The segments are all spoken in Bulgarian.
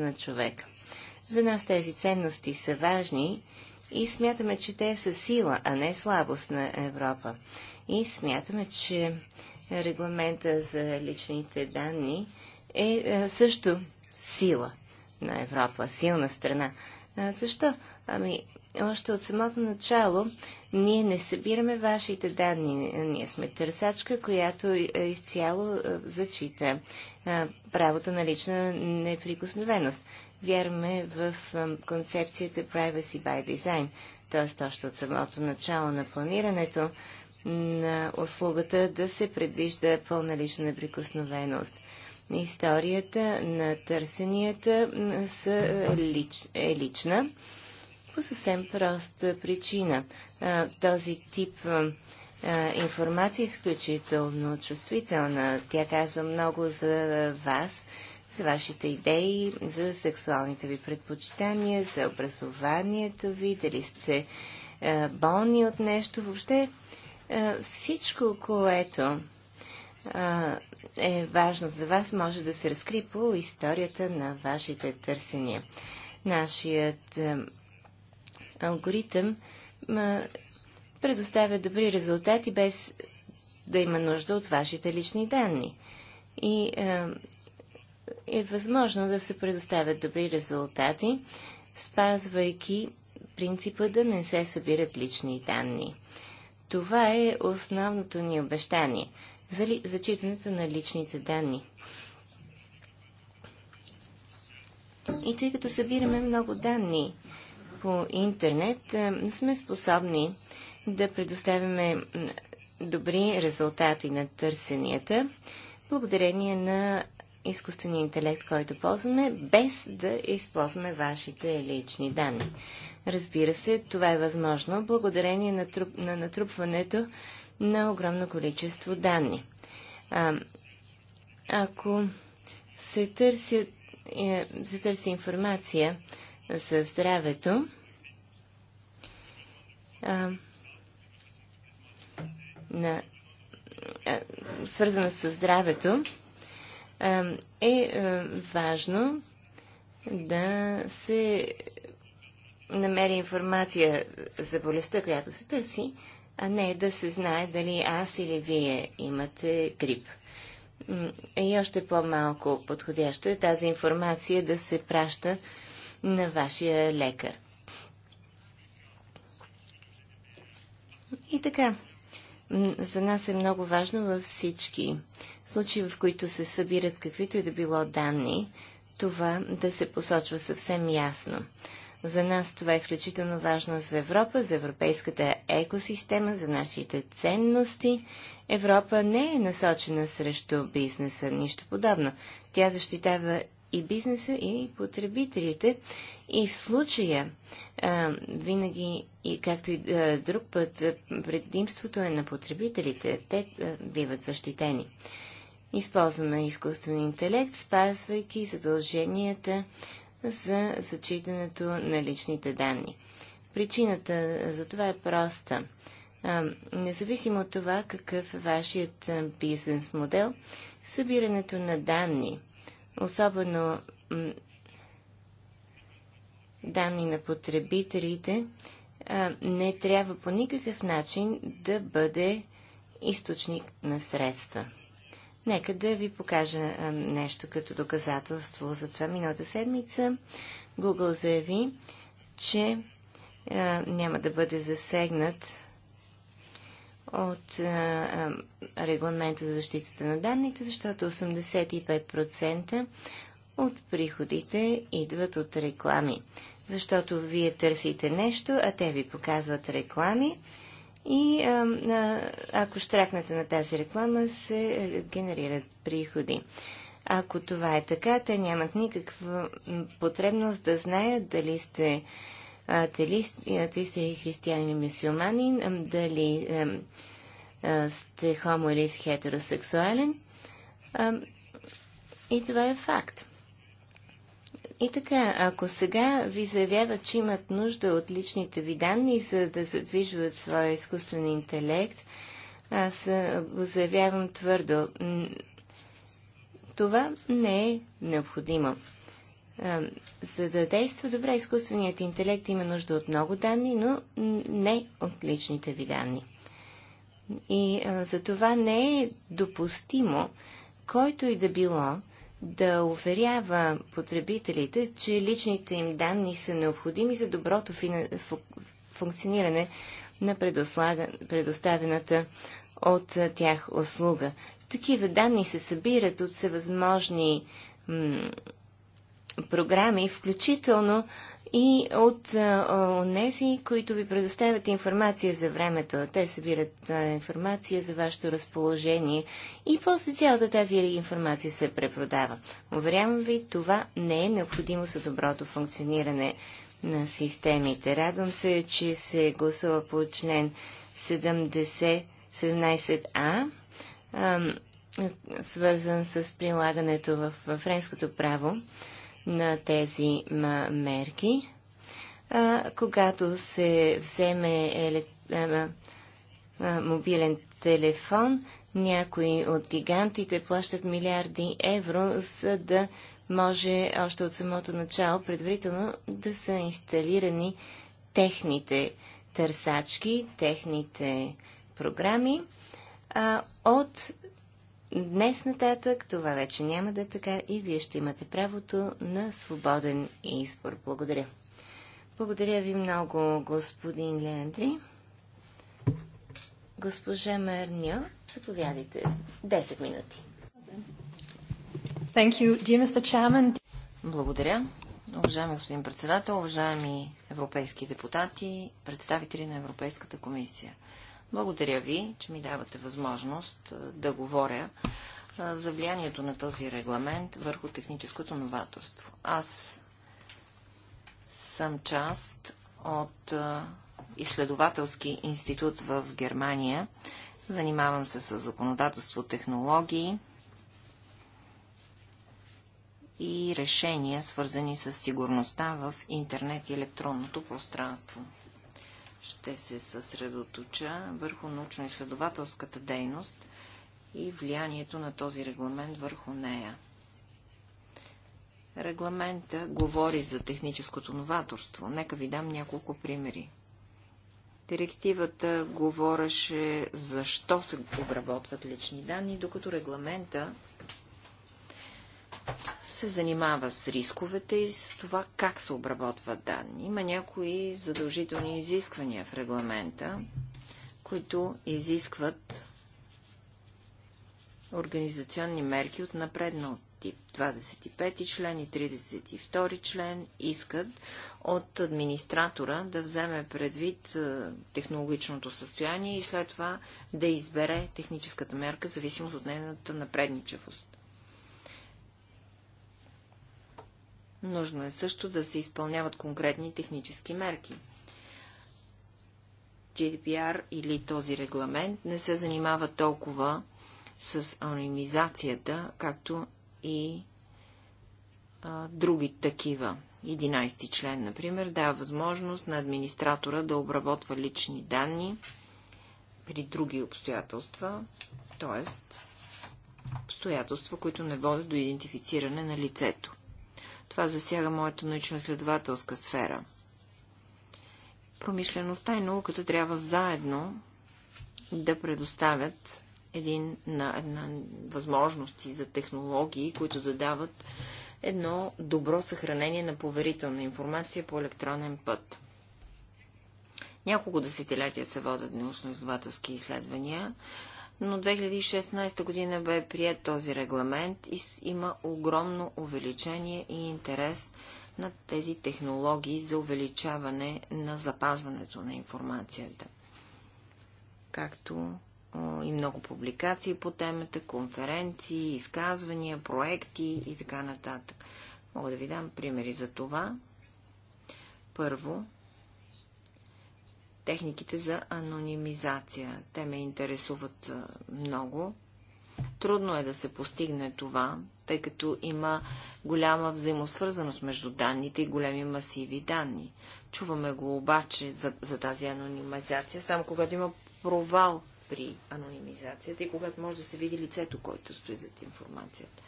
на човека. За нас тези ценности са важни и смятаме, че те са сила, а не слабост на Европа. И смятаме, че регламента за личните данни е, е също сила на Европа, силна страна. защо? Ами, още от самото начало ние не събираме вашите данни. Ние сме търсачка, която е изцяло е, зачита е, правото на лична неприкосновеност. Вярваме в концепцията Privacy by Design, т.е. още от самото начало на планирането на услугата да се предвижда пълна лична неприкосновеност. Историята на търсенията е лична по съвсем проста причина. Този тип информация е изключително чувствителна. Тя казва много за вас, за вашите идеи, за сексуалните ви предпочитания, за образованието ви, дали сте болни от нещо. Въобще всичко, което е важно за вас, може да се разкри по историята на вашите търсения. Нашият алгоритъм предоставя добри резултати без да има нужда от вашите лични данни. И е, е възможно да се предоставят добри резултати, спазвайки принципа да не се събират лични данни. Това е основното ни обещание за ли, зачитането на личните данни. И тъй като събираме много данни по интернет, сме способни да предоставяме добри резултати на търсенията, благодарение на изкуствения интелект, който ползваме, без да използваме вашите лични данни. Разбира се, това е възможно благодарение на, труп, на натрупването на огромно количество данни. А, ако се, търся, е, се търси информация за здравето, а, на, а, свързана с здравето, а, е а, важно да се намери информация за болестта, която се търси, а не да се знае дали аз или вие имате грип. И още по-малко подходящо е тази информация да се праща на вашия лекар. И така, за нас е много важно във всички случаи, в които се събират каквито и да било данни, това да се посочва съвсем ясно. За нас това е изключително важно за Европа, за европейската екосистема, за нашите ценности. Европа не е насочена срещу бизнеса, нищо подобно. Тя защитава и бизнеса, и потребителите. И в случая, винаги, и както и друг път, предимството е на потребителите. Те биват защитени. Използваме изкуствен интелект, спазвайки задълженията за зачитането на личните данни. Причината за това е проста. независимо от това какъв е вашият бизнес модел, събирането на данни особено данни на потребителите, не трябва по никакъв начин да бъде източник на средства. Нека да ви покажа нещо като доказателство за това. Миналата седмица Google заяви, че няма да бъде засегнат от а, регламента за защитата на данните, защото 85% от приходите идват от реклами. Защото вие търсите нещо, а те ви показват реклами и а, ако штракнете на тази реклама, се генерират приходи. Ако това е така, те нямат никаква потребност да знаят дали сте а, атеист или християнин мисюманин. дали сте хомо или хетеросексуален. И това е факт. И така, ако сега ви заявяват, че имат нужда от личните ви данни, за да задвижват своя изкуствен интелект, аз го заявявам твърдо. Това не е необходимо. За да действа добре, изкуственият интелект има нужда от много данни, но не от личните ви данни. И за това не е допустимо, който и да било, да уверява потребителите, че личните им данни са необходими за доброто функциониране на предоставената от тях услуга. Такива данни се събират от всевъзможни програми, включително и от тези, които ви предоставят информация за времето. Те събират а, информация за вашето разположение и после цялата тази информация се препродава. Уверявам ви, това не е необходимо за доброто функциониране на системите. Радвам се, че се е гласува по член 70, 17а, свързан с прилагането в френското право на тези мерки. Когато се вземе мобилен телефон, някои от гигантите плащат милиарди евро, за да може още от самото начало предварително да са инсталирани техните търсачки, техните програми от днес нататък това вече няма да е така и вие ще имате правото на свободен избор. Благодаря. Благодаря ви много, господин Леандри. Госпожа Мерня, заповядайте. 10 минути. Thank you, dear Mr. Chairman. Благодаря. Уважаеми господин председател, уважаеми европейски депутати, представители на Европейската комисия. Благодаря ви, че ми давате възможност да говоря за влиянието на този регламент върху техническото новаторство. Аз съм част от изследователски институт в Германия. Занимавам се с законодателство, технологии и решения, свързани с сигурността в интернет и електронното пространство. Ще се съсредоточа върху научно-изследователската дейност и влиянието на този регламент върху нея. Регламента говори за техническото новаторство. Нека ви дам няколко примери. Директивата говореше защо се обработват лични данни, докато регламента се занимава с рисковете и с това как се обработват данни. Има някои задължителни изисквания в регламента, които изискват организационни мерки от напредно тип. 25 член и 32 член искат от администратора да вземе предвид е, технологичното състояние и след това да избере техническата мерка, зависимост от нейната напредничавост. Нужно е също да се изпълняват конкретни технически мерки. GDPR или този регламент не се занимава толкова с анонимизацията, както и а, други такива. 11 член, например, дава възможност на администратора да обработва лични данни при други обстоятелства, т.е. обстоятелства, които не водят до идентифициране на лицето. Това засяга моята научно-изследователска сфера. Промишлеността и науката трябва заедно да предоставят един на, една възможности за технологии, които да дават едно добро съхранение на поверителна информация по електронен път. Няколко десетилетия се водят научно-изследователски изследвания, но 2016 година бе прият този регламент и има огромно увеличение и интерес на тези технологии за увеличаване на запазването на информацията. Както и много публикации по темата, конференции, изказвания, проекти и така нататък. Мога да ви дам примери за това. Първо, техниките за анонимизация. Те ме интересуват много. Трудно е да се постигне това, тъй като има голяма взаимосвързаност между данните и големи масиви данни. Чуваме го обаче за, за тази анонимизация, само когато има провал при анонимизацията и когато може да се види лицето, който стои зад информацията.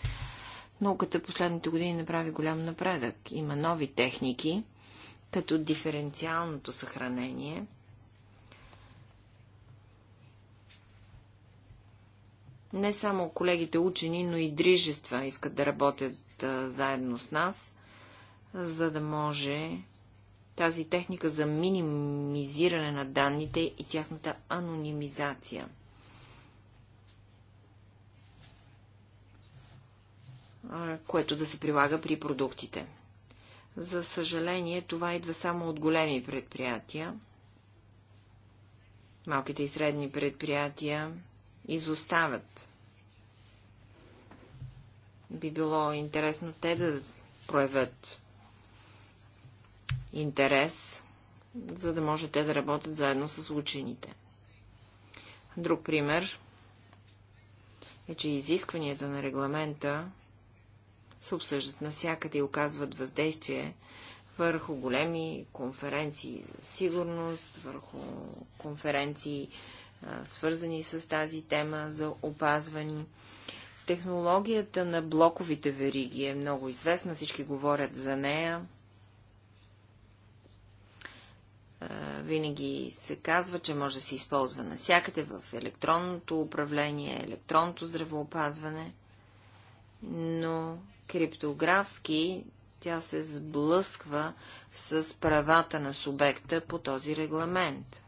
Науката последните години направи голям напредък. Има нови техники, като диференциалното съхранение – Не само колегите учени, но и дрижества искат да работят а, заедно с нас, за да може тази техника за минимизиране на данните и тяхната анонимизация. което да се прилага при продуктите. За съжаление, това идва само от големи предприятия. Малките и средни предприятия изостават. Би било интересно те да проявят интерес, за да може те да работят заедно с учените. Друг пример е, че изискванията на регламента се обсъждат навсякъде и оказват въздействие върху големи конференции за сигурност, върху конференции свързани с тази тема за опазване. Технологията на блоковите вериги е много известна, всички говорят за нея. Винаги се казва, че може да се използва навсякъде в електронното управление, електронното здравеопазване, но криптографски тя се сблъсква с правата на субекта по този регламент –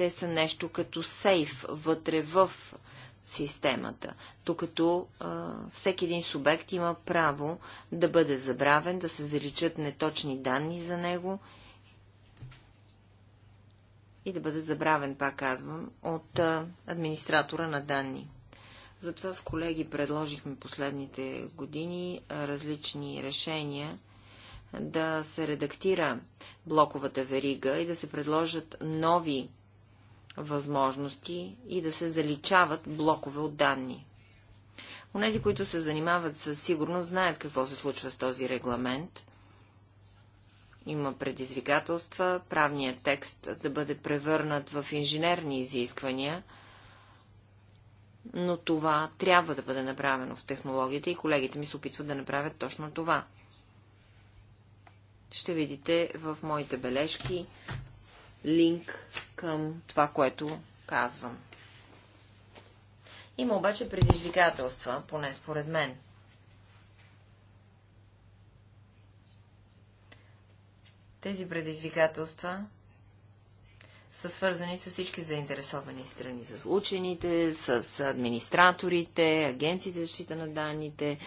те са нещо като сейф вътре в системата, докато а, всеки един субект има право да бъде забравен, да се заличат неточни данни за него и да бъде забравен, пак казвам, от а, администратора на данни. Затова с колеги предложихме последните години различни решения да се редактира блоковата верига и да се предложат нови възможности и да се заличават блокове от данни. Онези, които се занимават със сигурност, знаят какво се случва с този регламент. Има предизвикателства, правният текст да бъде превърнат в инженерни изисквания, но това трябва да бъде направено в технологията и колегите ми се опитват да направят точно това. Ще видите в моите бележки линк към това, което казвам. Има обаче предизвикателства, поне според мен. Тези предизвикателства са свързани с всички заинтересовани страни, с учените, с администраторите, агенциите за защита на данните,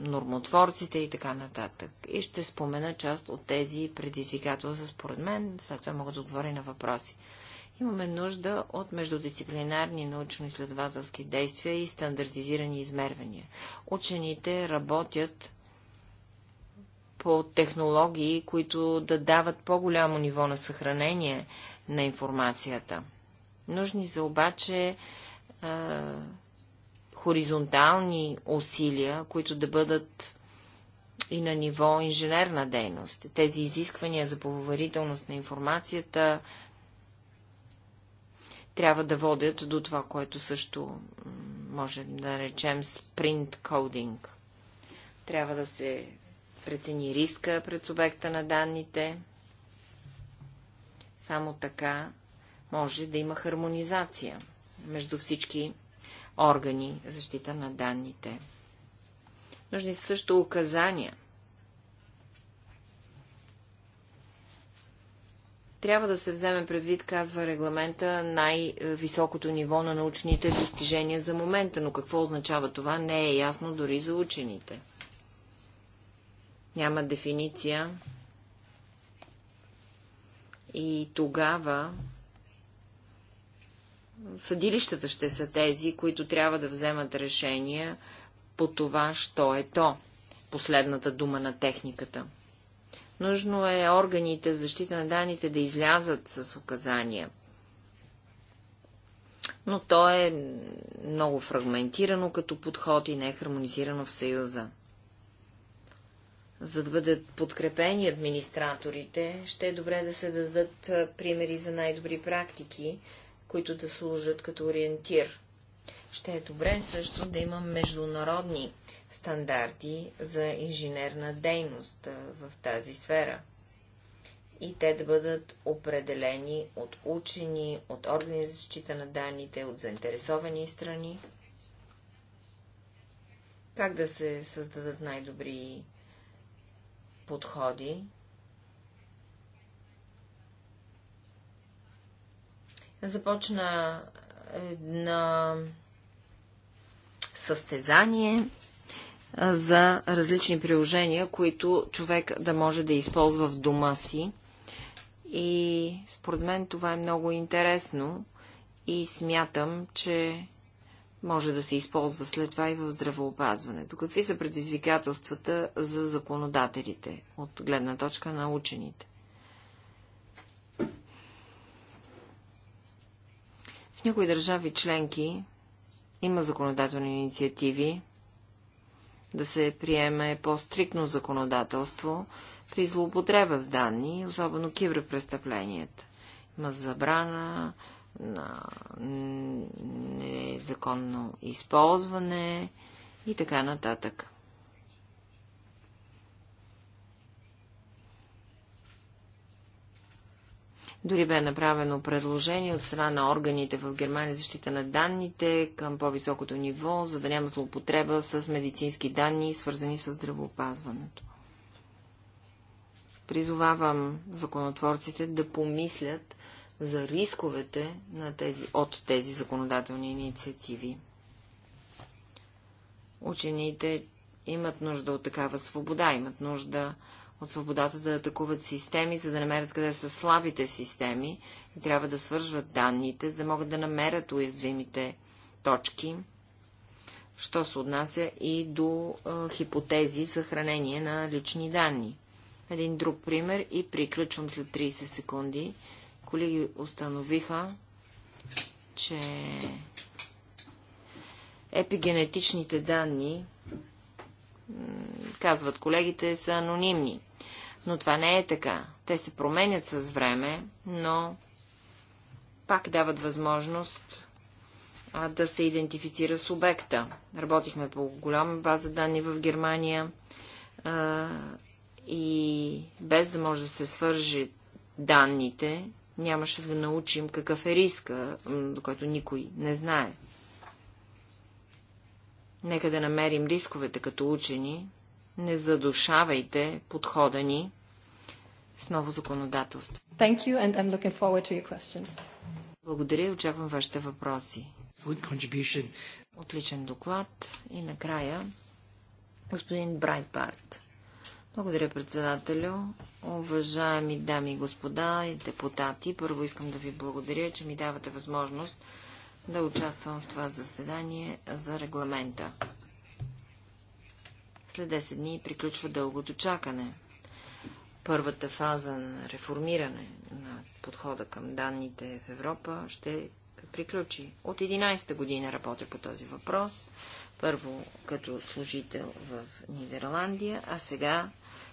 нормотворците и така нататък. И ще спомена част от тези предизвикателства според мен, след това мога да отговоря на въпроси. Имаме нужда от междудисциплинарни научно-изследователски действия и стандартизирани измервания. Учените работят по технологии, които да дават по-голямо ниво на съхранение на информацията. Нужни са обаче хоризонтални усилия, които да бъдат и на ниво инженерна дейност. Тези изисквания за поверителност на информацията трябва да водят до това, което също може да речем спринт кодинг. Трябва да се прецени риска пред субекта на данните. Само така може да има хармонизация между всички органи защита на данните. Нужни са също указания. Трябва да се вземе предвид, казва регламента, най-високото ниво на научните достижения за момента, но какво означава това не е ясно дори за учените. Няма дефиниция и тогава съдилищата ще са тези, които трябва да вземат решения по това, що е то, последната дума на техниката. Нужно е органите за защита на данните да излязат с указания. Но то е много фрагментирано като подход и не е хармонизирано в Съюза. За да бъдат подкрепени администраторите, ще е добре да се дадат примери за най-добри практики, които да служат като ориентир. Ще е добре също да има международни стандарти за инженерна дейност в тази сфера. И те да бъдат определени от учени, от органи за защита на данните, от заинтересовани страни. Как да се създадат най-добри подходи Започна едно състезание за различни приложения, които човек да може да използва в дома си. И според мен това е много интересно и смятам, че може да се използва след това и в здравеопазването. Какви са предизвикателствата за законодателите от гледна точка на учените? В някои държави членки има законодателни инициативи да се приеме по-стрикно законодателство при злоупотреба с данни, особено киберпрестъпленията. Има забрана на незаконно използване и така нататък. Дори бе направено предложение от страна на органите в Германия защита на данните към по-високото ниво, за да няма злоупотреба с медицински данни, свързани с здравеопазването. Призовавам законотворците да помислят за рисковете на тези, от тези законодателни инициативи. Учените имат нужда от такава свобода, имат нужда от свободата да атакуват системи, за да намерят къде са слабите системи и трябва да свържват данните, за да могат да намерят уязвимите точки, що се отнася и до а, хипотези съхранение на лични данни. Един друг пример и приключвам след 30 секунди. Колеги установиха, че епигенетичните данни казват колегите, са анонимни. Но това не е така. Те се променят с време, но пак дават възможност а, да се идентифицира с обекта. Работихме по голяма база данни в Германия а, и без да може да се свържи данните, нямаше да научим какъв е риска, до който никой не знае. Нека да намерим рисковете като учени. Не задушавайте подхода ни с ново законодателство. Thank you and I'm looking forward to your questions. Благодаря и очаквам вашите въпроси. Отличен доклад. И накрая господин Брайтбарт. Благодаря, председателю. Уважаеми дами и господа и депутати, първо искам да ви благодаря, че ми давате възможност да участвам в това заседание за регламента. След 10 дни приключва дългото чакане. Първата фаза на реформиране на подхода към данните в Европа ще приключи. От 11-та година работя по този въпрос. Първо като служител в Нидерландия, а сега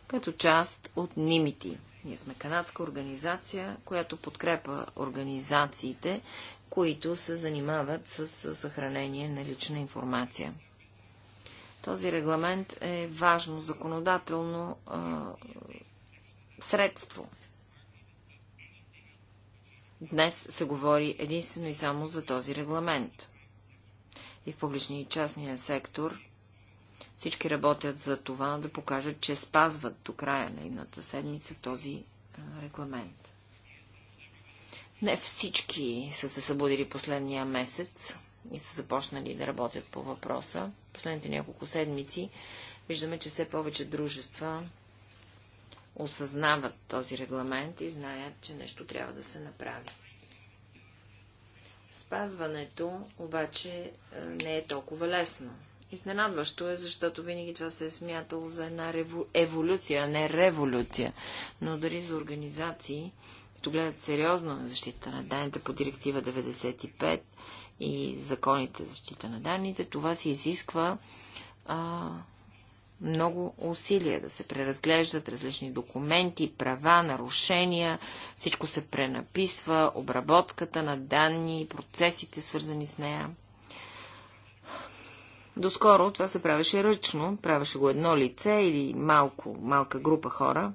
като част от Нимити – ние сме канадска организация, която подкрепа организациите, които се занимават с съхранение на лична информация. Този регламент е важно законодателно а, средство. Днес се говори единствено и само за този регламент. И в публичния и частния сектор всички работят за това да покажат, че спазват до края на едната седмица този регламент. Не всички са се събудили последния месец и са започнали да работят по въпроса. Последните няколко седмици виждаме, че все повече дружества осъзнават този регламент и знаят, че нещо трябва да се направи. Спазването обаче не е толкова лесно. Изненадващо е, защото винаги това се е смятало за една реву... еволюция, а не революция. Но дори за организации, които гледат сериозно на защита на данните по директива 95 и законите за защита на данните, това си изисква а, много усилия да се преразглеждат различни документи, права, нарушения, всичко се пренаписва, обработката на данни, процесите свързани с нея. Доскоро това се правеше ръчно, правеше го едно лице или малко, малка група хора,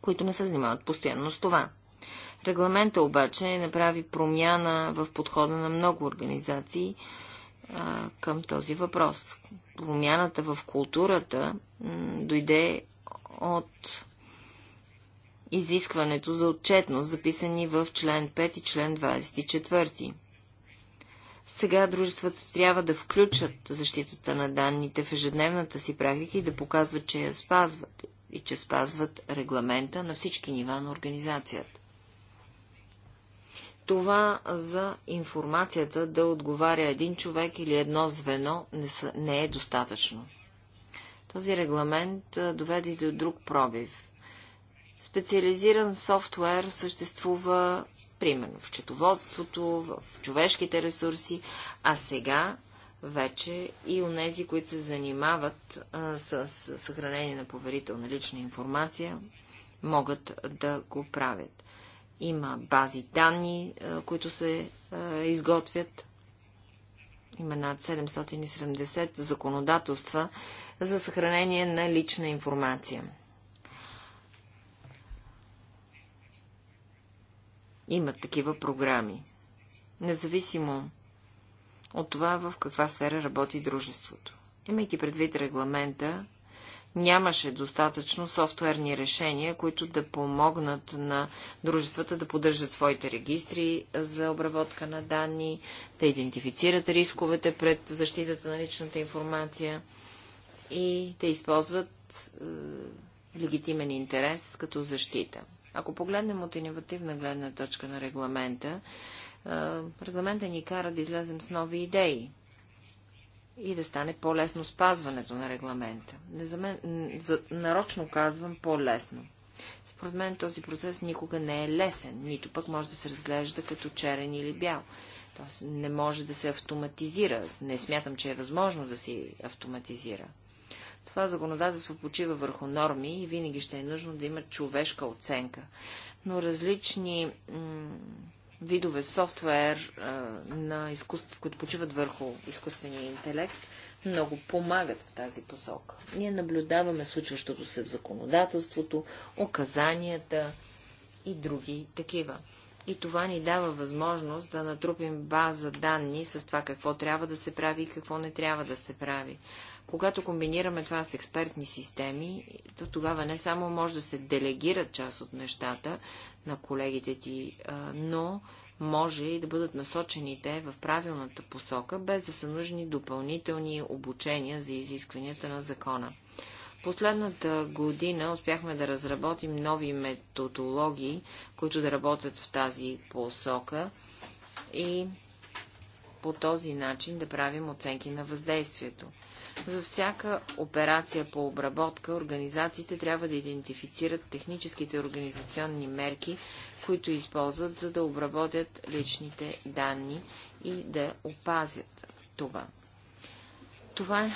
които не се занимават постоянно с това. Регламента обаче направи промяна в подхода на много организации а, към този въпрос. Промяната в културата дойде от изискването за отчетност, записани в член 5 и член 24. Сега дружествата трябва да включат защитата на данните в ежедневната си практика и да показват, че я спазват и че спазват регламента на всички нива на организацията. Това за информацията да отговаря един човек или едно звено не, са, не е достатъчно. Този регламент доведе до друг пробив. Специализиран софтуер съществува примерно в четоводството, в човешките ресурси, а сега вече и у нези, които се занимават а, с, съхранение на поверителна лична информация, могат да го правят. Има бази данни, а, които се а, изготвят. Има над 770 законодателства за съхранение на лична информация. имат такива програми. Независимо от това в каква сфера работи дружеството. Имайки предвид регламента, нямаше достатъчно софтуерни решения, които да помогнат на дружествата да поддържат своите регистри за обработка на данни, да идентифицират рисковете пред защитата на личната информация и да използват е, легитимен интерес като защита. Ако погледнем от иновативна гледна точка на регламента, регламента ни кара да излезем с нови идеи и да стане по-лесно спазването на регламента. Не за мен, за, нарочно казвам по-лесно. Според мен този процес никога не е лесен, нито пък може да се разглежда като черен или бял. Тоест не може да се автоматизира. Не смятам, че е възможно да се автоматизира. Това законодателство почива върху норми и винаги ще е нужно да има човешка оценка. Но различни видове софтуер а, на изкуството, които почиват върху изкуствения интелект, много помагат в тази посока. Ние наблюдаваме случващото се в законодателството, указанията и други такива. И това ни дава възможност да натрупим база данни с това какво трябва да се прави и какво не трябва да се прави. Когато комбинираме това с експертни системи, то тогава не само може да се делегират част от нещата на колегите ти, но може и да бъдат насочените в правилната посока, без да са нужни допълнителни обучения за изискванията на закона. Последната година успяхме да разработим нови методологии, които да работят в тази посока и по този начин да правим оценки на въздействието. За всяка операция по обработка, организациите трябва да идентифицират техническите организационни мерки, които използват, за да обработят личните данни и да опазят това. Това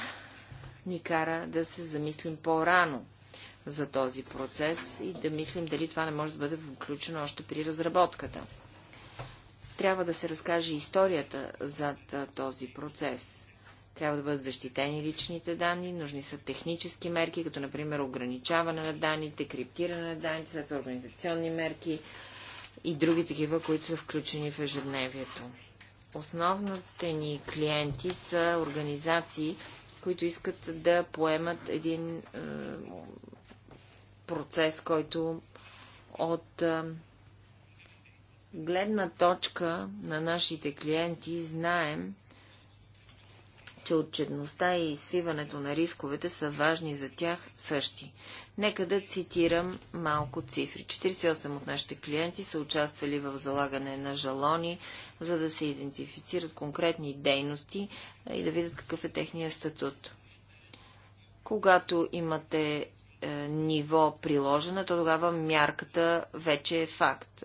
ни кара да се замислим по-рано за този процес и да мислим дали това не може да бъде включено още при разработката. Трябва да се разкаже историята зад този процес. Трябва да бъдат защитени личните данни, нужни са технически мерки, като например ограничаване на данните, криптиране на данните, след това организационни мерки и други такива, които са включени в ежедневието. Основните ни клиенти са организации, които искат да поемат един е, процес, който от е, гледна точка на нашите клиенти знаем, че отчетността и свиването на рисковете са важни за тях същи. Нека да цитирам малко цифри. 48 от нашите клиенти са участвали в залагане на жалони, за да се идентифицират конкретни дейности и да видят какъв е техния статут. Когато имате е, ниво приложена, то тогава мярката вече е факт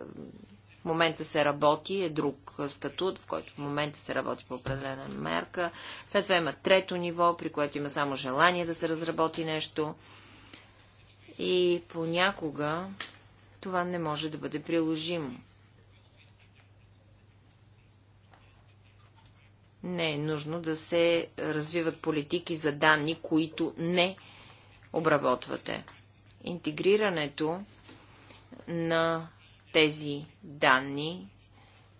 в момента се работи, е друг статут, в който в момента се работи по определена мерка. След това има трето ниво, при което има само желание да се разработи нещо. И понякога това не може да бъде приложимо. Не е нужно да се развиват политики за данни, които не обработвате. Интегрирането на тези данни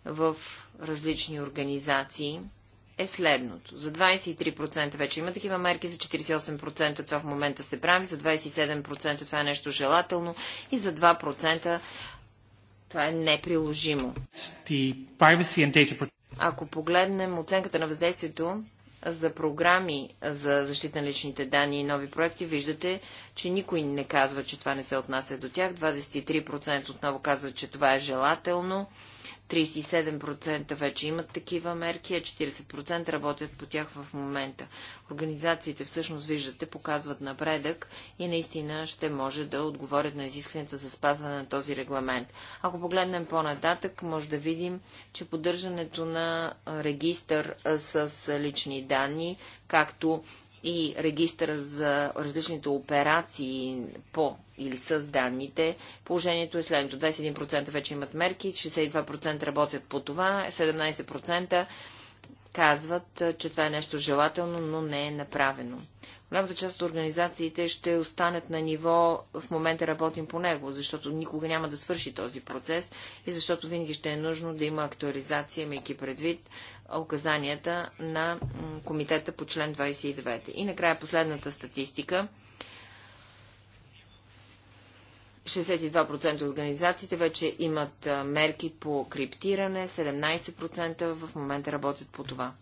в различни организации е следното. За 23% вече има такива мерки, за 48% това в момента се прави, за 27% това е нещо желателно и за 2% това е неприложимо. Ако погледнем оценката на въздействието за програми за защита на личните данни и нови проекти, виждате, че никой не казва, че това не се отнася до тях. 23% отново казват, че това е желателно. 37% вече имат такива мерки, а 40% работят по тях в момента. Организациите всъщност, виждате, показват напредък и наистина ще може да отговорят на изискванията за спазване на този регламент. Ако погледнем по-нататък, може да видим, че поддържането на регистър с лични данни, както и регистъра за различните операции по или с данните, положението е следното. 21% вече имат мерки, 62% работят по това, 17% казват, че това е нещо желателно, но не е направено. Голямата част от организациите ще останат на ниво, в момента работим по него, защото никога няма да свърши този процес и защото винаги ще е нужно да има актуализация, имайки предвид, указанията на комитета по член 29. И накрая последната статистика. 62% от организациите вече имат мерки по криптиране, 17% в момента работят по това.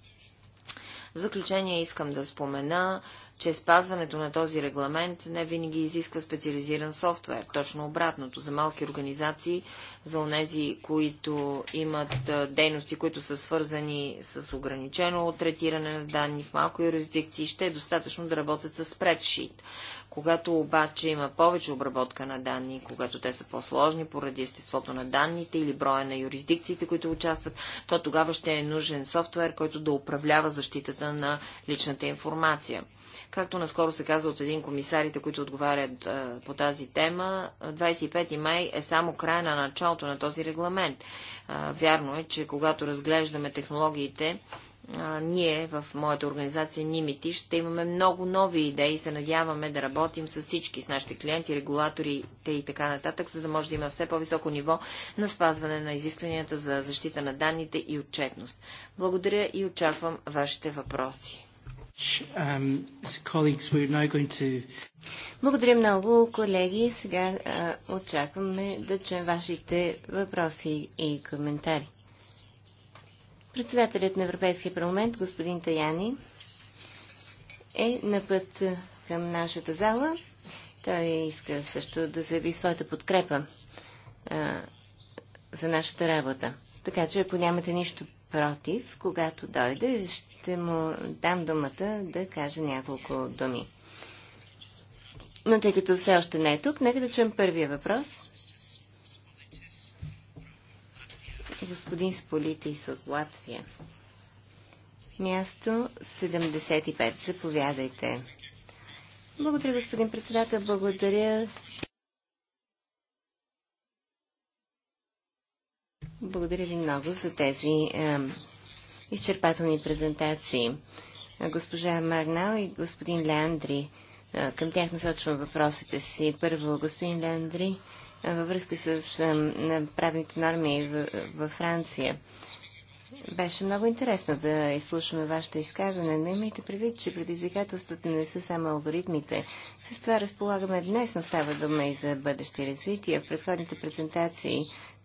В заключение искам да спомена че спазването на този регламент не винаги изисква специализиран софтуер. Точно обратното, за малки организации, за онези, които имат дейности, които са свързани с ограничено третиране на данни в малко юрисдикции, ще е достатъчно да работят с спредшит. Когато обаче има повече обработка на данни, когато те са по-сложни поради естеството на данните или броя на юрисдикциите, които участват, то тогава ще е нужен софтуер, който да управлява защитата на личната информация. Както наскоро се каза от един комисарите, които отговарят а, по тази тема, 25 май е само края на началото на този регламент. А, вярно е, че когато разглеждаме технологиите, а, ние в моята организация Нимити ще имаме много нови идеи и се надяваме да работим с всички, с нашите клиенти, регулаторите и така нататък, за да може да има все по-високо ниво на спазване на изискванията за защита на данните и отчетност. Благодаря и очаквам вашите въпроси. Um, Благодаря много, колеги. Сега очакваме да чуем вашите въпроси и коментари. Председателят на Европейския парламент, господин Таяни, е на път към нашата зала. Той иска също да заяви своята подкрепа за нашата работа. Така че, ако нямате нищо против, когато дойде, ще му дам думата да каже няколко думи. Но тъй като все още не е тук, нека да чуем първия въпрос. Господин Сполитис от Латвия. Място 75. Заповядайте. Благодаря, господин председател. Благодаря Благодаря ви много за тези е, изчерпателни презентации. Госпожа Марнал и господин Леандри, е, към тях насочвам въпросите си. Първо, господин Леандри, е, във връзка с е, правните норми в, във Франция. Беше много интересно да изслушаме вашето изказване, но имайте предвид, че предизвикателствата не са само алгоритмите. С това разполагаме днес, но става дума и за бъдещи развития. В предходните презентации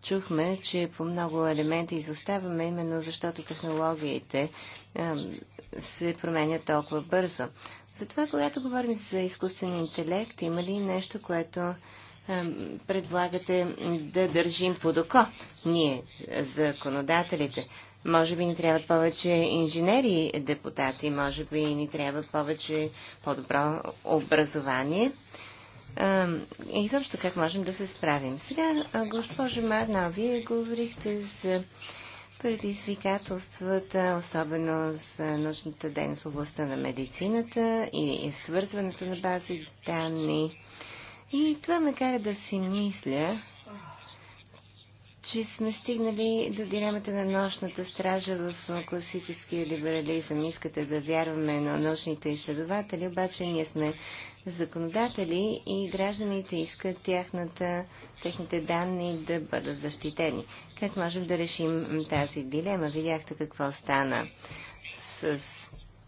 чухме, че по много елементи изоставаме, именно защото технологиите се променят толкова бързо. Затова, когато говорим за изкуствен интелект, има ли нещо, което предлагате да държим под око ние, законодателите? Може би ни трябват повече инженери депутати, може би ни трябва повече по-добро образование и защо как можем да се справим. Сега, госпожо Марна, вие говорихте за предизвикателствата, особено за научната дейност в областта на медицината и свързването на бази данни. И това ме кара да си мисля, че сме стигнали до дилемата на нощната стража в класическия либерализъм. Искате да вярваме на научните изследователи, обаче ние сме законодатели и гражданите искат тяхната, техните данни да бъдат защитени. Как можем да решим тази дилема? Видяхте какво стана с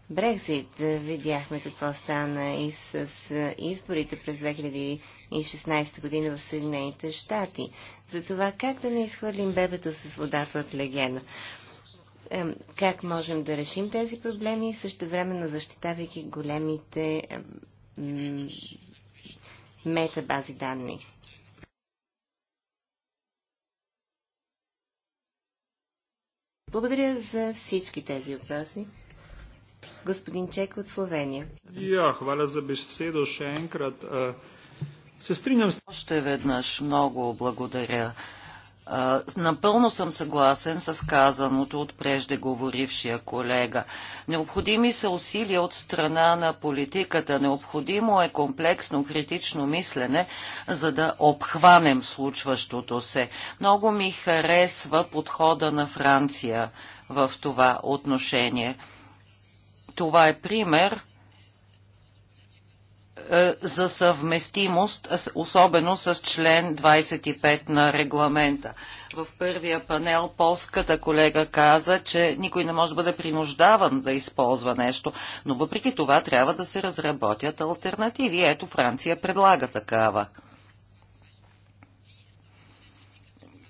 Брекзит, видяхме какво стана и с изборите през 2016 година в Съединените щати. За това как да не изхвърлим бебето с водата от легена как можем да решим тези проблеми, също времено защитавайки големите метабази данни. Благодаря за всички тези въпроси. Господин Чек от Словения. Я, хваля за беседо, ще енкрат. Се Se с... Още веднъж много благодаря Напълно съм съгласен с казаното от преждеговорившия колега. Необходими са усилия от страна на политиката. Необходимо е комплексно критично мислене, за да обхванем случващото се. Много ми харесва подхода на Франция в това отношение. Това е пример, е, за съвместимост, особено с член 25 на регламента. В първия панел полската колега каза, че никой не може да бъде принуждаван да използва нещо, но въпреки това трябва да се разработят альтернативи. Ето Франция предлага такава.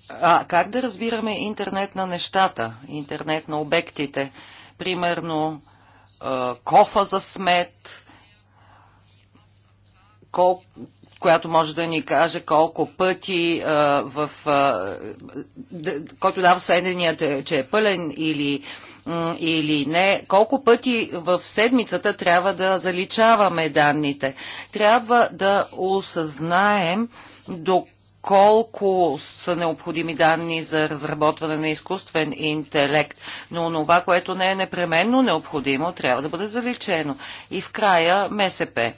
А как да разбираме интернет на нещата, интернет на обектите? Примерно е, кофа за смет, колко, която може да ни каже колко пъти а, в, а, който дава сведенията, че е пълен или, или не, колко пъти в седмицата трябва да заличаваме данните. Трябва да осъзнаем до колко са необходими данни за разработване на изкуствен интелект, но това, което не е непременно необходимо, трябва да бъде заличено. И в края МСП.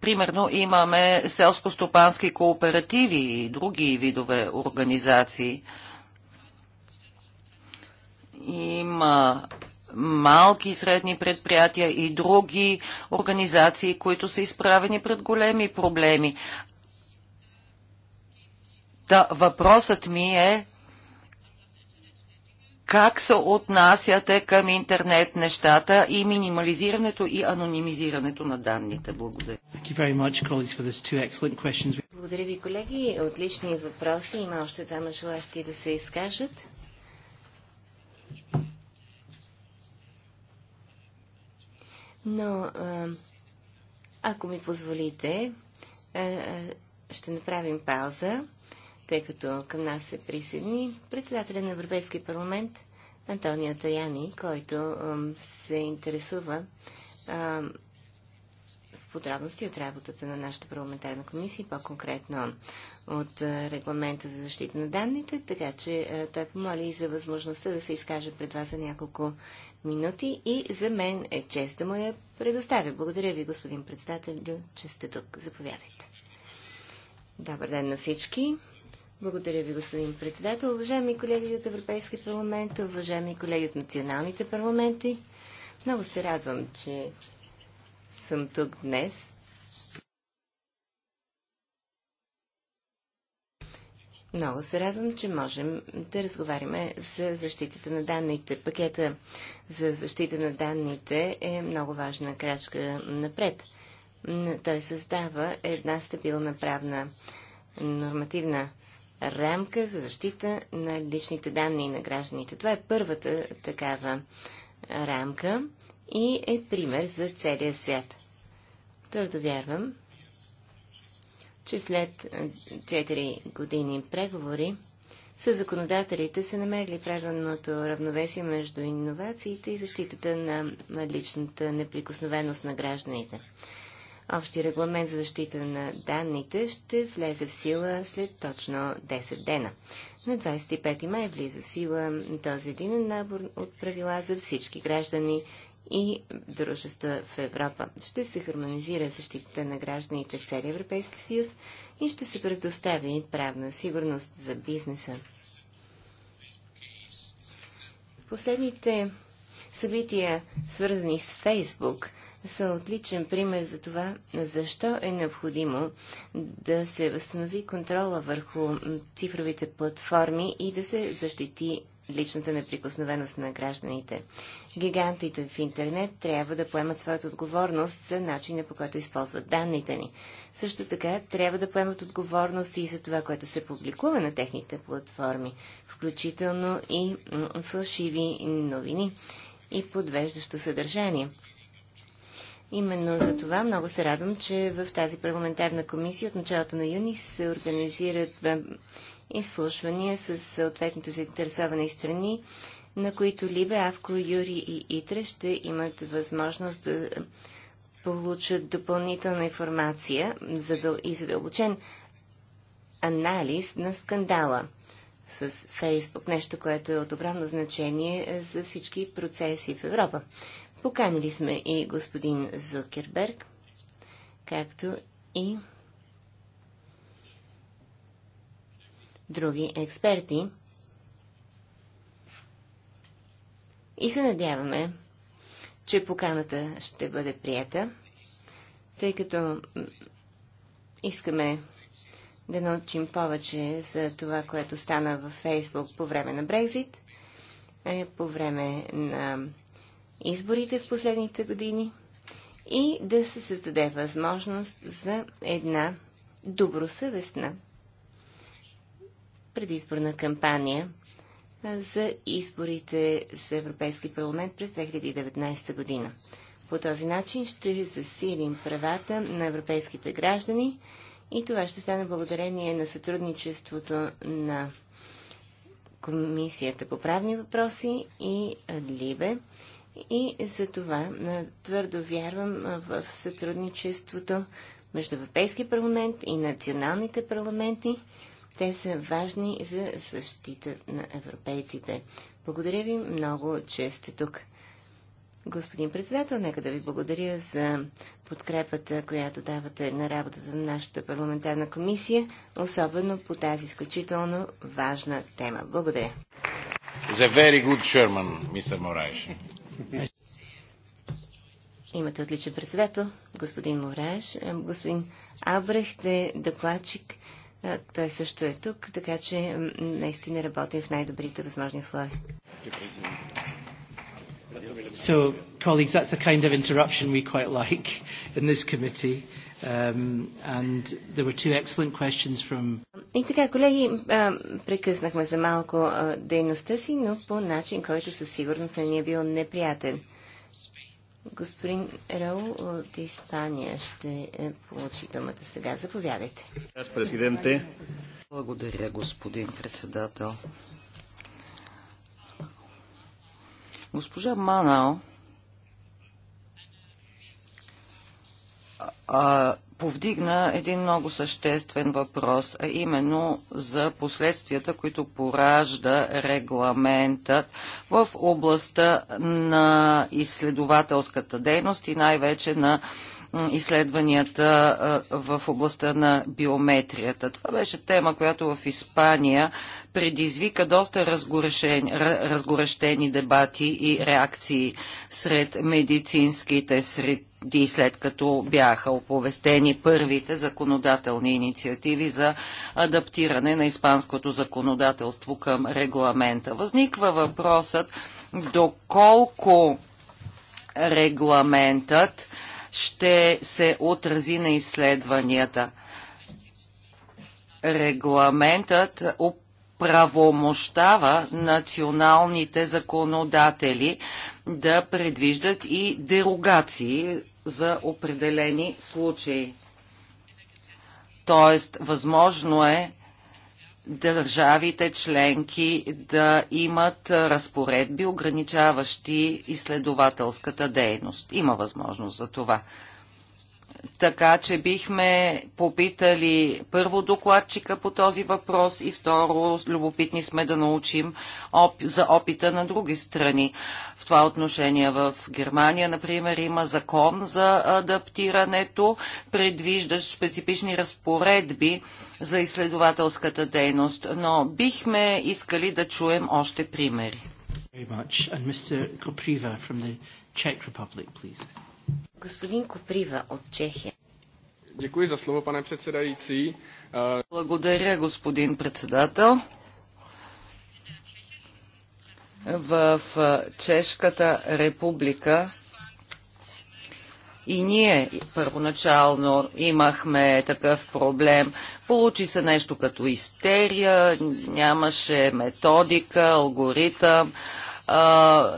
Примерно имаме селско-стопански кооперативи и други видове организации. Има малки и средни предприятия и други организации, които са изправени пред големи проблеми. Та, въпросът ми е как се отнасяте към интернет нещата и минимализирането и анонимизирането на данните. Благодаря. Благодаря ви, колеги. Отлични въпроси. Има още двама желащи да се изкажат. Но, ако ми позволите, ще направим пауза тъй като към нас се присъедини председателя на Европейския парламент Антонио Таяни, който се интересува в подробности от работата на нашата парламентарна комисия, по-конкретно от регламента за защита на данните, така че той помоли и за възможността да се изкаже пред вас за няколко минути и за мен е чест да му я предоставя. Благодаря ви, господин председател, че сте тук. Заповядайте. Добър ден на всички. Благодаря ви, господин председател. Уважаеми колеги от Европейски парламент, уважаеми колеги от националните парламенти, много се радвам, че съм тук днес. Много се радвам, че можем да разговаряме за защитата на данните. Пакета за защита на данните е много важна крачка напред. Той създава една стабилна правна нормативна рамка за защита на личните данни на гражданите. Това е първата такава рамка и е пример за целия свят. Твърдо вярвам, че след 4 години преговори с законодателите са намерили правилното равновесие между иновациите и защитата на личната неприкосновеност на гражданите общи регламент за защита на данните ще влезе в сила след точно 10 дена. На 25 май влиза в сила този един набор от правила за всички граждани и дружества в Европа. Ще се хармонизира защитата на гражданите в целия Европейски съюз и ще се предостави правна сигурност за бизнеса. Последните събития, свързани с Фейсбук, са отличен пример за това, защо е необходимо да се възстанови контрола върху цифровите платформи и да се защити личната неприкосновеност на гражданите. Гигантите в интернет трябва да поемат своята отговорност за начина по който използват данните ни. Също така трябва да поемат отговорност и за това, което се публикува на техните платформи, включително и фалшиви новини и подвеждащо съдържание. Именно за това много се радвам, че в тази парламентарна комисия от началото на юни се организират изслушвания с съответните заинтересовани страни, на които Либе, Авко, Юри и Итре ще имат възможност да получат допълнителна информация и задълбочен анализ на скандала с Фейсбук, нещо, което е от огромно значение за всички процеси в Европа. Поканили сме и господин Зукерберг, както и други експерти. И се надяваме, че поканата ще бъде прията, тъй като искаме да научим повече за това, което стана във Фейсбук по време на Брекзит, по време на изборите в последните години и да се създаде възможност за една добросъвестна предизборна кампания за изборите за Европейски парламент през 2019 година. По този начин ще засилим правата на европейските граждани и това ще стане благодарение на сътрудничеството на Комисията по правни въпроси и Либе и за това твърдо вярвам в сътрудничеството между Европейския парламент и националните парламенти. Те са важни за защита на европейците. Благодаря ви много, че сте тук. Господин председател, нека да ви благодаря за подкрепата, която давате на работата на нашата парламентарна комисия, особено по тази изключително важна тема. Благодаря. He's a very good Mr. Moraes. Имате отличен председател, господин Мореш, е, Господин Абрехт е докладчик. Е, той също е тук, така че наистина работим в най-добрите възможни условия. So, colleagues, that's the kind of interruption we quite like in this committee. Um, and there were two excellent questions from... И така, колеги, прекъснахме за малко дейността си, но по начин, който със сигурност не ни е бил неприятен. Господин Рау от Испания ще е, получи думата сега. Заповядайте. Благодаря, господин председател. Госпожа Манао а, повдигна един много съществен въпрос, а именно за последствията, които поражда регламентът в областта на изследователската дейност и най-вече на изследванията в областта на биометрията. Това беше тема, която в Испания предизвика доста разгорещени, разгорещени дебати и реакции сред медицинските среди след като бяха оповестени първите законодателни инициативи за адаптиране на испанското законодателство към регламента. Възниква въпросът доколко регламентът ще се отрази на изследванията. Регламентът правомощава националните законодатели да предвиждат и дерогации за определени случаи. Тоест, възможно е държавите членки да имат разпоредби, ограничаващи изследователската дейност. Има възможност за това. Така че бихме попитали първо докладчика по този въпрос и второ, любопитни сме да научим за опита на други страни това отношение. В Германия, например, има закон за адаптирането, предвиждащ специфични разпоредби за изследователската дейност, но бихме искали да чуем още примери. Господин Коприва от Чехия. за слово, пане председající. Благодаря, господин председател в Чешката република и ние първоначално имахме такъв проблем. Получи се нещо като истерия, нямаше методика, алгоритъм.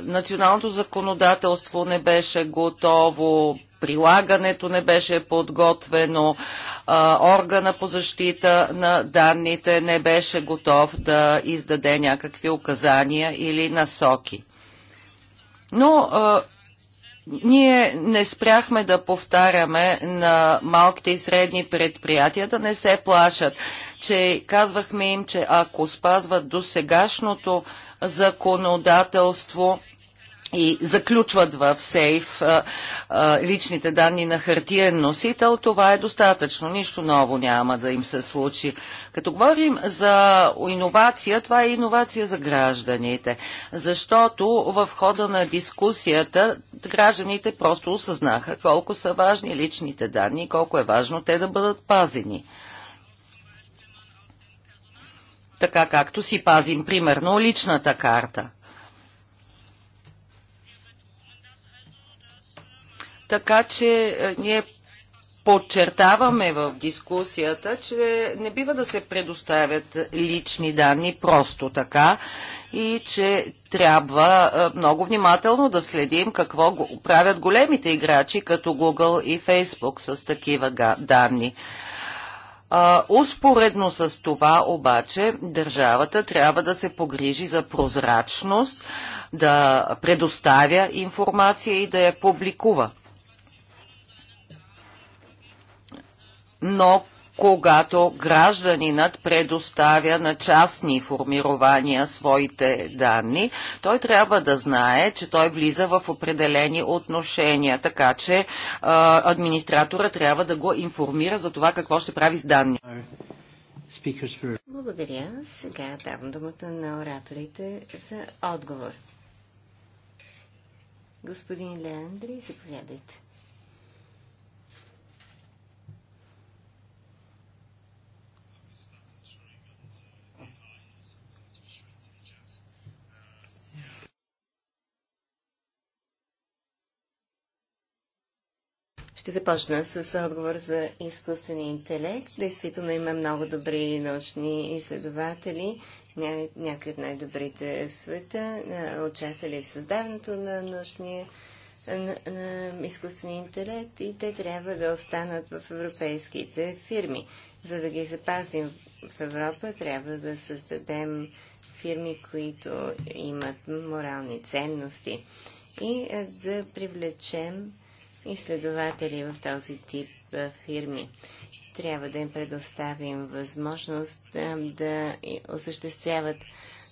националното законодателство не беше готово, прилагането не беше подготвено, органа по защита на данните не беше готов да издаде някакви указания или насоки. Но ние не спряхме да повтаряме на малките и средни предприятия да не се плашат, че казвахме им, че ако спазват досегашното законодателство, и заключват в сейф а, а, личните данни на хартиен носител, това е достатъчно. Нищо ново няма да им се случи. Като говорим за иновация, това е иновация за гражданите, защото в хода на дискусията гражданите просто осъзнаха колко са важни личните данни и колко е важно те да бъдат пазени така както си пазим, примерно, личната карта. Така че е, ние подчертаваме в дискусията, че не бива да се предоставят лични данни просто така и че трябва е, много внимателно да следим какво правят големите играчи като Google и Facebook с такива данни. успоредно с това обаче държавата трябва да се погрижи за прозрачност, да предоставя информация и да я публикува. но когато гражданинът предоставя на частни формирования своите данни, той трябва да знае, че той влиза в определени отношения, така че а, администратора трябва да го информира за това какво ще прави с данни. Благодаря. Сега давам думата на ораторите за отговор. Господин Леандри, заповядайте. Ще започна с отговор за изкуствения интелект. Действително има много добри научни изследователи, ня... някои от най-добрите в света, участвали в създаването на научния на, на изкуствения интелект и те трябва да останат в европейските фирми. За да ги запазим в Европа, трябва да създадем фирми, които имат морални ценности и да привлечем изследователи в този тип фирми. Трябва да им предоставим възможност да осъществяват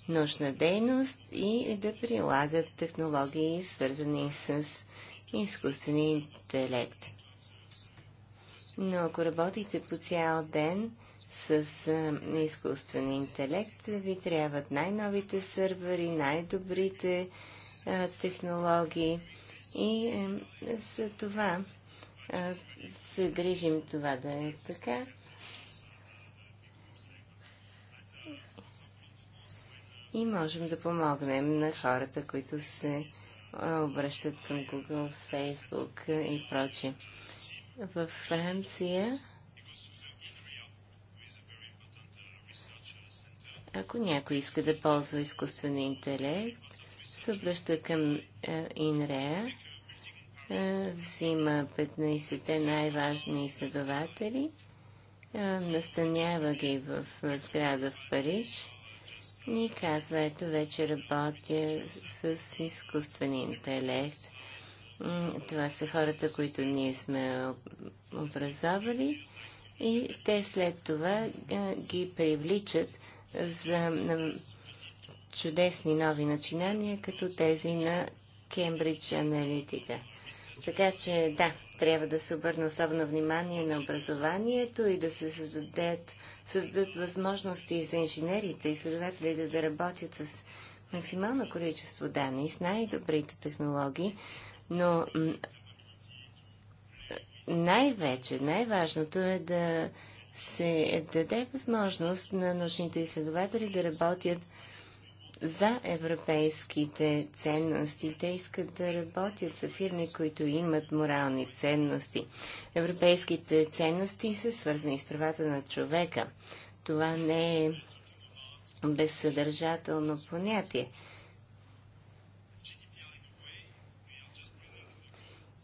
нужна дейност и да прилагат технологии, свързани с изкуствения интелект. Но ако работите по цял ден с изкуствен интелект, ви трябват най-новите сървъри, най-добрите технологии и е, за това е, се грижим това да е така. И можем да помогнем на хората, които се обръщат към Google, Facebook и прочие. Във Франция Ако някой иска да ползва изкуствен интелект, се обръща към е, Инрея, е, взима 15-те най-важни изследователи, е, настанява ги в сграда в Париж и казва, ето вече работя с изкуствен интелект. Това са хората, които ние сме образовали и те след това е, ги привличат за чудесни нови начинания, като тези на Кембридж Аналитика. Така че, да, трябва да се обърне особено внимание на образованието и да се създадат, създадат възможности за инженерите и следователи да работят с максимално количество данни, с най-добрите технологии, но най-вече, най-важното е да се даде възможност на научните изследователи да работят за европейските ценности. Те искат да работят за фирми, които имат морални ценности. Европейските ценности са свързани с правата на човека. Това не е безсъдържателно понятие.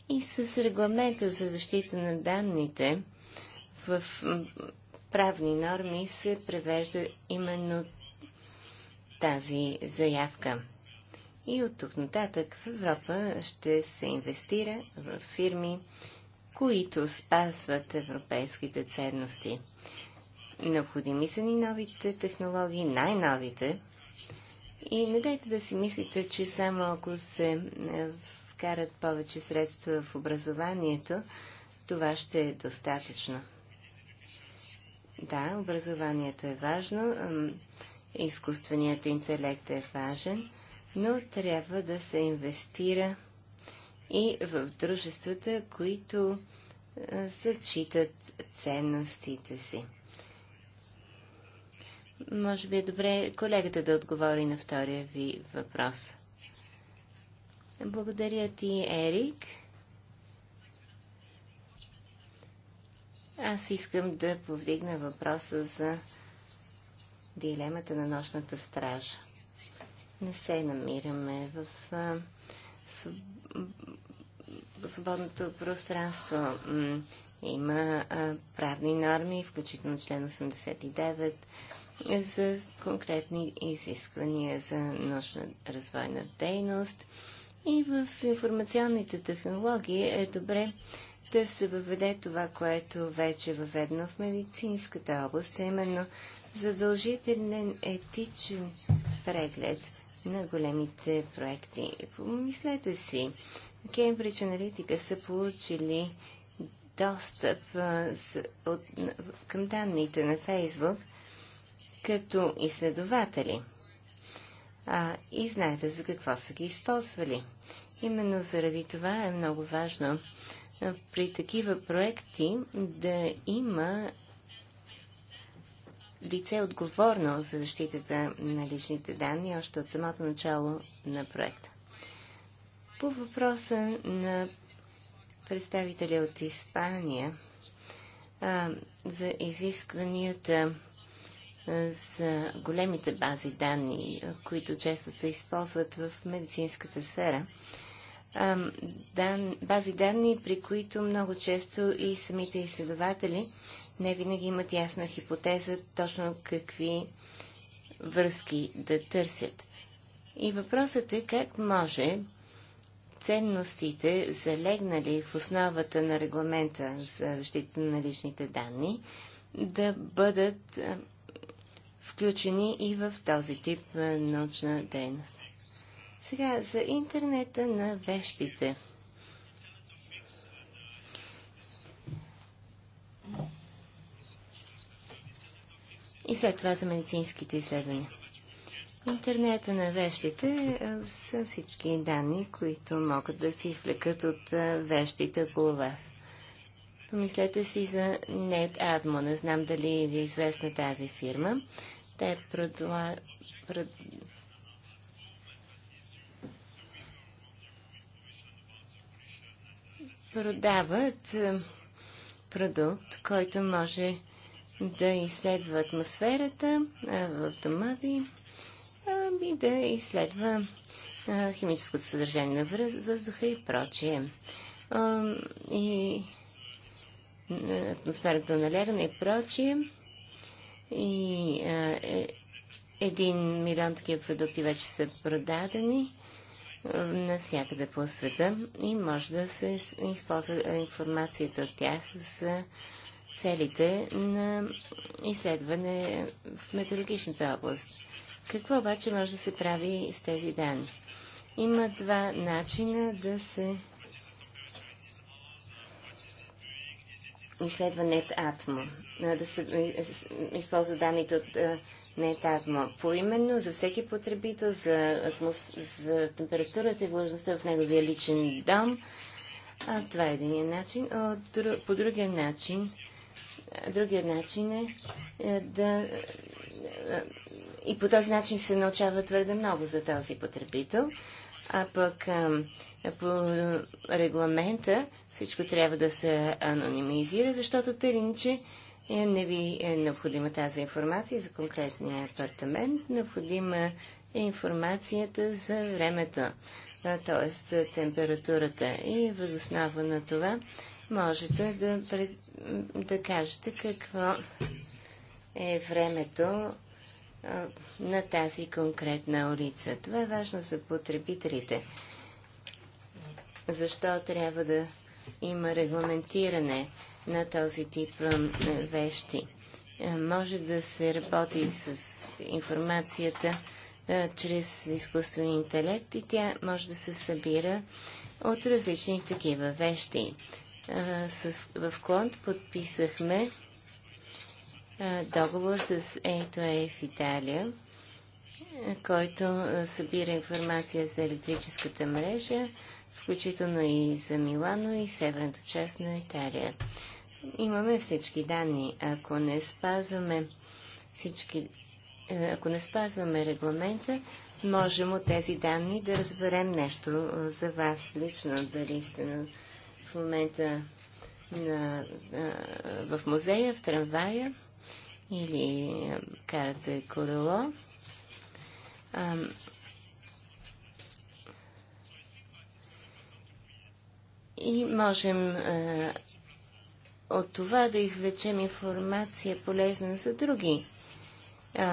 И с регламента за защита на данните в правни норми се превежда именно тази заявка. И от тук нататък в Европа ще се инвестира в фирми, които спазват европейските ценности. Необходими са ни новите технологии, най-новите. И не дайте да си мислите, че само ако се е, вкарат повече средства в образованието, това ще е достатъчно. Да, образованието е важно изкуственият интелект е важен, но трябва да се инвестира и в дружествата, които зачитат ценностите си. Може би е добре колегата да отговори на втория ви въпрос. Благодаря ти, Ерик. Аз искам да повдигна въпроса за дилемата на нощната стража. Не се намираме в а, суб... свободното пространство. Има а, правни норми, включително член 89, за конкретни изисквания за нощна развойна дейност. И в информационните технологии е добре да се въведе това, което вече е въведено в медицинската област, а именно задължителен етичен преглед на големите проекти. Помислете си, Кембридж Аналитика са получили достъп към данните на Фейсбук като изследователи. А, и знаете за какво са ги използвали. Именно заради това е много важно при такива проекти да има лице отговорно за защитата на личните данни още от самото начало на проекта. По въпроса на представителя от Испания а, за изискванията за големите бази данни, които често се използват в медицинската сфера дан, бази данни, при които много често и самите изследователи не винаги имат ясна хипотеза точно какви връзки да търсят. И въпросът е как може ценностите, залегнали в основата на регламента за защита на личните данни, да бъдат включени и в този тип научна дейност. Сега за интернета на вещите. И след това за медицинските изследвания. Интернета на вещите е, са всички данни, които могат да се извлекат от е, вещите около вас. Помислете си за NetAdmo. Не знам дали ви е известна тази фирма. Те продават е, продукт, който може да изследва атмосферата е, в дома ви е, и да изследва химическото съдържание на въздуха и прочие. И атмосферата на налягане и прочие. И един милион такива продукти вече са продадени навсякъде по света и може да се използва информацията от тях за целите на изследване в метеорологичната област. Какво обаче може да се прави с тези данни? Има два начина да се изследва NetAtmo, да се е, е, използва данните от NetAtmo е, поименно за всеки потребител, за, атмос... за температурата и влажността в неговия личен дом. А, това е един начин. А, дру... По другия начин, другия начин е да и по този начин се научава твърде много за този потребител. А пък а, по регламента всичко трябва да се анонимизира, защото теринче е, не ви е необходима тази информация за конкретния апартамент. Необходима е информацията за времето, т.е. за температурата. И възоснова на това можете да, да кажете какво е времето на тази конкретна улица. Това е важно за потребителите. Защо трябва да има регламентиране на този тип вещи? Може да се работи с информацията чрез изкуствен интелект и тя може да се събира от различни такива вещи. В Клонт подписахме е, договор с A2A в Италия, е, който е, събира информация за електрическата мрежа, включително и за Милано и северната част на Италия. Имаме всички данни. Ако не спазваме всички, ако не спазваме регламента, можем от тези данни да разберем нещо за вас лично, дали сте в момента на, на, в музея, в трамвая или карате корело, И можем е, от това да извлечем информация полезна за други.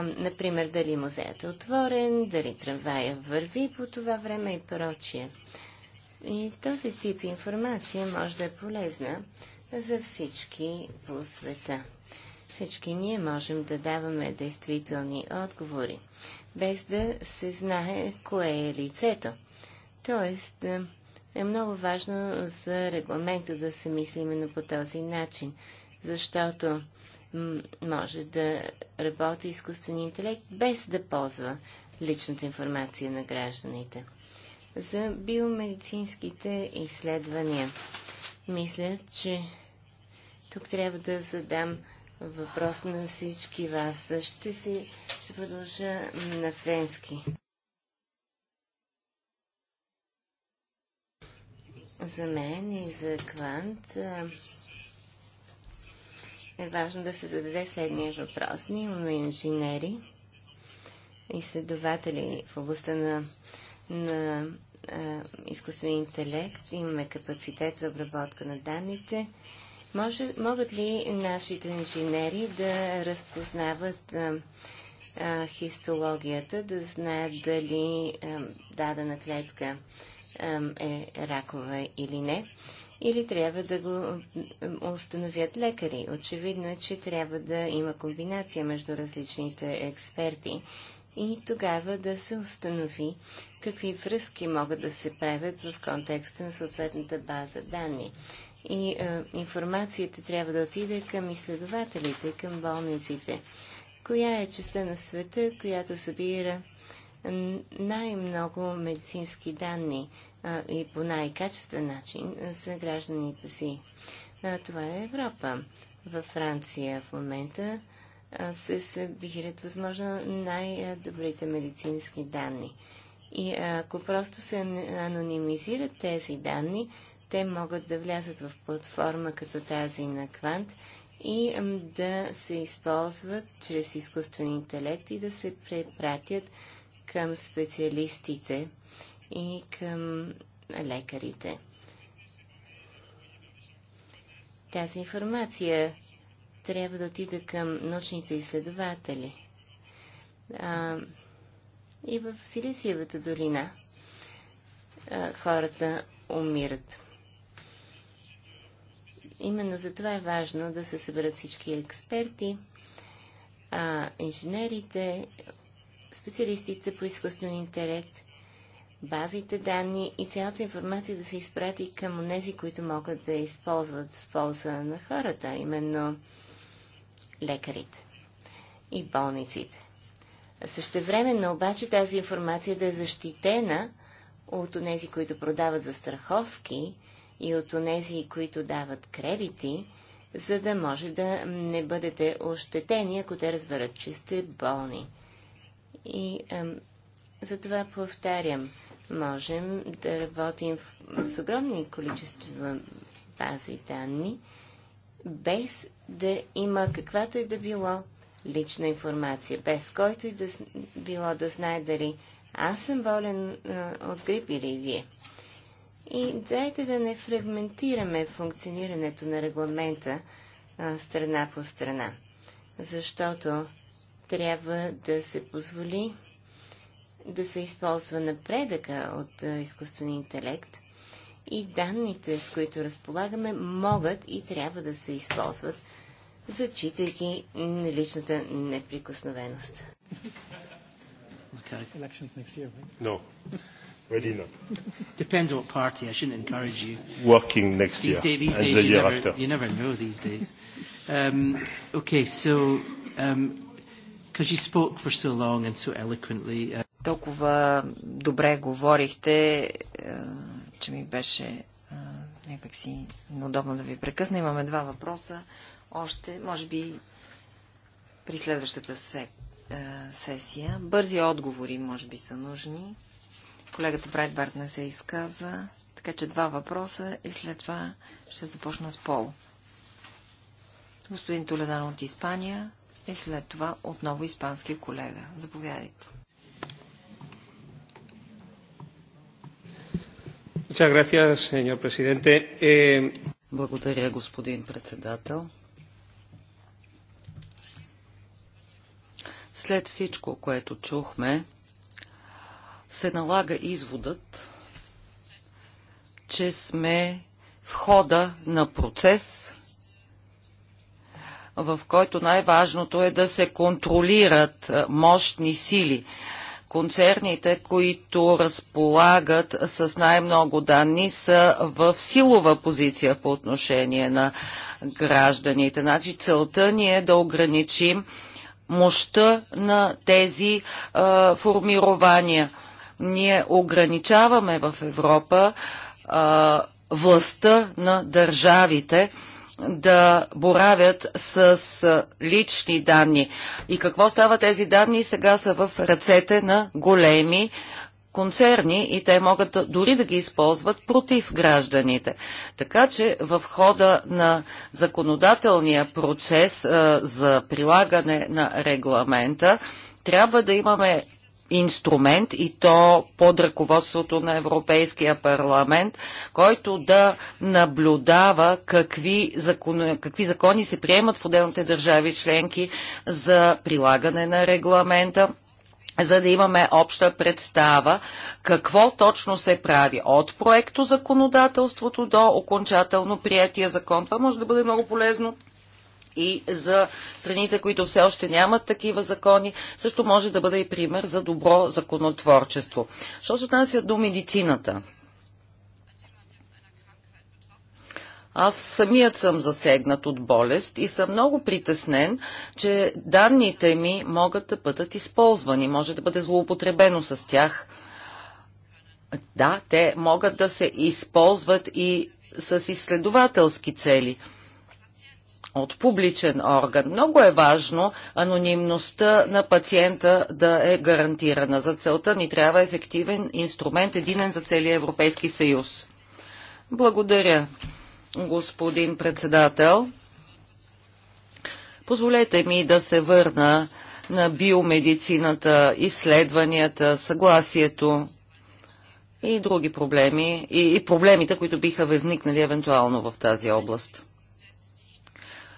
например, дали музеят е отворен, дали трамвая върви по това време и прочие. И този тип информация може да е полезна за всички по света. Всички ние можем да даваме действителни отговори, без да се знае кое е лицето. Тоест, е, е много важно за регламента да се мисли именно по този начин, защото може да работи изкуственият интелект без да ползва личната информация на гражданите. За биомедицинските изследвания. Мисля, че тук трябва да задам въпрос на всички вас. Ще си ще продължа на френски. За мен и за Квант е важно да се зададе следния въпрос. Ние имаме инженери, изследователи в областта на, на изкуствен интелект, имаме капацитет за обработка на данните, може, могат ли нашите инженери да разпознават а, а, хистологията, да знаят дали а, дадена клетка а, е ракова или не? Или трябва да го установят лекари? Очевидно е, че трябва да има комбинация между различните експерти и тогава да се установи какви връзки могат да се правят в контекста на съответната база данни и а, е, информацията трябва да отиде към изследователите, към болниците. Коя е частта на света, която събира най-много медицински данни а, и по най-качествен начин за гражданите си? А, това е Европа. Във Франция в момента а, се събират възможно най-добрите медицински данни. И ако просто се анонимизират тези данни, те могат да влязат в платформа като тази на Квант и да се използват чрез изкуствен интелект и да се препратят към специалистите и към лекарите. Тази информация трябва да отида към научните изследователи. А, и в Силисиевата долина а, хората умират. Именно за това е важно да се съберат всички експерти, а, инженерите, специалистите по изкуствен интелект, базите данни и цялата информация да се изпрати към тези, които могат да използват в полза на хората, именно лекарите и болниците. Същевременно обаче тази информация да е защитена от тези, които продават застраховки, страховки, и от онези, които дават кредити, за да може да не бъдете ощетени, ако те разберат, че сте болни. И ем, затова повтарям, можем да работим в, с огромни количества бази данни, без да има каквато и да било лична информация, без който и да било да знае дали аз съм болен а, от грип или вие. И дайте да не фрагментираме функционирането на регламента а, страна по страна, защото трябва да се позволи да се използва напредъка от а, изкуствения интелект и данните, с които разполагаме, могат и трябва да се използват, зачитайки личната неприкосновеност. Okay. Elections next year, right? No ready now. Depends what party. I shouldn't encourage you. Working next these year. Day, these and days, the you, year never, after. you never know these days. Um, okay, so um, because you spoke for so long and so eloquently. Uh... Толкова добре говорихте, че ми беше някакси неудобно да ви прекъсна. Имаме два въпроса. Още, може би, при следващата се, сесия. Бързи отговори, може би, са нужни. Колегата Брайтбарт не се изказа, така че два въпроса и след това ще започна с Пол. Господин Толедан от Испания и след това отново испански колега. Заповядайте. Eh, Благодаря, господин председател. След всичко, което чухме, се налага изводът, че сме в хода на процес, в който най-важното е да се контролират мощни сили. Концерните, които разполагат с най-много данни, са в силова позиция по отношение на гражданите. Значи целта ни е да ограничим мощта на тези а, формирования – ние ограничаваме в Европа а, властта на държавите да боравят с лични данни. И какво става тези данни? Сега са в ръцете на големи концерни и те могат да, дори да ги използват против гражданите. Така че в хода на законодателния процес а, за прилагане на регламента трябва да имаме инструмент и то под ръководството на Европейския парламент, който да наблюдава какви, закон, какви закони се приемат в отделните държави членки за прилагане на регламента за да имаме обща представа какво точно се прави от проекто законодателството до окончателно приятия закон. Това може да бъде много полезно и за страните, които все още нямат такива закони, също може да бъде и пример за добро законотворчество. Що се отнася до медицината? Аз самият съм засегнат от болест и съм много притеснен, че данните ми могат да бъдат използвани, може да бъде злоупотребено с тях. Да, те могат да се използват и с изследователски цели – от публичен орган. Много е важно анонимността на пациента да е гарантирана. За целта ни трябва ефективен инструмент, единен за целия Европейски съюз. Благодаря, господин председател. Позволете ми да се върна на биомедицината, изследванията, съгласието и други проблеми и, и проблемите, които биха възникнали евентуално в тази област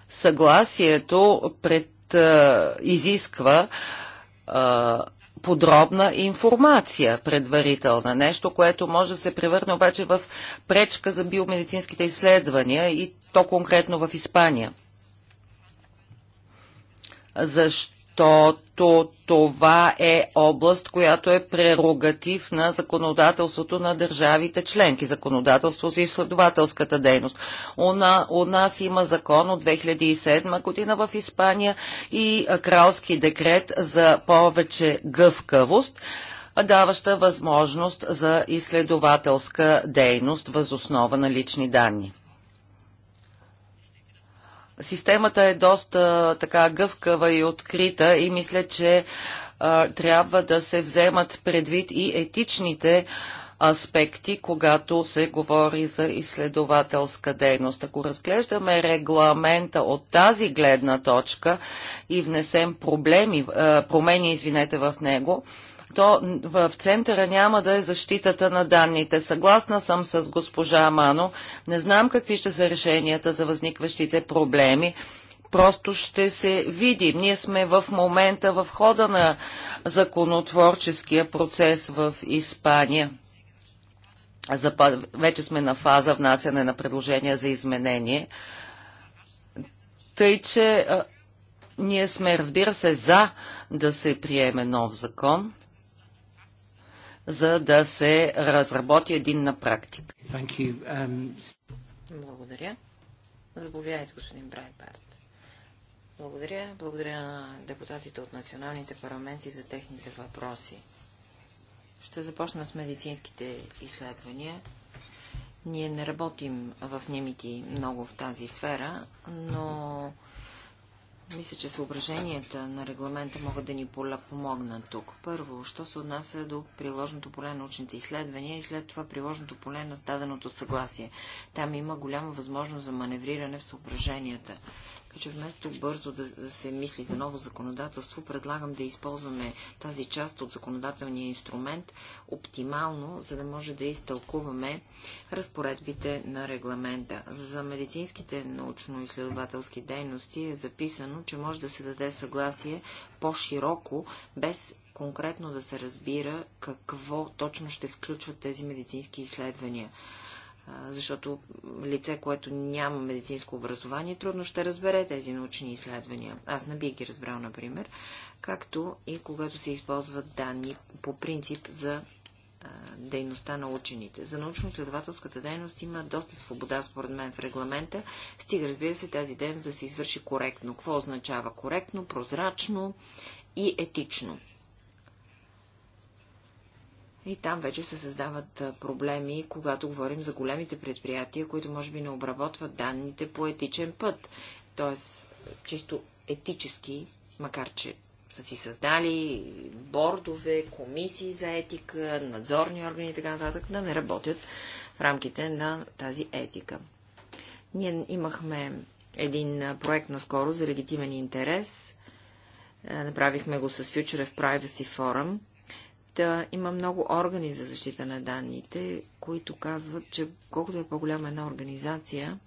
съгласието пред, а, изисква а, подробна информация предварителна. Нещо, което може да се превърне обаче в пречка за биомедицинските изследвания и то конкретно в Испания. Защо? защото това е област, която е прерогатив на законодателството на държавите членки, законодателство за изследователската дейност. на, у нас има закон от 2007 година в Испания и кралски декрет за повече гъвкавост даваща възможност за изследователска дейност възоснова на лични данни. Системата е доста така гъвкава и открита и мисля, че а, трябва да се вземат предвид и етичните аспекти, когато се говори за изследователска дейност. Ако разглеждаме регламента от тази гледна точка и внесем проблеми, промени извинете, в него, то в центъра няма да е защитата на данните. Съгласна съм с госпожа Мано. Не знам какви ще са решенията за възникващите проблеми. Просто ще се видим. Ние сме в момента в хода на законотворческия процес в Испания. Вече сме на фаза внасяне на предложения за изменение. Тъй, че ние сме, разбира се, за да се приеме нов закон, за да се разработи един на практика. Um... Благодаря. Заповядайте, господин Брайбарт. Благодаря. Благодаря на депутатите от националните парламенти за техните въпроси. Ще започна с медицинските изследвания. Ние не работим в Немити много в тази сфера, но мисля, че съображенията на регламента могат да ни помогнат тук. Първо, що се отнася до приложното поле на научните изследвания и след това приложното поле на даденото съгласие. Там има голяма възможност за маневриране в съображенията че вместо бързо да се мисли за ново законодателство, предлагам да използваме тази част от законодателния инструмент оптимално, за да може да изтълкуваме разпоредбите на регламента. За медицинските научно-изследователски дейности е записано, че може да се даде съгласие по-широко, без конкретно да се разбира какво точно ще включват тези медицински изследвания защото лице, което няма медицинско образование, трудно ще разбере тези научни изследвания. Аз не би ги разбрал, например, както и когато се използват данни по принцип за дейността на учените. За научно-следователската дейност има доста свобода, според мен, в регламента. Стига, разбира се, тази дейност да се извърши коректно. Какво означава коректно, прозрачно и етично? И там вече се създават проблеми, когато говорим за големите предприятия, които може би не обработват данните по етичен път. т.е. чисто етически, макар че са си създали бордове, комисии за етика, надзорни органи и така нататък, да не работят в рамките на тази етика. Ние имахме един проект наскоро за легитимен интерес. Е, направихме го с Future of Privacy Forum – Та, има много органи за защита на данните, които казват, че колкото е по-голяма една организация,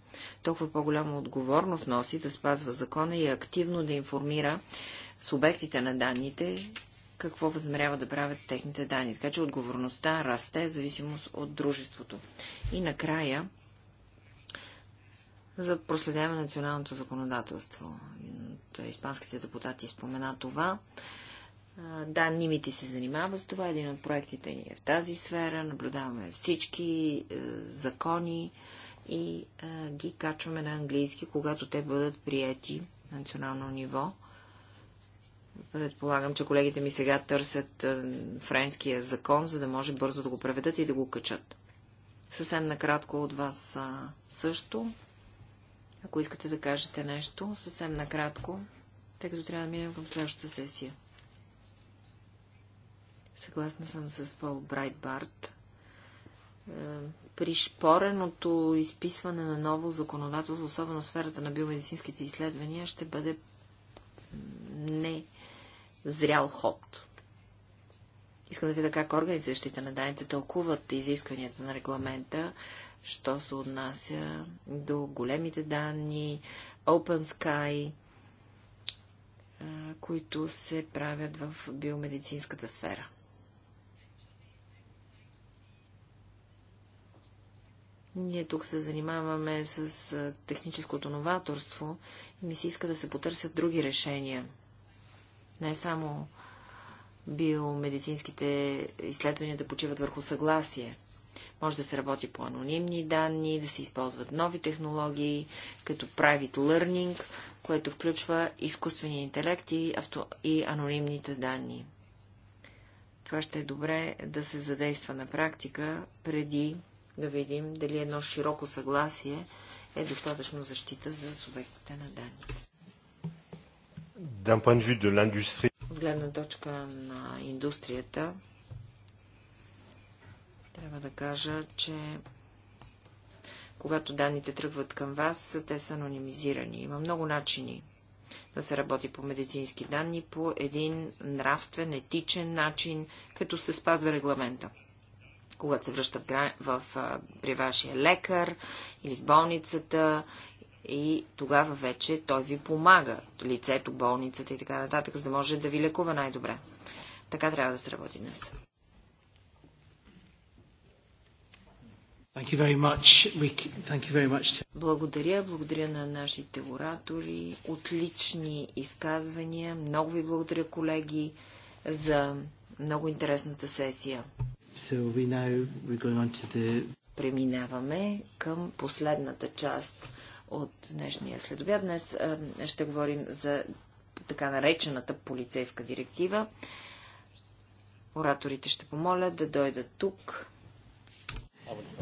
толкова по-голяма отговорност носи да спазва закона и активно да информира субектите на данните, какво възмерява да правят с техните данни. Така че отговорността расте в зависимост от дружеството. И накрая, за проследяване на националното законодателство. Испанските депутати спомена това. Да, нимите се занимава с това. Един от проектите ни е в тази сфера. Наблюдаваме всички е, закони и е, ги качваме на английски, когато те бъдат приети на национално ниво. Предполагам, че колегите ми сега търсят е, френския закон, за да може бързо да го преведат и да го качат. Съвсем накратко от вас а, също. Ако искате да кажете нещо, съвсем накратко, тъй като трябва да минем към следващата сесия. Съгласна съм с Пол Брайтбарт. Е, шпореното изписване на ново законодателство, особено в сферата на биомедицинските изследвания, ще бъде не зрял ход. Искам да видя как органите за защита на данните тълкуват изискванията на регламента, що се отнася до големите данни, Open Sky, е, които се правят в биомедицинската сфера. Ние тук се занимаваме с техническото новаторство и ми се иска да се потърсят други решения. Не само биомедицинските изследвания да почиват върху съгласие. Може да се работи по анонимни данни, да се използват нови технологии, като private learning, което включва изкуствения интелект и, авто... и анонимните данни. Това ще е добре да се задейства на практика преди да видим дали едно широко съгласие е достатъчно защита за субектите на данните. От гледна точка на индустрията, трябва да кажа, че когато данните тръгват към вас, те са анонимизирани. Има много начини да се работи по медицински данни по един нравствен, етичен начин, като се спазва регламента когато се връща в, грани... в, при вашия лекар или в болницата и тогава вече той ви помага, лицето, болницата и така нататък, за да може да ви лекува най-добре. Така трябва да се работи днес. Благодаря, благодаря на нашите оратори. Отлични изказвания. Много ви благодаря, колеги, за много интересната сесия. So we now we're going on to the... Преминаваме към последната част от днешния следобед. Днес е, ще говорим за така наречената полицейска директива. Ораторите ще помоля да дойдат тук.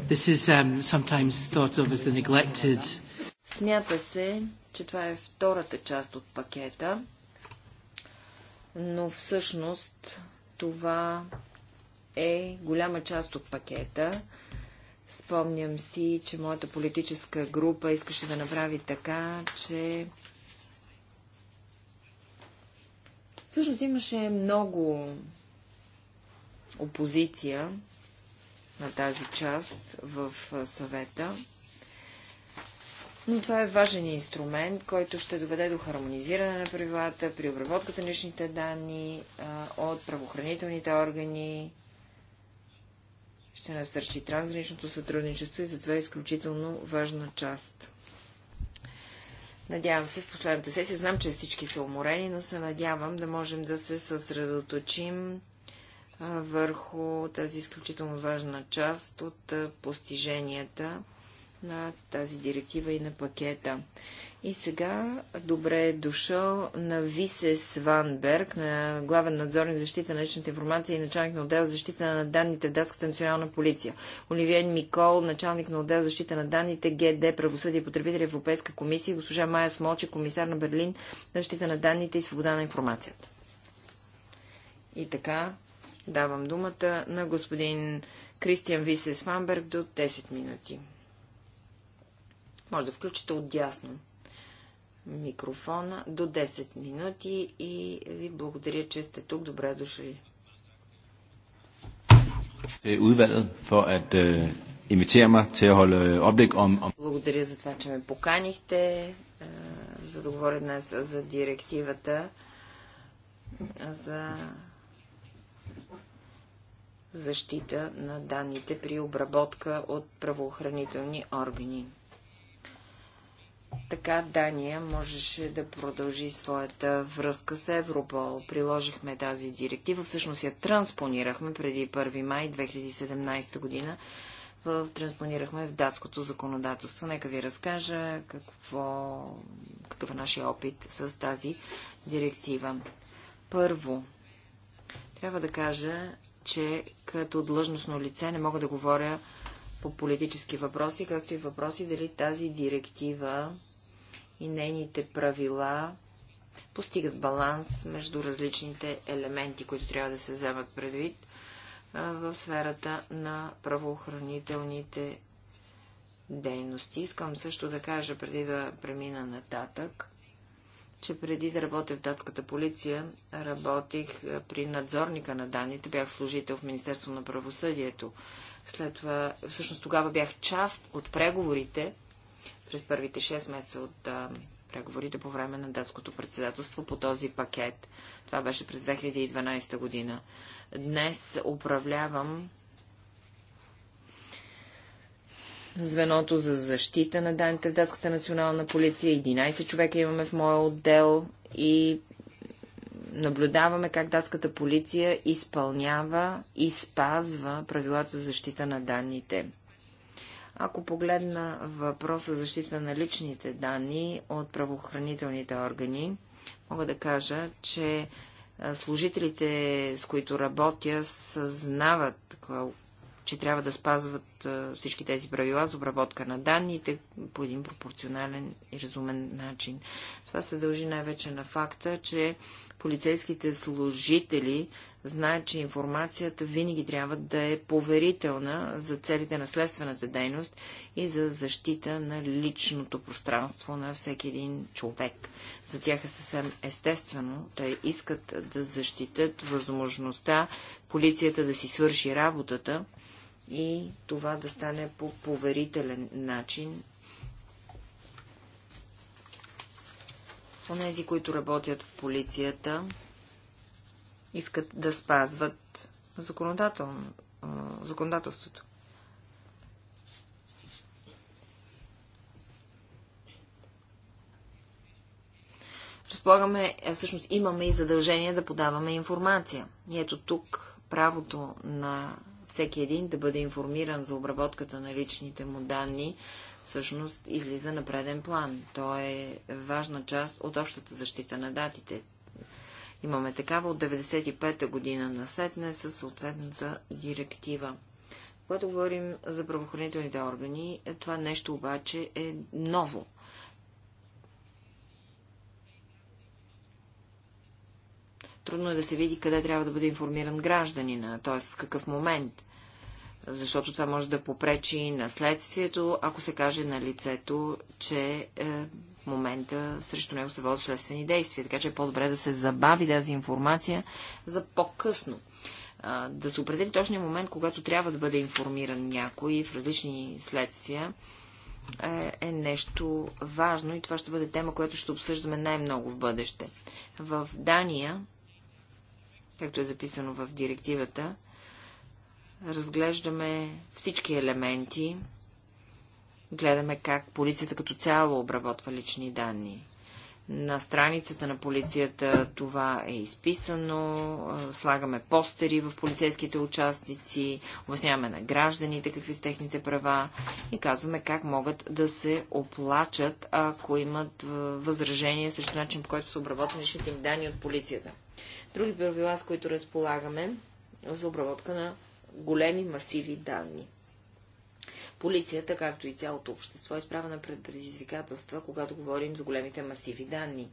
This is um, sometimes thought of as the neglected. Смята се, че това е втората част от пакета, но всъщност това е голяма част от пакета. Спомням си, че моята политическа група искаше да направи така, че всъщност имаше много опозиция на тази част в съвета. Но това е важен инструмент, който ще доведе до хармонизиране на правилата при обработката на личните данни от правоохранителните органи ще насърчи трансграничното сътрудничество и затова е изключително важна част. Надявам се в последната сесия, знам, че всички са уморени, но се надявам да можем да се съсредоточим върху тази изключително важна част от постиженията на тази директива и на пакета. И сега добре е дошъл на Висе Сванберг, на главен надзорник защита на личната информация и началник на отдел защита на данните в Датската национална полиция. Оливиен Микол, началник на отдел защита на данните, ГД, правосъдие и потребители Европейска комисия, госпожа Майя Смолче, комисар на Берлин, защита на данните и свобода на информацията. И така, давам думата на господин Кристиан Висе Сванберг до 10 минути. Може да включите отдясно микрофона до 10 минути и ви благодаря, че сте тук. Добре дошли. Благодаря за това, че ме поканихте, е, за да говоря днес за директивата за защита на данните при обработка от правоохранителни органи. Така Дания можеше да продължи своята връзка с Европол. Приложихме тази директива, всъщност я транспонирахме преди 1 май 2017 година. Транспонирахме в датското законодателство. Нека ви разкажа какво, какъв е нашия опит с тази директива. Първо, трябва да кажа, че като длъжностно лице не мога да говоря по политически въпроси, както и въпроси дали тази директива и нейните правила постигат баланс между различните елементи, които трябва да се вземат предвид в сферата на правоохранителните дейности. Искам също да кажа, преди да премина нататък, че преди да работя в датската полиция, работих е, при надзорника на данните, бях служител в Министерство на правосъдието. След това, всъщност тогава бях част от преговорите през първите 6 месеца от а, преговорите по време на датското председателство по този пакет. Това беше през 2012 година. Днес управлявам звеното за защита на данните в Датската национална полиция. 11 човека имаме в моя отдел и наблюдаваме как датската полиция изпълнява и спазва правилата за защита на данните. Ако погледна въпроса за защита на личните данни от правоохранителните органи, мога да кажа, че служителите, с които работя, съзнават че трябва да спазват всички тези правила за обработка на данните по един пропорционален и разумен начин. Това се дължи най-вече на факта, че полицейските служители знаят, че информацията винаги трябва да е поверителна за целите на следствената дейност и за защита на личното пространство на всеки един човек. За тях е съвсем естествено. Те искат да защитят възможността полицията да си свърши работата и това да стане по поверителен начин. Онези, които работят в полицията, искат да спазват законодател... законодателството. разполагаме, всъщност имаме и задължение да подаваме информация. И ето тук правото на всеки един да бъде информиран за обработката на личните му данни, всъщност излиза на преден план. То е важна част от общата защита на датите. Имаме такава от 95 година на сетне със съответната директива. Когато говорим за правоохранителните органи, това нещо обаче е ново. трудно е да се види къде трябва да бъде информиран гражданина, т.е. в какъв момент. Защото това може да попречи наследствието, ако се каже на лицето, че е, в момента срещу него се водят следствени действия. Така че е по-добре да се забави тази информация за по-късно. Да се определи точния момент, когато трябва да бъде информиран някой в различни следствия, е, е нещо важно и това ще бъде тема, която ще обсъждаме най-много в бъдеще. В Дания както е записано в директивата, разглеждаме всички елементи, гледаме как полицията като цяло обработва лични данни. На страницата на полицията това е изписано, слагаме постери в полицейските участници, обясняваме на гражданите какви са техните права и казваме как могат да се оплачат, ако имат възражение срещу начин, по който са обработват личните им данни от полицията други правила, с които разполагаме за обработка на големи масиви данни. Полицията, както и цялото общество, е изправена пред предизвикателства, когато говорим за големите масиви данни.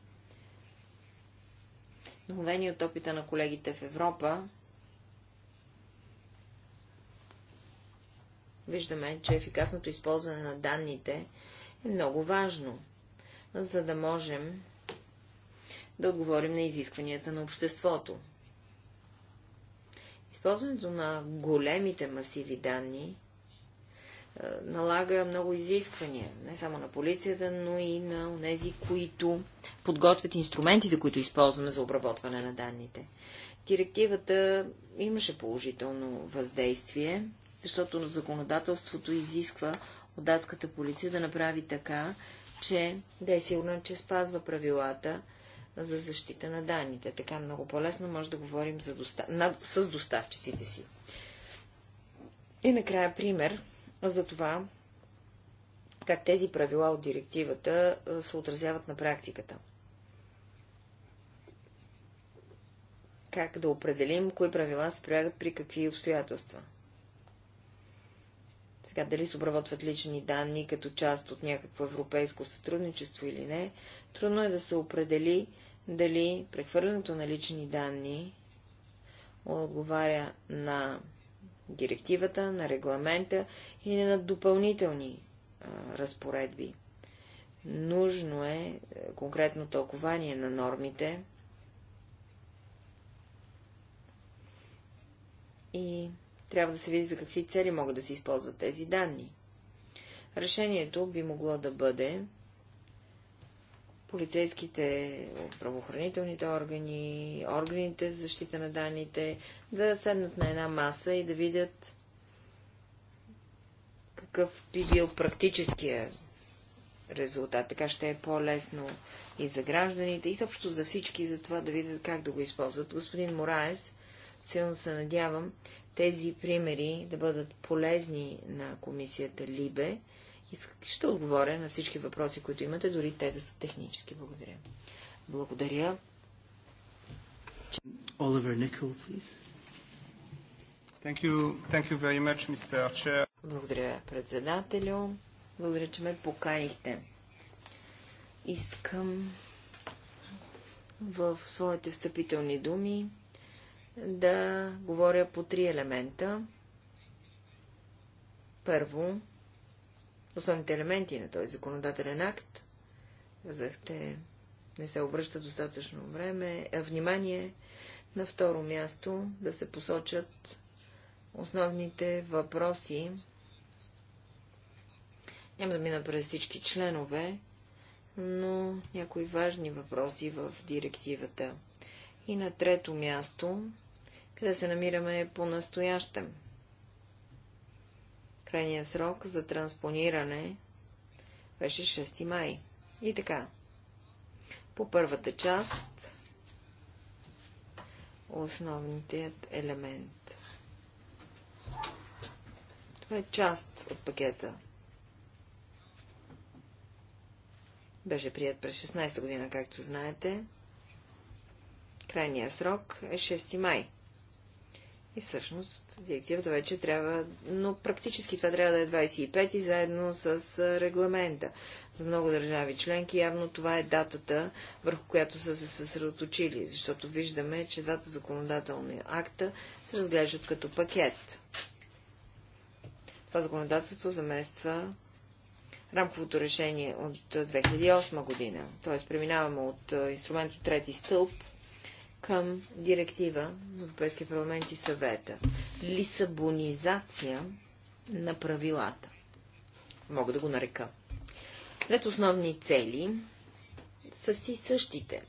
Новени от опита на колегите в Европа, виждаме, че ефикасното използване на данните е много важно, за да можем да отговорим на изискванията на обществото. Използването на големите масиви данни е, налага много изисквания, не само на полицията, но и на тези, които подготвят инструментите, които използваме за обработване на данните. Директивата имаше положително въздействие, защото законодателството изисква от датската полиция да направи така, че да е сигурна, че спазва правилата за защита на данните. Така много по-лесно може да говорим за доста... над... с доставчиците си. И накрая пример за това, как тези правила от директивата се отразяват на практиката. Как да определим, кои правила се прилагат при какви обстоятелства. Сега, дали се обработват лични данни като част от някакво европейско сътрудничество или не, трудно е да се определи дали прехвърлянето на лични данни отговаря на директивата, на регламента и на допълнителни а, разпоредби. Нужно е, е конкретно тълкование на нормите и трябва да се види за какви цели могат да се използват тези данни. Решението би могло да бъде полицейските, правоохранителните органи, органите за защита на данните, да седнат на една маса и да видят какъв би бил практическия резултат. Така ще е по-лесно и за гражданите, и съобщо за всички, за това да видят как да го използват. Господин Мораес, силно се надявам тези примери да бъдат полезни на комисията Либе ще отговоря на всички въпроси, които имате, дори те да са технически. Благодаря. Благодаря. Оливер Никол, please. Thank you. Thank you very much, Mr. Благодаря, председателю. Благодаря, че ме поканихте. Искам в своите встъпителни думи да говоря по три елемента. Първо, основните елементи на този законодателен акт. Казахте, не се обръща достатъчно време, а внимание. На второ място да се посочат основните въпроси. Няма да мина през всички членове, но някои важни въпроси в директивата. И на трето място, къде се намираме по-настоящем крайния срок за транспониране беше 6 май. И така. По първата част основният елемент. Това е част от пакета. Беше прият през 16 година, както знаете. Крайният срок е 6 май и всъщност директивата вече трябва, но практически това трябва да е 25 и заедно с регламента. За много държави членки явно това е датата, върху която са се съсредоточили, защото виждаме, че двата законодателни акта се разглеждат като пакет. Това законодателство замества рамковото решение от 2008 година. Т.е. преминаваме от инструмент от трети стълб към директива на Европейския парламент и съвета. Лисабонизация на правилата. Мога да го нарека. Двете основни цели са си същите.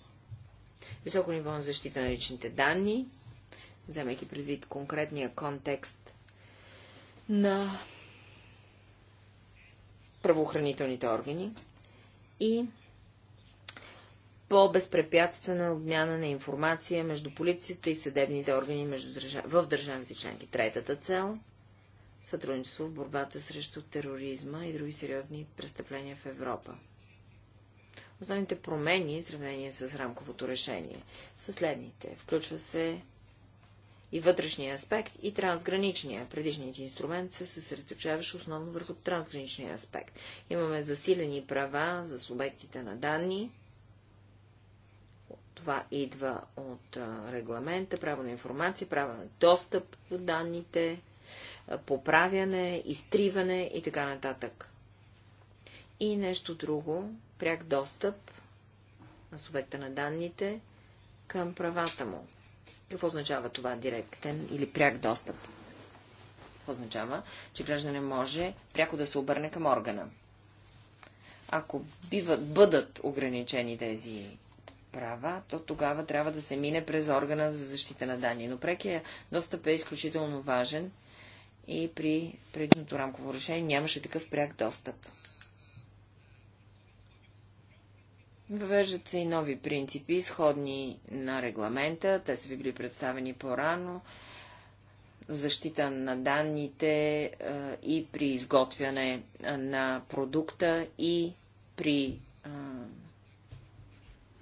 Високо ниво на защита на личните данни, вземайки предвид конкретния контекст на правоохранителните органи и по-безпрепятствена обмяна на информация между полицията и съдебните органи между държа... в държавите членки. Третата цел – сътрудничество в борбата срещу тероризма и други сериозни престъпления в Европа. Основните промени, в сравнение с рамковото решение, са следните. Включва се и вътрешния аспект, и трансграничния. Предишният инструмент се съсредоточаваше основно върху трансграничния аспект. Имаме засилени права за субектите на данни, това идва от регламента, право на информация, право на достъп до данните, поправяне, изтриване и така нататък. И нещо друго, пряк достъп на субекта на данните към правата му. Какво означава това директен или пряк достъп? Какво означава, че граждане може пряко да се обърне към органа. Ако биват, бъдат ограничени тези права, то тогава трябва да се мине през органа за защита на данни. Но прекия достъп е изключително важен и при предното рамково решение нямаше такъв пряк достъп. Въвеждат се и нови принципи, изходни на регламента, те са ви били представени по-рано, защита на данните е, и при изготвяне на продукта и при е,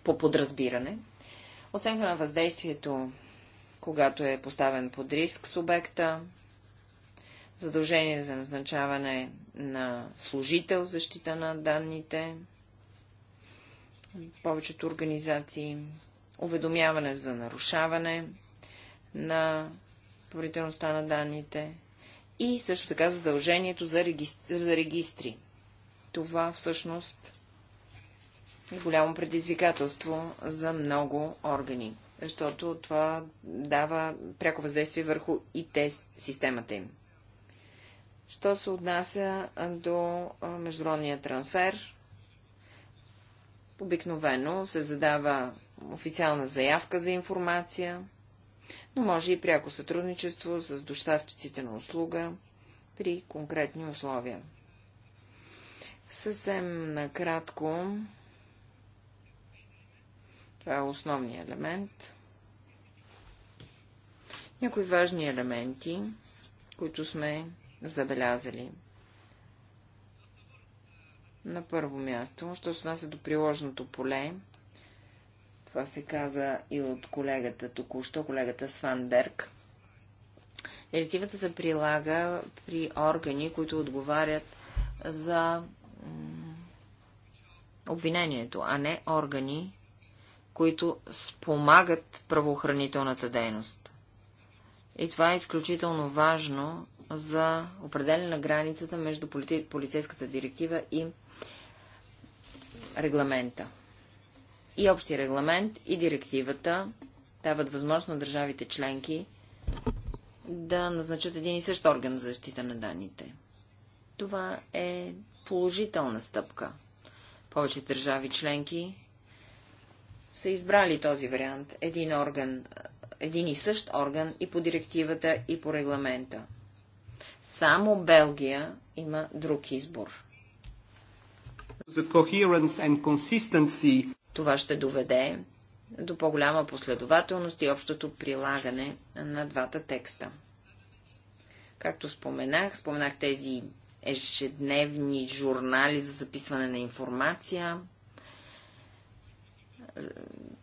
по подразбиране. Оценка на въздействието, когато е поставен под риск субекта, задължение за назначаване на служител защита на данните, повечето организации, уведомяване за нарушаване на поверителността на данните и също така задължението за, регистр... за регистри. Това всъщност голямо предизвикателство за много органи, защото това дава пряко въздействие върху и те системата им. Що се отнася до международния трансфер, обикновено се задава официална заявка за информация, но може и пряко сътрудничество с доставчиците на услуга при конкретни условия. Съвсем накратко това е основният елемент. Някои важни елементи, които сме забелязали. На първо място, що се отнася до приложното поле, това се каза и от колегата току-що, колегата Сванберг. Директивата се прилага при органи, които отговарят за обвинението, а не органи, които спомагат правоохранителната дейност. И това е изключително важно за определене на границата между полицей, полицейската директива и регламента. И общия регламент, и директивата дават възможност на държавите членки да назначат един и същ орган за защита на данните. Това е положителна стъпка. Повече държави членки са избрали този вариант – един орган, един и същ орган и по директивата, и по регламента. Само Белгия има друг избор. Това ще доведе до по-голяма последователност и общото прилагане на двата текста. Както споменах, споменах тези ежедневни журнали за записване на информация –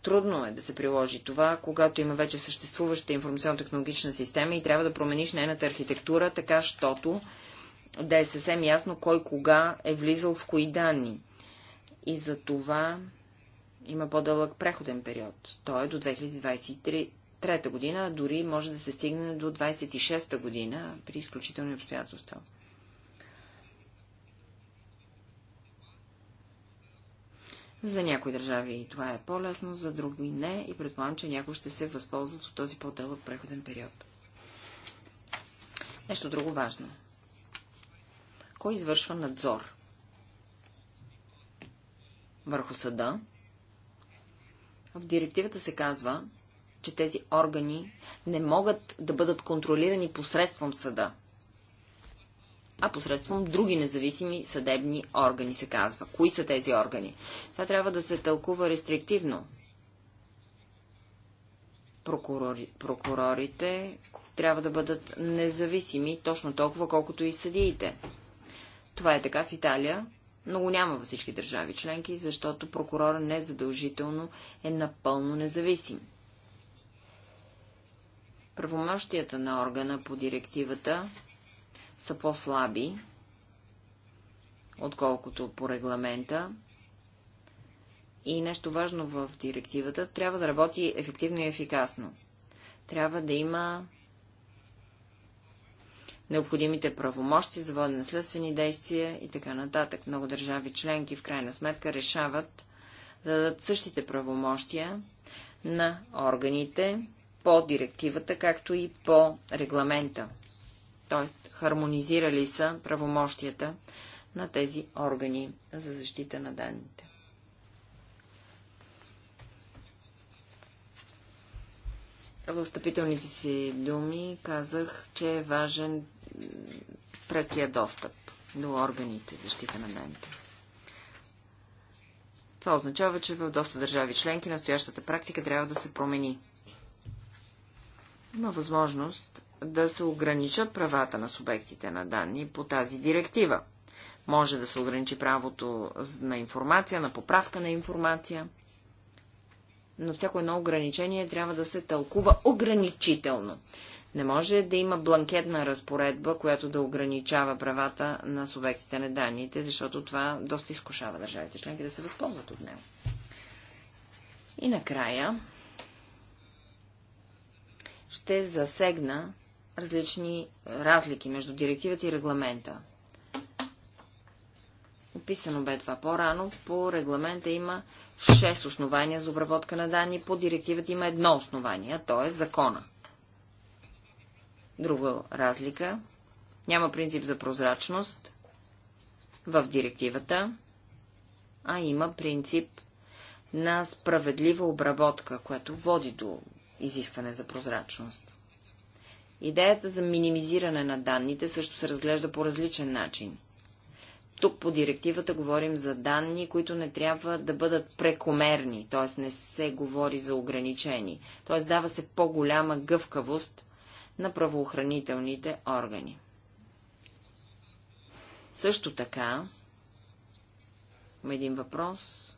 трудно е да се приложи това, когато има вече съществуваща информационно-технологична система и трябва да промениш нейната архитектура, така, щото да е съвсем ясно кой кога е влизал в кои данни. И за това има по-дълъг преходен период. Той е до 2023 година, дори може да се стигне до 2026 година при изключителни обстоятелства. За някои държави това е по-лесно, за други не и предполагам, че някои ще се възползват от този по-дълъг преходен период. Нещо друго важно. Кой извършва надзор? Върху съда. В директивата се казва, че тези органи не могат да бъдат контролирани посредством съда а посредством други независими съдебни органи, се казва. Кои са тези органи? Това трябва да се тълкува рестриктивно. Прокурори, прокурорите трябва да бъдат независими точно толкова, колкото и съдиите. Това е така в Италия, но го няма във всички държави членки, защото прокурор незадължително е напълно независим. Правомощията на органа по директивата са по-слаби, отколкото по регламента. И нещо важно в директивата, трябва да работи ефективно и ефикасно. Трябва да има необходимите правомощи за водене следствени действия и така нататък. Много държави членки в крайна сметка решават да дадат същите правомощия на органите по директивата, както и по регламента т.е. хармонизирали са правомощията на тези органи за защита на данните. В встъпителните си думи казах, че е важен прекия достъп до органите защита на данните. Това означава, че в доста държави членки настоящата практика трябва да се промени. Има възможност да се ограничат правата на субектите на данни по тази директива. Може да се ограничи правото на информация, на поправка на информация, но всяко едно ограничение трябва да се тълкува ограничително. Не може да има бланкетна разпоредба, която да ограничава правата на субектите на данните, защото това доста изкушава държавите членки да се възползват от него. И накрая ще засегна различни разлики между директивата и регламента. Описано бе това по-рано. По регламента има 6 основания за обработка на данни, по директивата има едно основание, то е закона. Друга разлика. Няма принцип за прозрачност в директивата, а има принцип на справедлива обработка, което води до изискване за прозрачност. Идеята за минимизиране на данните също се разглежда по различен начин. Тук по директивата говорим за данни, които не трябва да бъдат прекомерни, т.е. не се говори за ограничени, т.е. дава се по-голяма гъвкавост на правоохранителните органи. Също така, има един въпрос,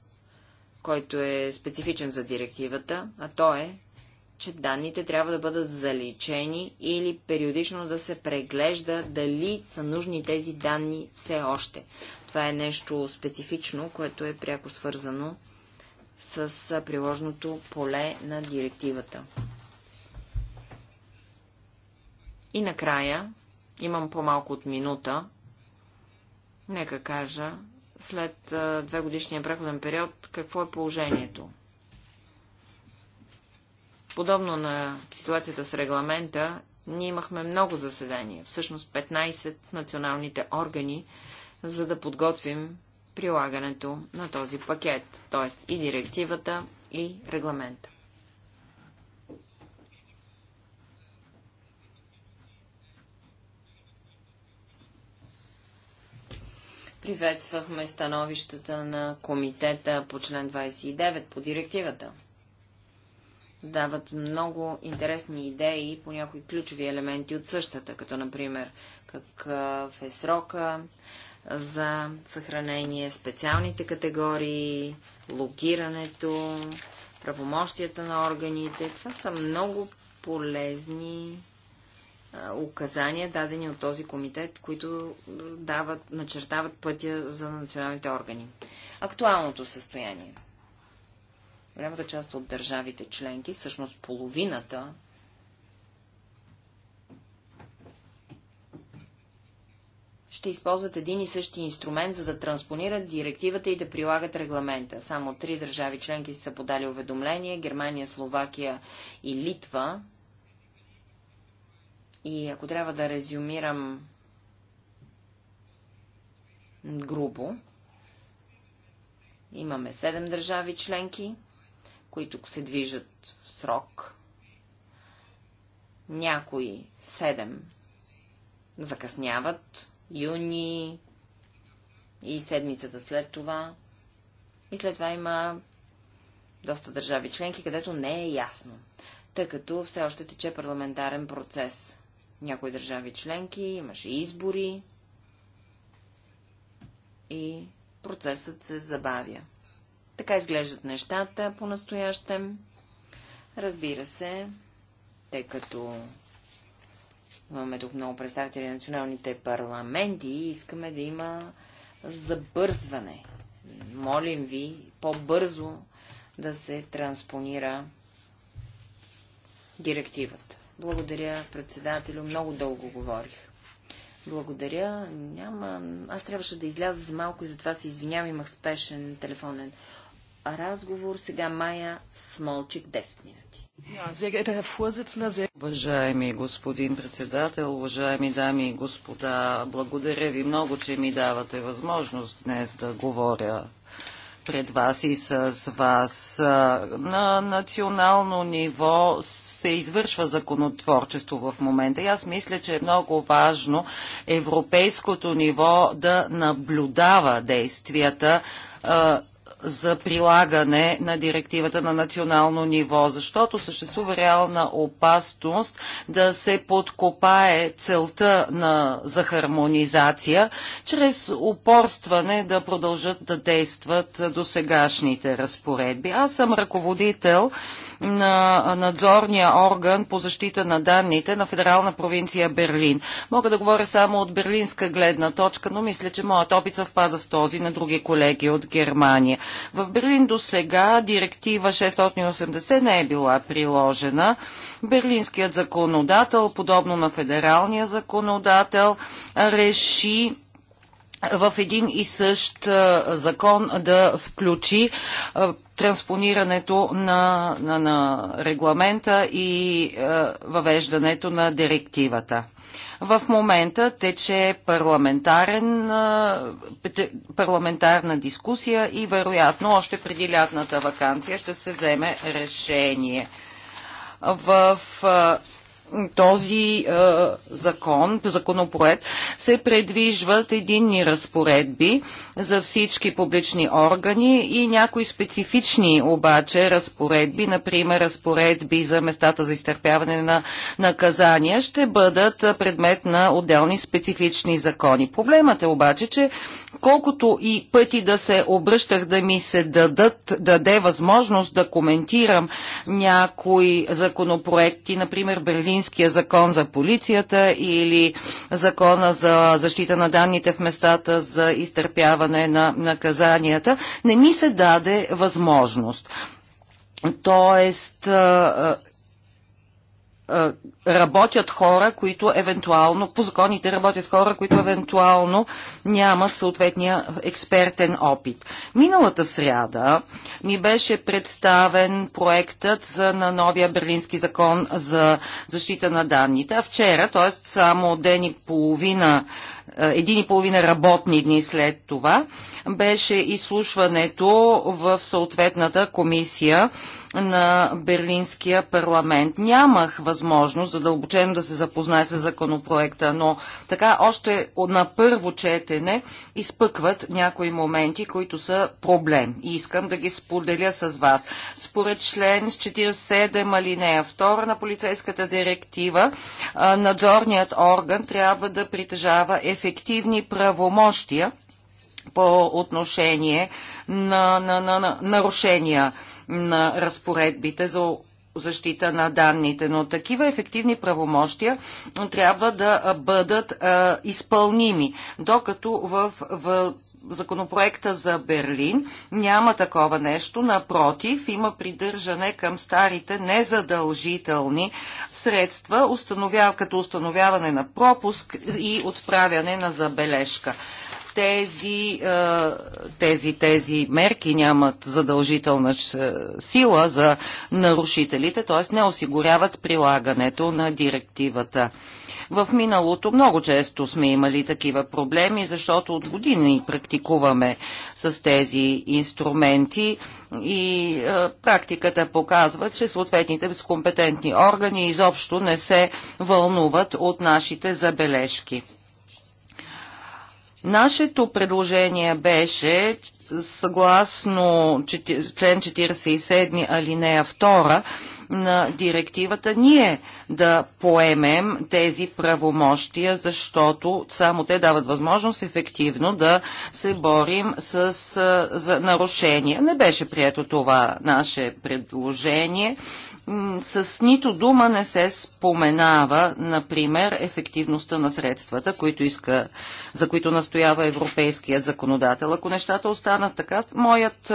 който е специфичен за директивата, а то е че данните трябва да бъдат заличени или периодично да се преглежда дали са нужни тези данни все още. Това е нещо специфично, което е пряко свързано с приложното поле на директивата. И накрая, имам по-малко от минута, нека кажа, след две годишния преходен период, какво е положението подобно на ситуацията с регламента, ние имахме много заседания, всъщност 15 националните органи, за да подготвим прилагането на този пакет, т.е. и директивата, и регламента. Приветствахме становищата на комитета по член 29 по директивата дават много интересни идеи по някои ключови елементи от същата, като например какъв е срока за съхранение, специалните категории, логирането, правомощията на органите. Това са много полезни указания, дадени от този комитет, които дават, начертават пътя за националните органи. Актуалното състояние. Голямата част от държавите членки, всъщност половината, ще използват един и същи инструмент, за да транспонират директивата и да прилагат регламента. Само три държави членки са подали уведомление – Германия, Словакия и Литва. И ако трябва да резюмирам грубо, имаме седем държави членки – които се движат в срок. Някои седем закъсняват, юни и седмицата след това. И след това има доста държави членки, където не е ясно, тъй като все още тече парламентарен процес. Някои държави членки имаше избори и процесът се забавя. Така изглеждат нещата по-настоящем. Разбира се, тъй като имаме тук много представители на националните парламенти и искаме да има забързване. Молим ви по-бързо да се транспонира директивата. Благодаря, председателю. Много дълго говорих. Благодаря. Няма... Аз трябваше да изляза за малко и затова се извинявам. Имах спешен телефонен разговор. Сега Майя Смолчик, 10 минути. Уважаеми господин председател, уважаеми дами и господа, благодаря ви много, че ми давате възможност днес да говоря пред вас и с вас. На национално ниво се извършва законотворчество в момента и аз мисля, че е много важно европейското ниво да наблюдава действията за прилагане на директивата на национално ниво, защото съществува реална опасност да се подкопае целта на, за хармонизация, чрез упорстване да продължат да действат до сегашните разпоредби. Аз съм ръководител на надзорния орган по защита на данните на Федерална провинция Берлин. Мога да говоря само от берлинска гледна точка, но мисля, че моят опит съвпада с този на други колеги от Германия. В Берлин до сега директива 680 не е била приложена. Берлинският законодател, подобно на федералния законодател, реши в един и същ закон да включи транспонирането на, на, на регламента и въвеждането на директивата. В момента тече парламентарен, парламентарна дискусия и вероятно още преди лятната вакансия ще се вземе решение. В този е, закон, законопроект, се предвижват единни разпоредби за всички публични органи и някои специфични обаче разпоредби, например разпоредби за местата за изтърпяване на наказания, ще бъдат предмет на отделни специфични закони. Проблемът е обаче, че колкото и пъти да се обръщах да ми се дадат, даде възможност да коментирам някои законопроекти, например Берлинския закон за полицията или закона за защита на данните в местата за изтърпяване на наказанията, не ми се даде възможност. Тоест, е, работят хора, които евентуално, по законите работят хора, които евентуално нямат съответния експертен опит. Миналата сряда ми беше представен проектът за, на новия берлински закон за защита на данните, а вчера, т.е. само ден и половина е, един и половина работни дни след това беше изслушването в съответната комисия на Берлинския парламент. Нямах възможност задълбочено да се запознае с законопроекта, но така още на първо четене изпъкват някои моменти, които са проблем. И искам да ги споделя с вас. Според член 47 алинея 2 на полицейската директива, надзорният орган трябва да притежава ефективни правомощия по отношение на, на, на, на нарушения на разпоредбите за защита на данните, но такива ефективни правомощия трябва да бъдат а, изпълними, докато в, в законопроекта за Берлин няма такова нещо. Напротив, има придържане към старите незадължителни средства, установяв, като установяване на пропуск и отправяне на забележка тези, е, тези, тези мерки нямат задължителна е, сила за нарушителите, т.е. не осигуряват прилагането на директивата. В миналото много често сме имали такива проблеми, защото от години практикуваме с тези инструменти и е, практиката показва, че съответните безкомпетентни органи изобщо не се вълнуват от нашите забележки. Нашето предложение беше съгласно член 47 алинея 2 на директивата ние да поемем тези правомощия, защото само те дават възможност ефективно да се борим с за нарушения. Не беше прието това наше предложение. С нито дума не се споменава, например, ефективността на средствата, които иска, за които настоява европейският законодател. Ако нещата останат така, моят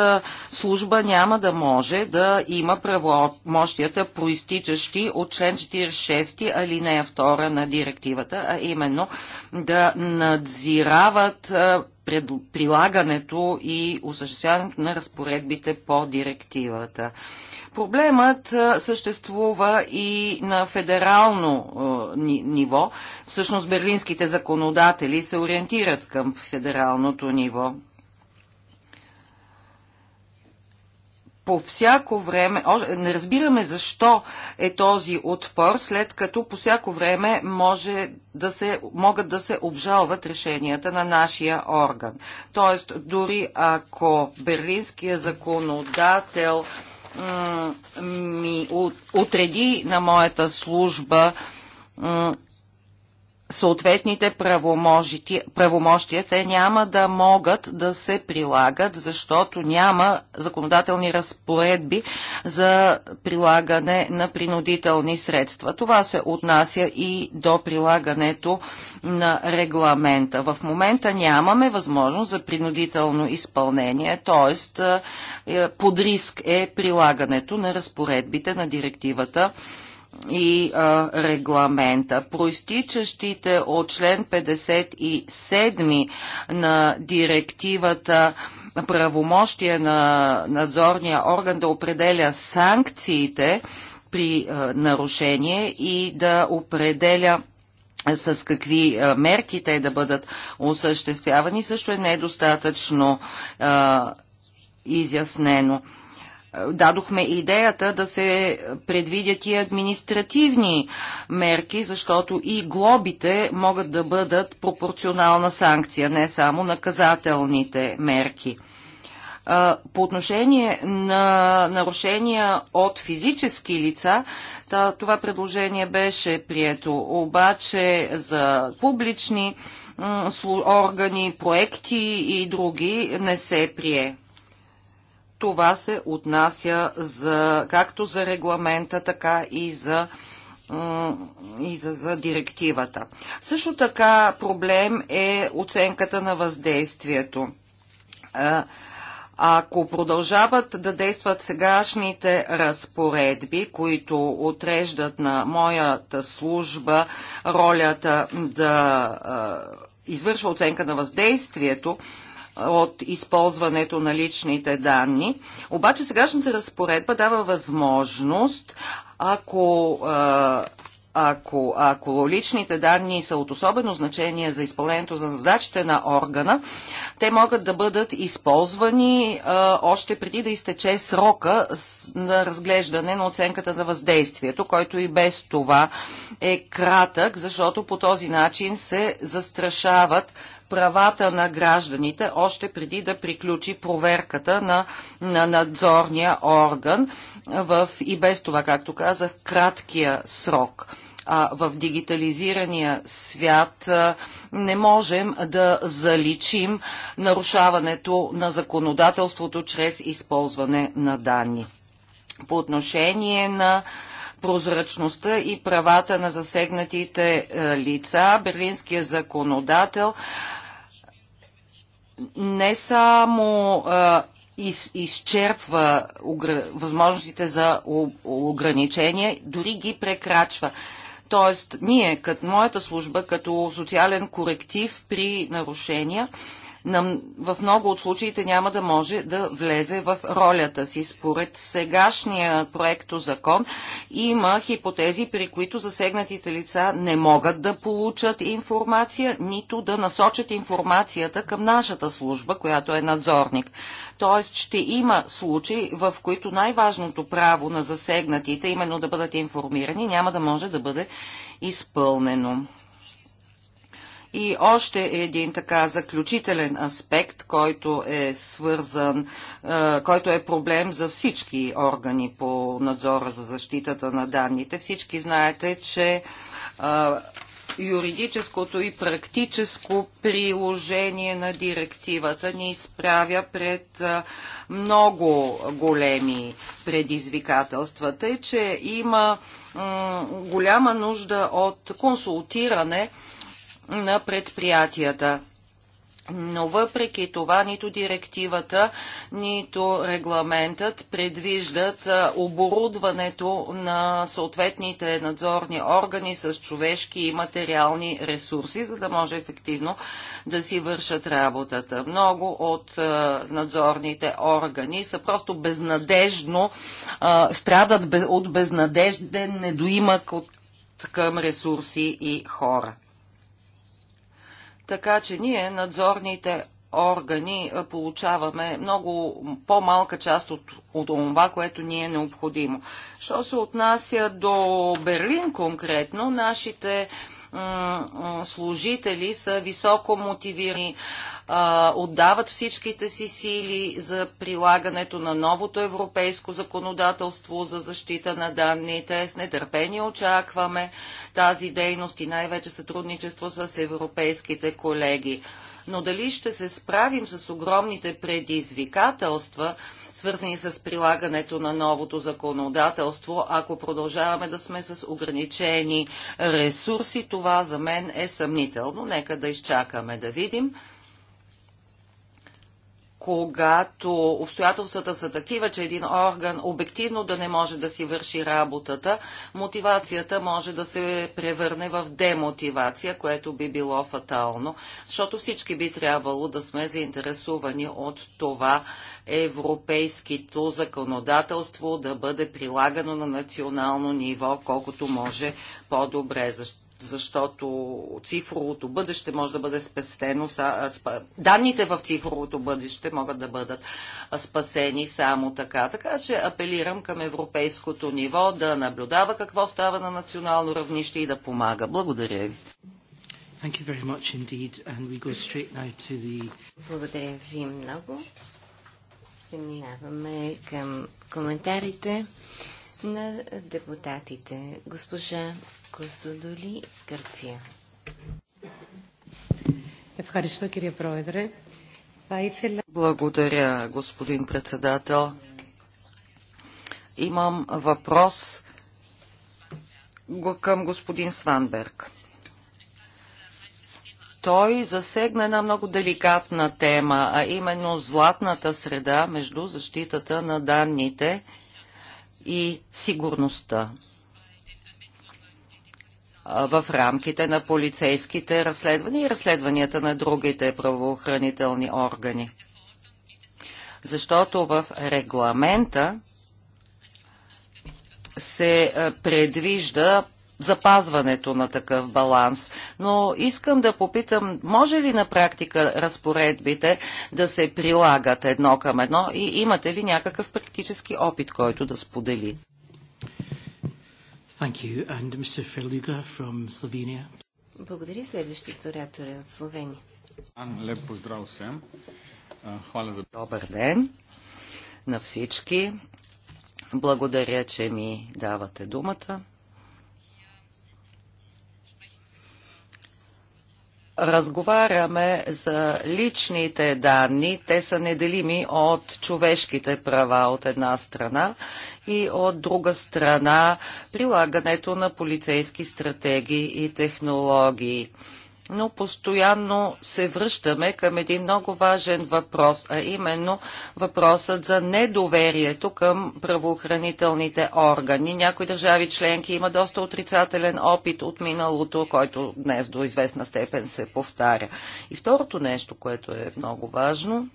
служба няма да може да има правомощията, проистичащи от член 40 6, алинея 2 на директивата, а именно да надзирават прилагането и осъществяването на разпоредбите по директивата. Проблемът съществува и на федерално ниво. Всъщност берлинските законодатели се ориентират към федералното ниво. по всяко време, не разбираме защо е този отпор, след като по всяко време може да се, могат да се обжалват решенията на нашия орган. Тоест, дори ако берлинския законодател ми отреди на моята служба съответните правомощия, те няма да могат да се прилагат, защото няма законодателни разпоредби за прилагане на принудителни средства. Това се отнася и до прилагането на регламента. В момента нямаме възможност за принудително изпълнение, т.е. Е, под риск е прилагането на разпоредбите на директивата и а, регламента. Проистичащите от член 57 на директивата правомощия на надзорния орган да определя санкциите при а, нарушение и да определя с какви мерки те да бъдат осъществявани, също е недостатъчно а, изяснено дадохме идеята да се предвидят и административни мерки, защото и глобите могат да бъдат пропорционална санкция, не само наказателните мерки. По отношение на нарушения от физически лица, това предложение беше прието. Обаче за публични органи, проекти и други не се прие. Това се отнася за, както за регламента, така и за и за, за директивата. Също така проблем е оценката на въздействието. Ако продължават да действат сегашните разпоредби, които отреждат на моята служба ролята да извършва оценка на въздействието, от използването на личните данни. Обаче сегашната разпоредба дава възможност, ако ако, ако личните данни са от особено значение за изпълнението за задачите на органа, те могат да бъдат използвани а, още преди да изтече срока на разглеждане на оценката на въздействието, който и без това е кратък, защото по този начин се застрашават правата на гражданите, още преди да приключи проверката на, на надзорния орган в и без това, както казах, краткия срок а, в дигитализирания свят не можем да заличим нарушаването на законодателството чрез използване на данни. По отношение на прозрачността и правата на засегнатите е, лица. Берлинският законодател не само е, из, изчерпва възможностите за ограничения, дори ги прекрачва. Тоест, ние, като моята служба, като социален коректив при нарушения, в много от случаите няма да може да влезе в ролята си. Според сегашния проекто закон има хипотези, при които засегнатите лица не могат да получат информация, нито да насочат информацията към нашата служба, която е надзорник. Тоест ще има случаи, в които най-важното право на засегнатите, именно да бъдат информирани, няма да може да бъде изпълнено. И още един така заключителен аспект, който е свързан, е, който е проблем за всички органи по надзора за защитата на данните. Всички знаете, че е, юридическото и практическо приложение на директивата ни изправя пред е, много големи предизвикателства, тъй че има голяма нужда от консултиране на предприятията. Но въпреки това нито директивата, нито регламентът предвиждат оборудването на съответните надзорни органи с човешки и материални ресурси, за да може ефективно да си вършат работата. Много от надзорните органи са просто безнадежно, страдат от безнадежден недоимък към ресурси и хора. Така че ние, надзорните органи, получаваме много по-малка част от, от това, което ни е необходимо. Що се отнася до Берлин конкретно, нашите служители са високо мотивирани а, отдават всичките си сили за прилагането на новото европейско законодателство за защита на данните. С нетърпение очакваме тази дейност и най-вече сътрудничество с европейските колеги. Но дали ще се справим с огромните предизвикателства, свързани с прилагането на новото законодателство, ако продължаваме да сме с ограничени ресурси, това за мен е съмнително. Нека да изчакаме да видим когато обстоятелствата са такива, че един орган обективно да не може да си върши работата, мотивацията може да се превърне в демотивация, което би било фатално, защото всички би трябвало да сме заинтересувани от това европейското законодателство да бъде прилагано на национално ниво, колкото може по-добре. Защо? защото цифровото бъдеще може да бъде спестено, данните в цифровото бъдеще могат да бъдат спасени само така. Така че апелирам към европейското ниво да наблюдава какво става на национално равнище и да помага. Благодаря ви. Благодаря ви много. Преминаваме към коментарите на депутатите. Госпожа Косодоли, Гърция. Ευχαριστώ, κύριε Πρόεδρε. Благодаря, господин председател. Имам въпрос към господин Сванберг. Той засегна една много деликатна тема, а именно златната среда между защитата на данните и сигурността в рамките на полицейските разследвания и разследванията на другите правоохранителни органи. Защото в регламента се предвижда запазването на такъв баланс. Но искам да попитам, може ли на практика разпоредбите да се прилагат едно към едно и имате ли някакъв практически опит, който да сподели? Thank you. And Mr. Ferluga from Slovenia. Благодаря. Следващият оратор е от Словения. Леп поздрав всем. Хвала за... Добър ден на всички. Благодаря, че ми давате думата. разговаряме за личните данни. Те са неделими от човешките права от една страна и от друга страна прилагането на полицейски стратегии и технологии но постоянно се връщаме към един много важен въпрос, а именно въпросът за недоверието към правоохранителните органи. Някои държави членки има доста отрицателен опит от миналото, който днес до известна степен се повтаря. И второто нещо, което е много важно,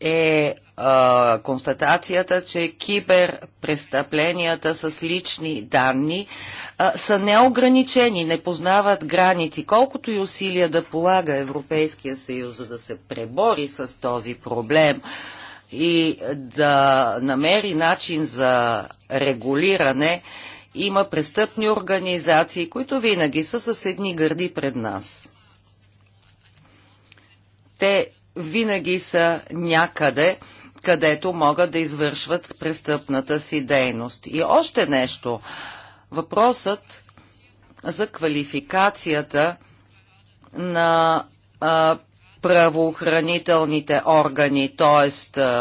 е а, констатацията, че киберпрестъпленията с лични данни а, са неограничени, не познават граници. Колкото и усилия да полага Европейския съюз, за да се пребори с този проблем и да намери начин за регулиране, има престъпни организации, които винаги са с едни гърди пред нас. Те винаги са някъде където могат да извършват престъпната си дейност. И още нещо. Въпросът за квалификацията на а, правоохранителните органи, т.е.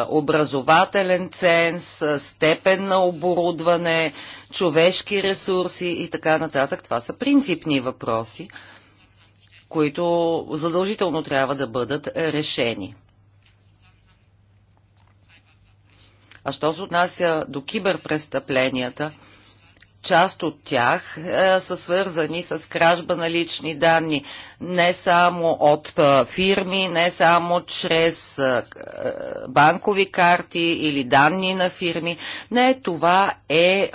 образователен ценз, степен на оборудване, човешки ресурси и така нататък. Това са принципни въпроси, които задължително трябва да бъдат решени. А що се отнася до киберпрестъпленията – част от тях е, са свързани с кражба на лични данни. Не само от е, фирми, не само чрез е, банкови карти или данни на фирми. Не, това е, е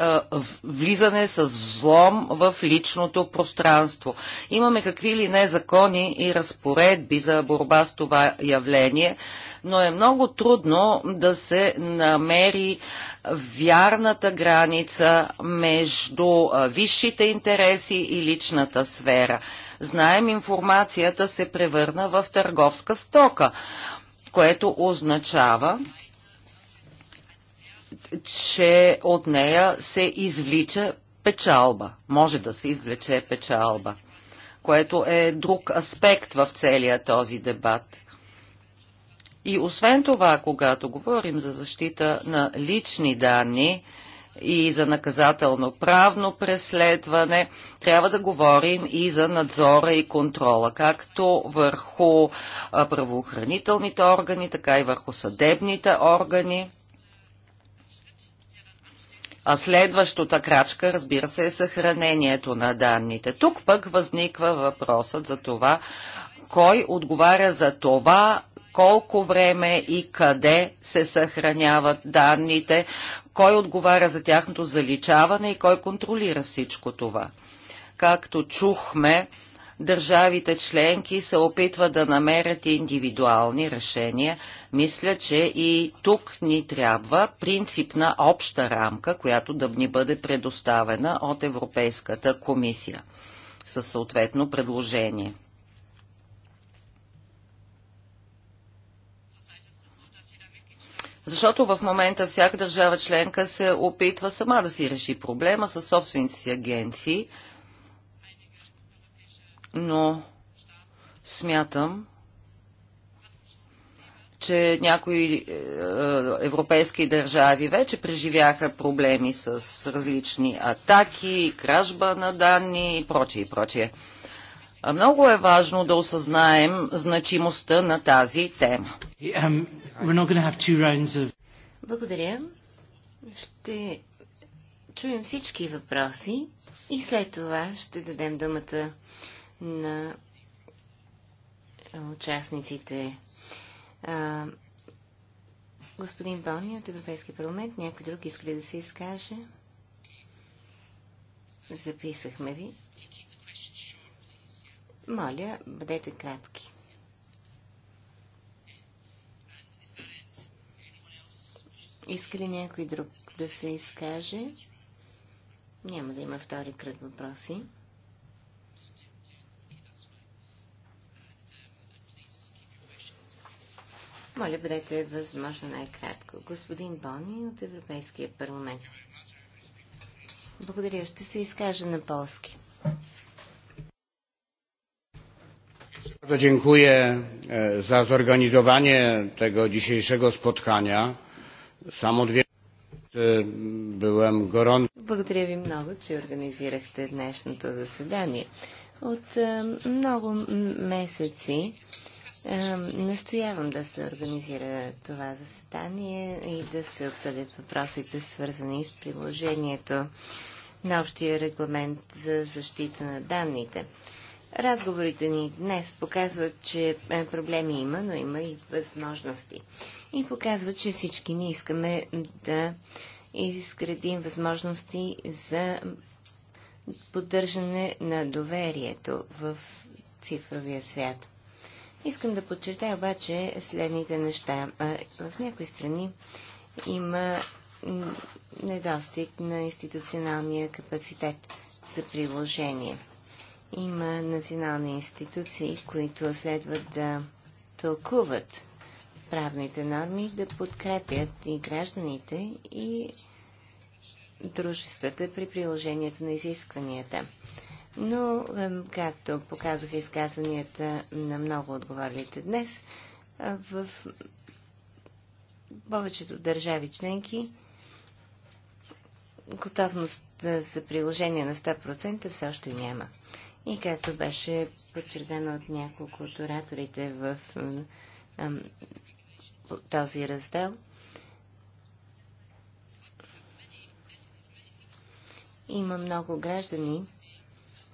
влизане с взлом в личното пространство. Имаме какви ли не закони и разпоредби за борба с това явление, но е много трудно да се намери вярната граница между висшите интереси и личната сфера. Знаем, информацията се превърна в търговска стока, което означава, че от нея се извлича печалба. Може да се извлече печалба, което е друг аспект в целия този дебат – и освен това, когато говорим за защита на лични данни и за наказателно-правно преследване, трябва да говорим и за надзора и контрола, както върху правоохранителните органи, така и върху съдебните органи. А следващата крачка, разбира се, е съхранението на данните. Тук пък възниква въпросът за това, кой отговаря за това колко време и къде се съхраняват данните, кой отговаря за тяхното заличаване и кой контролира всичко това. Както чухме, държавите членки се опитват да намерят индивидуални решения. Мисля, че и тук ни трябва принципна обща рамка, която да ни бъде предоставена от Европейската комисия със съответно предложение. Защото в момента всяка държава членка се опитва сама да си реши проблема със собствените си агенции, но смятам, че някои е, европейски държави вече преживяха проблеми с различни атаки, кражба на данни и прочие и прочие. Много е важно да осъзнаем значимостта на тази тема. Of... Благодаря. Ще чуем всички въпроси и след това ще дадем думата на участниците. А, господин Бони от Европейския парламент, някой друг иска ли да се изкаже? Записахме ви. Моля, бъдете кратки. Иска ли някой друг да се изкаже? Няма да има втори кръг въпроси. Моля, бъдете възможно най-кратко. Господин Бони от Европейския парламент. Благодаря. Ще се изкажа на полски. dziękuję e, za zorganizowanie tego dzisiejszego spotkania. Само две. Byłem Горон. Благодаря ви много, че организирахте днешното заседание. От е, много месеци е, настоявам да се организира това заседание и да се обсъдят въпросите, свързани с приложението на общия регламент за защита на данните. Разговорите ни днес показват, че е, проблеми има, но има и възможности и показва, че всички ние искаме да изградим възможности за поддържане на доверието в цифровия свят. Искам да подчертая обаче следните неща. В някои страни има недостиг на институционалния капацитет за приложение. Има национални институции, които следват да тълкуват правните норми да подкрепят и гражданите, и дружествата при приложението на изискванията. Но, както показах изказванията на много отговорите днес, в повечето държави членки готовност за приложение на 100% все още няма. И както беше подчертано от няколко от ораторите в този раздел. Има много граждани,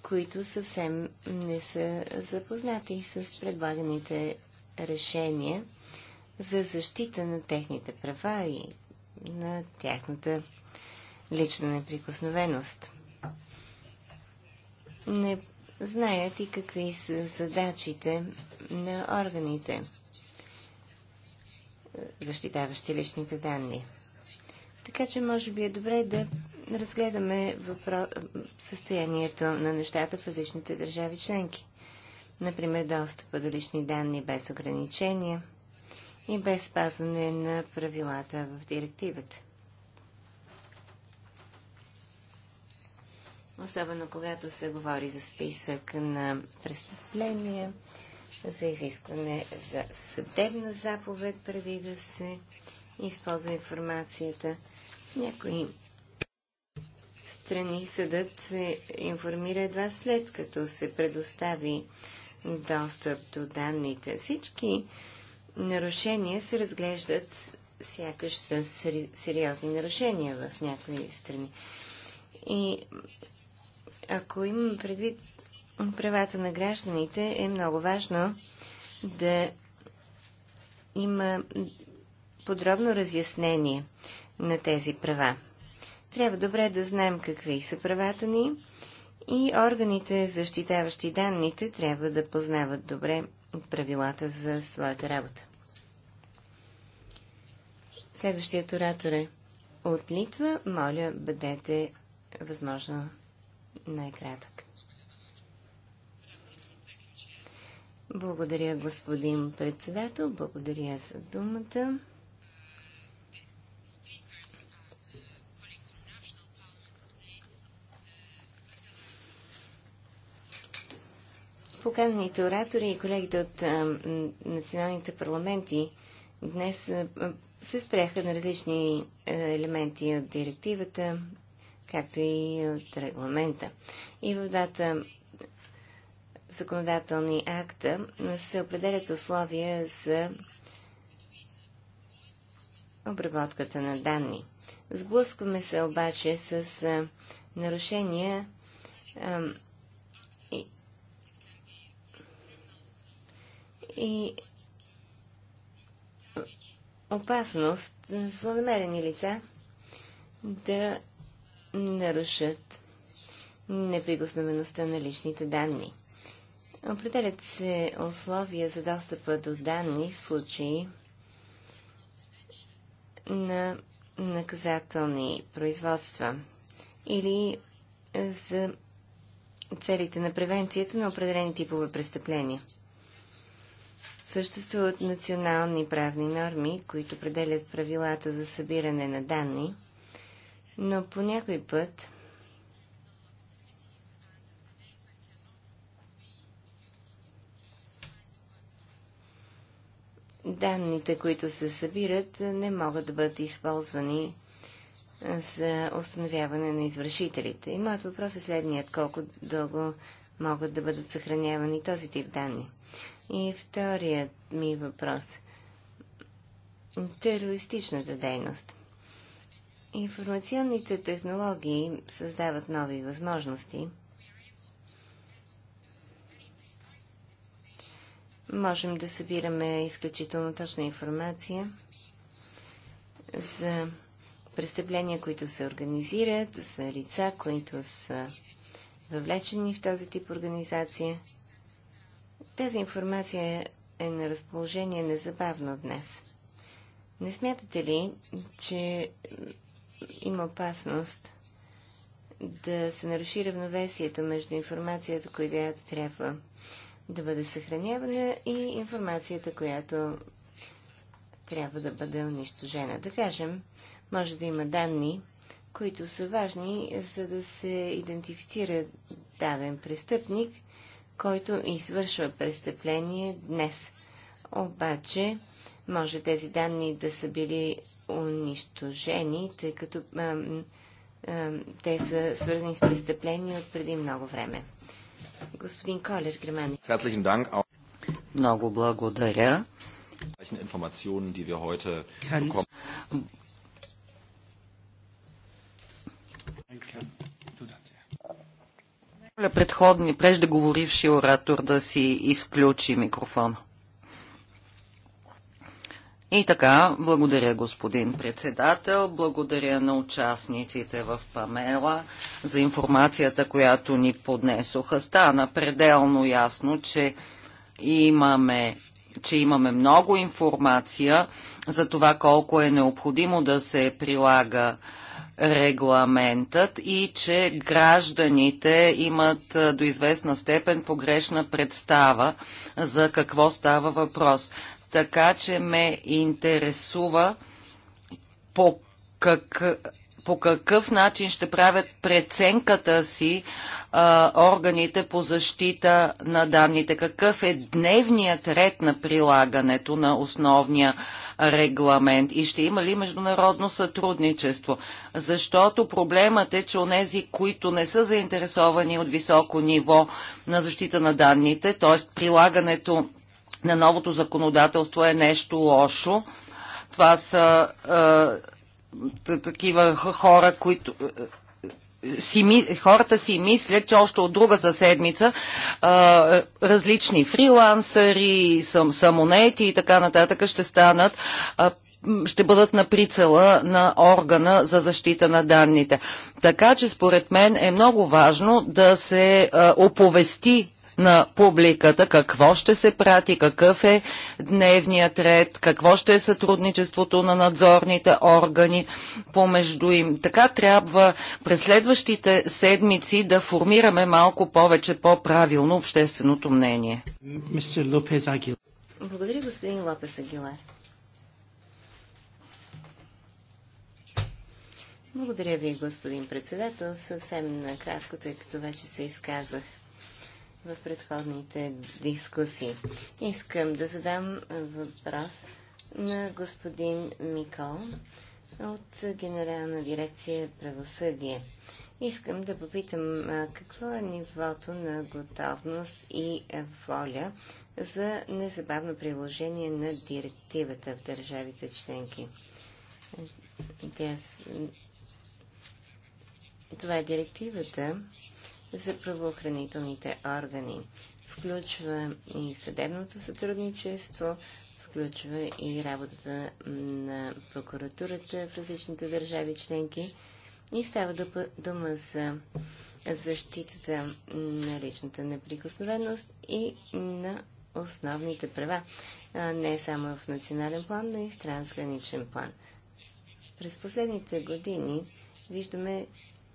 които съвсем не са запознати с предлаганите решения за защита на техните права и на тяхната лична неприкосновеност. Не знаят и какви са задачите на органите защитаващи личните данни. Така че може би е добре да разгледаме въпро... състоянието на нещата в различните държави членки. Например, достъпа до лични данни без ограничения и без спазване на правилата в директивата. Особено когато се говори за списък на престъпления, за изискване за съдебна заповед преди да се използва информацията. Някои страни съдът се информира едва след като се предостави достъп до данните. Всички нарушения се разглеждат сякаш с сериозни нарушения в някои страни. И ако имам предвид правата на гражданите е много важно да има подробно разяснение на тези права. Трябва добре да знаем какви са правата ни и органите, защитаващи данните, трябва да познават добре правилата за своята работа. Следващият оратор е от Литва. Моля, бъдете възможно най-кратък. Благодаря, господин председател. Благодаря за думата. Поканите оратори и колегите от а, националните парламенти днес а, се спряха на различни елементи от директивата, както и от регламента. И в дата законодателни акта се определят условия за обработката на данни. Сблъскваме се обаче с нарушения и, и опасност злонамерени лица да нарушат неприкосновеността на личните данни. Определят се условия за достъпа до данни в случаи на наказателни производства или за целите на превенцията на определени типове престъпления. Съществуват национални правни норми, които определят правилата за събиране на данни, но по някой път данните, които се събират, не могат да бъдат използвани за установяване на извършителите. И моят въпрос е следният. Колко дълго могат да бъдат съхранявани този тип данни? И вторият ми въпрос. Терористичната дейност. Информационните технологии създават нови възможности – можем да събираме изключително точна информация за престъпления, които се организират, за лица, които са въвлечени в този тип организация. Тази информация е на разположение незабавно днес. Не смятате ли, че има опасност да се наруши равновесието между информацията, която трябва да бъде съхранявана и информацията, която трябва да бъде унищожена. Да кажем, може да има данни, които са важни, за да се идентифицира даден престъпник, който извършва престъпление днес. Обаче, може тези данни да са били унищожени, тъй като а, а, те са свързани с престъпления от преди много време. Господин Колер Гремани. Много благодаря. Моля предходни, преждеговоривши оратор да си изключи микрофона. И така, благодаря господин председател, благодаря на участниците в Памела за информацията, която ни поднесоха. Стана пределно ясно, че имаме че имаме много информация за това колко е необходимо да се прилага регламентът и че гражданите имат до известна степен погрешна представа за какво става въпрос така че ме интересува по, как, по какъв начин ще правят преценката си а, органите по защита на данните. Какъв е дневният ред на прилагането на основния регламент и ще има ли международно сътрудничество. Защото проблемът е, че онези, които не са заинтересовани от високо ниво на защита на данните, т.е. прилагането на новото законодателство е нещо лошо. Това са а, такива хора, които си, хората си мислят, че още от другата седмица а, различни фрилансъри, сам, самонети и така нататък ще станат а, ще бъдат на прицела на органа за защита на данните. Така че според мен е много важно да се а, оповести на публиката какво ще се прати, какъв е дневният ред, какво ще е сътрудничеството на надзорните органи помежду им. Така трябва през следващите седмици да формираме малко повече по-правилно общественото мнение. Благодаря, господин Лопес Агилар. Благодаря ви, господин председател. Съвсем накратко, тъй като вече се изказах в предходните дискусии. Искам да задам въпрос на господин Микол от Генерална дирекция правосъдие. Искам да попитам какво е нивото на готовност и воля за незабавно приложение на директивата в държавите членки. Това е директивата, за правоохранителните органи. Включва и съдебното сътрудничество, включва и работата на прокуратурата в различните държави членки и става дума за защитата на личната неприкосновеност и на основните права, не само в национален план, но и в трансграничен план. През последните години виждаме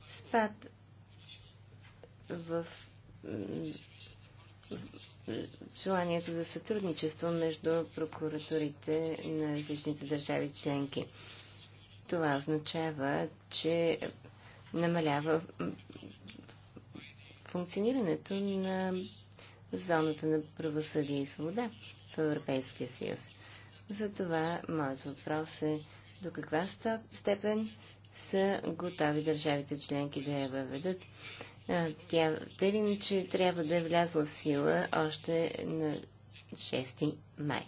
спад в желанието за сътрудничество между прокуратурите на различните държави членки. Това означава, че намалява функционирането на зоната на правосъдие и свобода в Европейския съюз. Затова моят въпрос е до каква степен са готови държавите членки да я въведат тя тъй че трябва да е влязла в сила още на 6 май.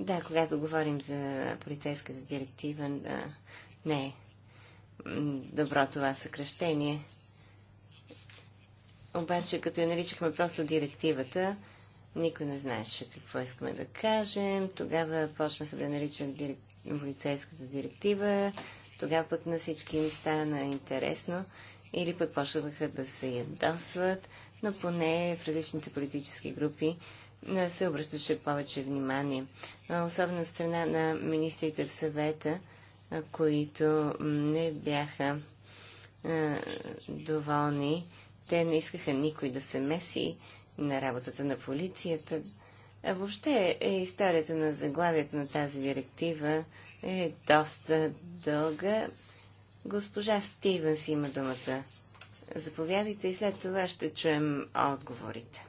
Да, когато говорим за полицейската директива, да, не е добро това съкръщение. Обаче, като я наричахме просто директивата, никой не знаеше какво искаме да кажем. Тогава почнаха да наричат полицейската директива, тогава пък на всички им стана интересно или пък почнаха да се ядосват, но поне в различните политически групи се обръщаше повече внимание. Особено от страна на министрите в съвета, които не бяха доволни. Те не искаха никой да се меси на работата на полицията. А въобще е историята на заглавието на тази директива е доста дълга. Госпожа Стивенс има думата. Заповядайте и след това ще чуем отговорите.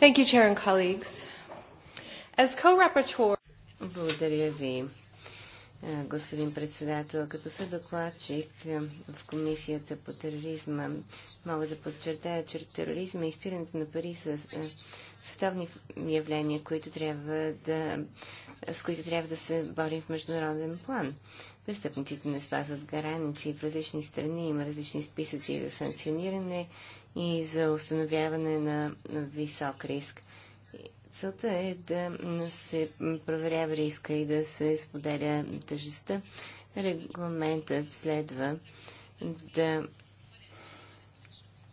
Thank you, Chair and colleagues. As co-rapporteur... Благодаря ви, господин председател. Като се докладчик в Комисията по тероризма, мога да подчертая, че тероризма и изпирането на пари са световни явления, които трябва да, с които трябва да се борим в международен план. Престъпниците не спазват граници в различни страни, има различни списъци за санкциониране и за установяване на висок риск. Целта е да се проверява риска и да се споделя тъжестта. Регламентът следва да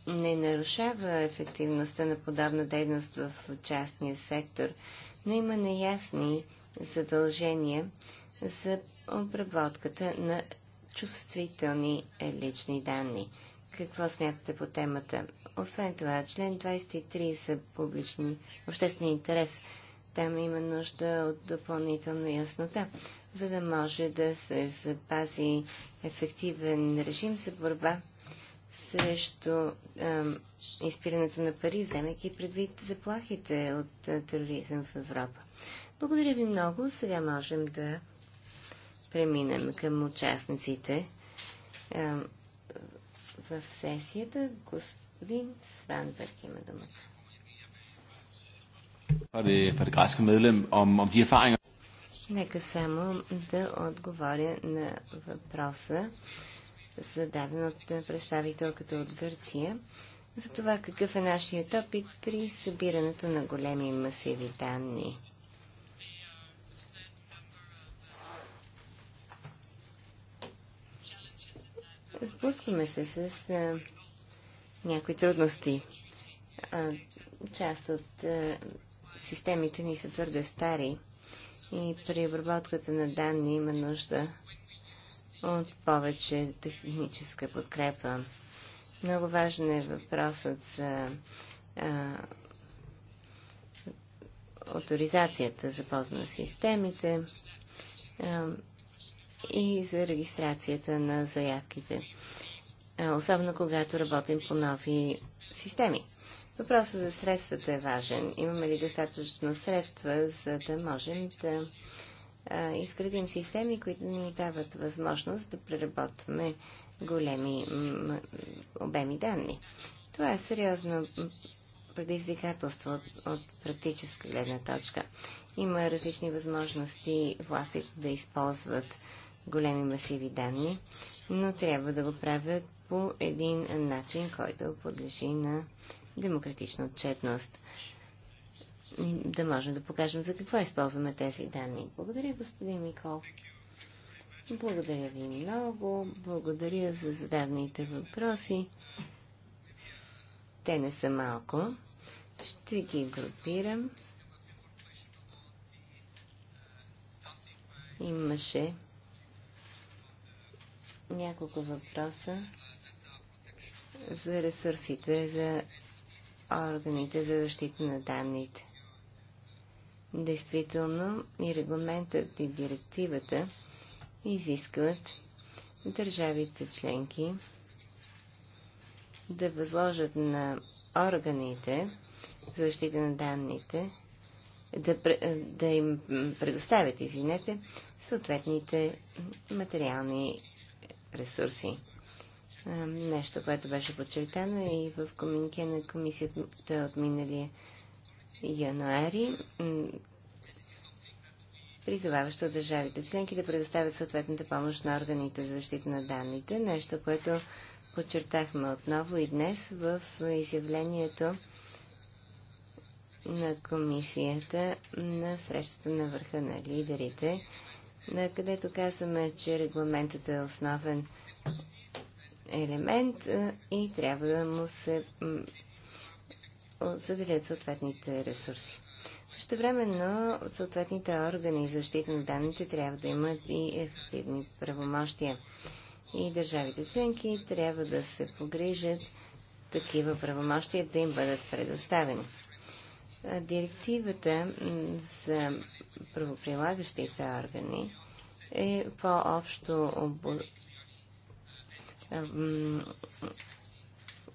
не нарушава ефективността на подобна дейност в частния сектор, но има неясни задължения за обработката на чувствителни лични данни. Какво смятате по темата? Освен това, член 23 за публични, обществен интерес. Там има нужда от допълнителна яснота, за да може да се запази ефективен режим за борба срещу а, изпирането на пари, вземайки предвид заплахите от а, тероризъм в Европа. Благодаря ви много. Сега можем да преминем към участниците а, в сесията. Господин Сванберг има думата. Нека само да отговоря на въпроса зададен от представителката от Гърция за това какъв е нашият опит при събирането на големи масиви данни. Сблъскваме се с а, някои трудности. А, част от а, системите ни са твърде стари и при обработката на данни има нужда от повече техническа подкрепа. Много важен е въпросът за а, авторизацията за ползване на системите а, и за регистрацията на заявките, а, особено когато работим по нови системи. Въпросът за средствата е важен. Имаме ли достатъчно средства, за да можем да изградим системи, които ни дават възможност да преработваме големи обеми данни. Това е сериозно предизвикателство от, от практическа гледна точка. Има различни възможности властите да използват големи масиви данни, но трябва да го правят по един начин, който подлежи на демократична отчетност да можем да покажем за какво използваме тези данни. Благодаря, господин Микол. Благодаря ви много. Благодаря за зададените въпроси. Те не са малко. Ще ги групирам. Имаше няколко въпроса за ресурсите, за органите за защита на данните. Действително и регламентът и директивата изискват държавите членки да възложат на органите за защита на данните да, да им предоставят, извинете, съответните материални ресурси. Нещо, което беше подчертано и в комюнике на комисията от миналия януари, призоваващо държавите членки да предоставят съответната помощ на органите за защита на данните, нещо, което подчертахме отново и днес в изявлението на комисията на срещата на върха на лидерите, на където казваме, че регламентът е основен елемент и трябва да му се заделят съответните ресурси. Също времено съответните органи за защита на данните трябва да имат и ефективни правомощия. И държавите членки трябва да се погрижат такива правомощия да им бъдат предоставени. Директивата за правоприлагащите органи е по-общо обо...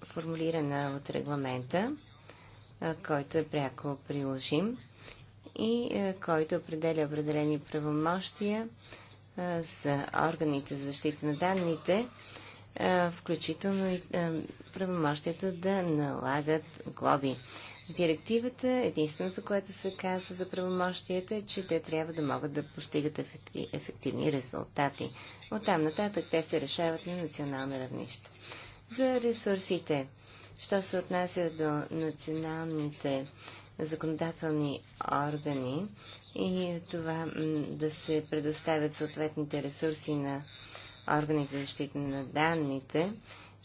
формулирана от регламента който е пряко приложим и който определя определени правомощия за органите за защита на данните, включително и правомощието да налагат глоби. Директивата, единственото, което се казва за правомощията е, че те трябва да могат да постигат ефективни резултати. От там нататък те се решават на национално равнище. За ресурсите. Що се отнася до националните законодателни органи и това да се предоставят съответните ресурси на органите за защита на данните,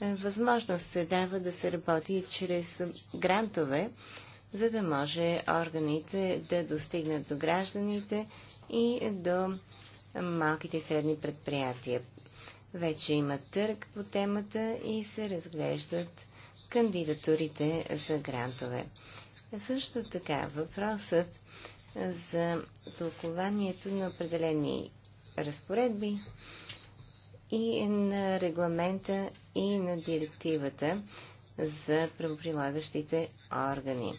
е, възможност се дава да се работи чрез грантове, за да може органите да достигнат до гражданите и до малките и средни предприятия. Вече има търг по темата и се разглеждат кандидатурите за грантове. Също така, въпросът за тълкованието на определени разпоредби и на регламента и на директивата за правоприлагащите органи.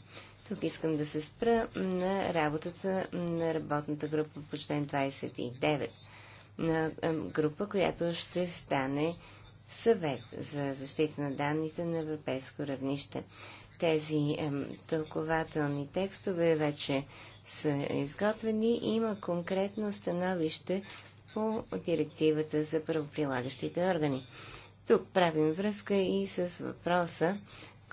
Тук искам да се спра на работата на работната група по член 29 на група, която ще стане съвет за защита на данните на европейско равнище. Тези тълкователни текстове вече са изготвени и има конкретно становище по директивата за правоприлагащите органи. Тук правим връзка и с въпроса,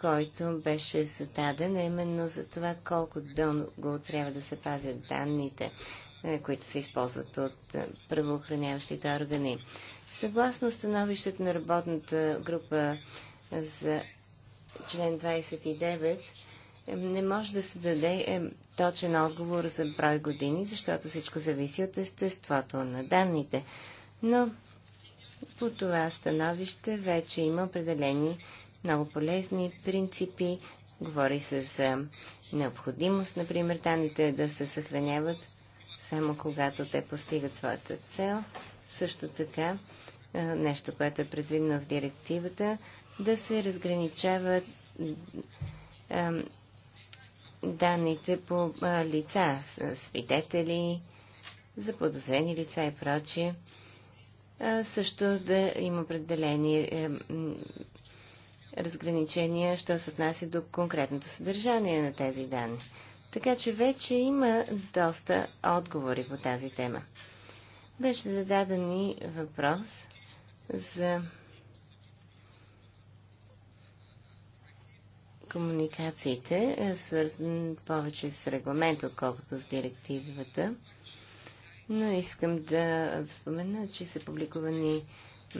който беше зададен, именно за това колко дълго трябва да се пазят данните е, които се използват от е, правоохраняващите органи. Съгласно становището на работната група за член 29, не може да се даде е, точен отговор за брой години, защото всичко зависи от естеството на данните. Но по това становище вече има определени много полезни принципи. Говори се за необходимост, например, данните да се съхраняват само когато те постигат своята цел. Също така, нещо, което е предвидено в директивата, да се разграничават данните по лица, свидетели, заподозрени лица и прочие. Също да има определени разграничения, що се отнася до конкретното съдържание на тези данни. Така че вече има доста отговори по тази тема. Беше зададен и въпрос за комуникациите, свързан повече с регламент, отколкото с директивата. Но искам да спомена, че са публикувани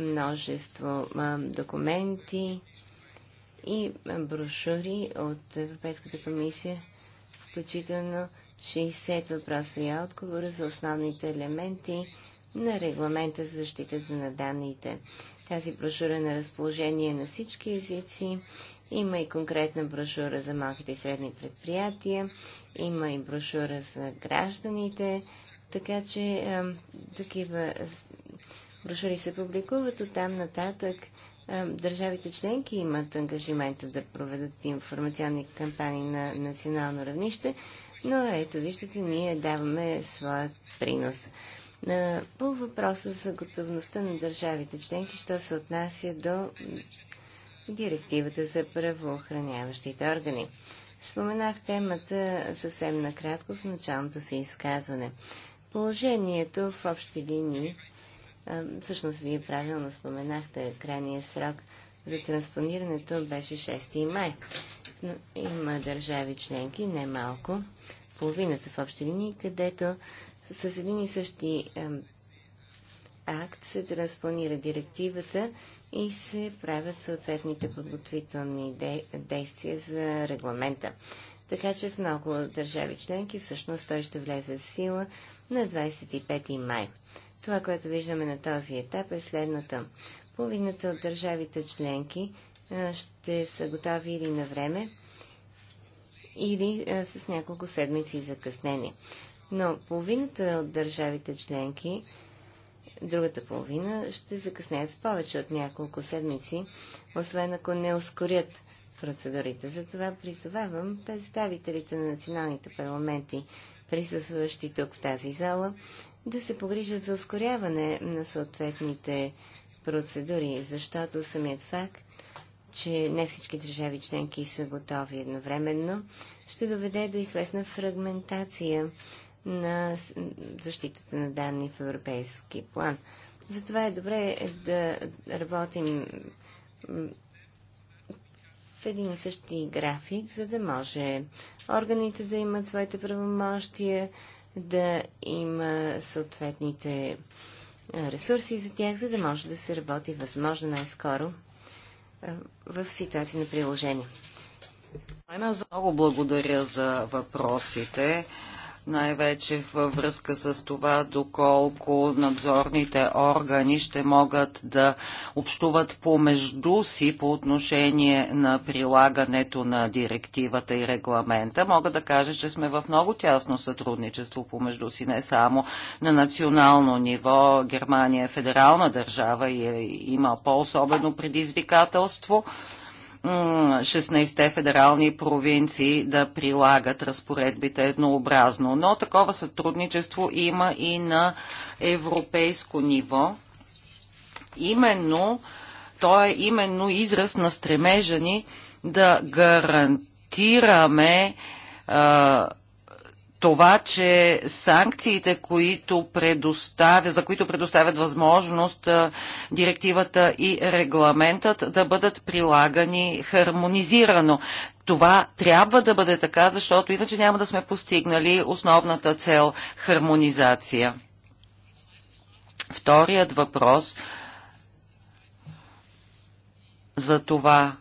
множество документи и брошури от Европейската комисия включително 60 въпроса и отговора за основните елементи на регламента за защитата на данните. Тази брошура е на разположение на всички езици. Има и конкретна брошура за малките и средни предприятия. Има и брошура за гражданите. Така че такива брошури се публикуват от там нататък е, държавите членки имат ангажимента да проведат информационни кампании на национално равнище, но ето виждате, ние даваме своят принос. Е, по въпроса за готовността на държавите членки, що се отнася до директивата за правоохраняващите органи. Споменах темата съвсем накратко в началното си изказване. Положението в общи линии Всъщност, вие правилно споменахте крайния срок за транспонирането беше 6 май. Но има държави членки, не малко, половината в общи линии, където с един и същи акт се транспонира директивата и се правят съответните подготвителни действия за регламента. Така че в много държави членки всъщност той ще влезе в сила на 25 май. Това, което виждаме на този етап е следното. Половината от държавите членки ще са готови или на време, или с няколко седмици закъснение. Но половината от държавите членки, другата половина, ще закъснеят с повече от няколко седмици, освен ако не ускорят процедурите. Затова призовавам представителите на националните парламенти, присъстващи тук в тази зала, да се погрижат за ускоряване на съответните процедури, защото самият факт, че не всички държави членки са готови едновременно, ще доведе до известна фрагментация на защитата на данни в европейски план. Затова е добре да работим в един и същи график, за да може органите да имат своите правомощия, да има съответните ресурси за тях, за да може да се работи възможно най-скоро в ситуация на приложение. Много благодаря за въпросите най-вече във връзка с това доколко надзорните органи ще могат да общуват помежду си по отношение на прилагането на директивата и регламента. Мога да кажа, че сме в много тясно сътрудничество помежду си, не само на национално ниво. Германия е федерална държава и е, има по-особено предизвикателство. 16-те федерални провинции да прилагат разпоредбите еднообразно. Но такова сътрудничество има и на европейско ниво. Именно, то е именно израз на стремежа ни да гарантираме а, това, че санкциите, които предоставя, за които предоставят възможност директивата и регламентът да бъдат прилагани хармонизирано. Това трябва да бъде така, защото иначе няма да сме постигнали основната цел хармонизация. Вторият въпрос за това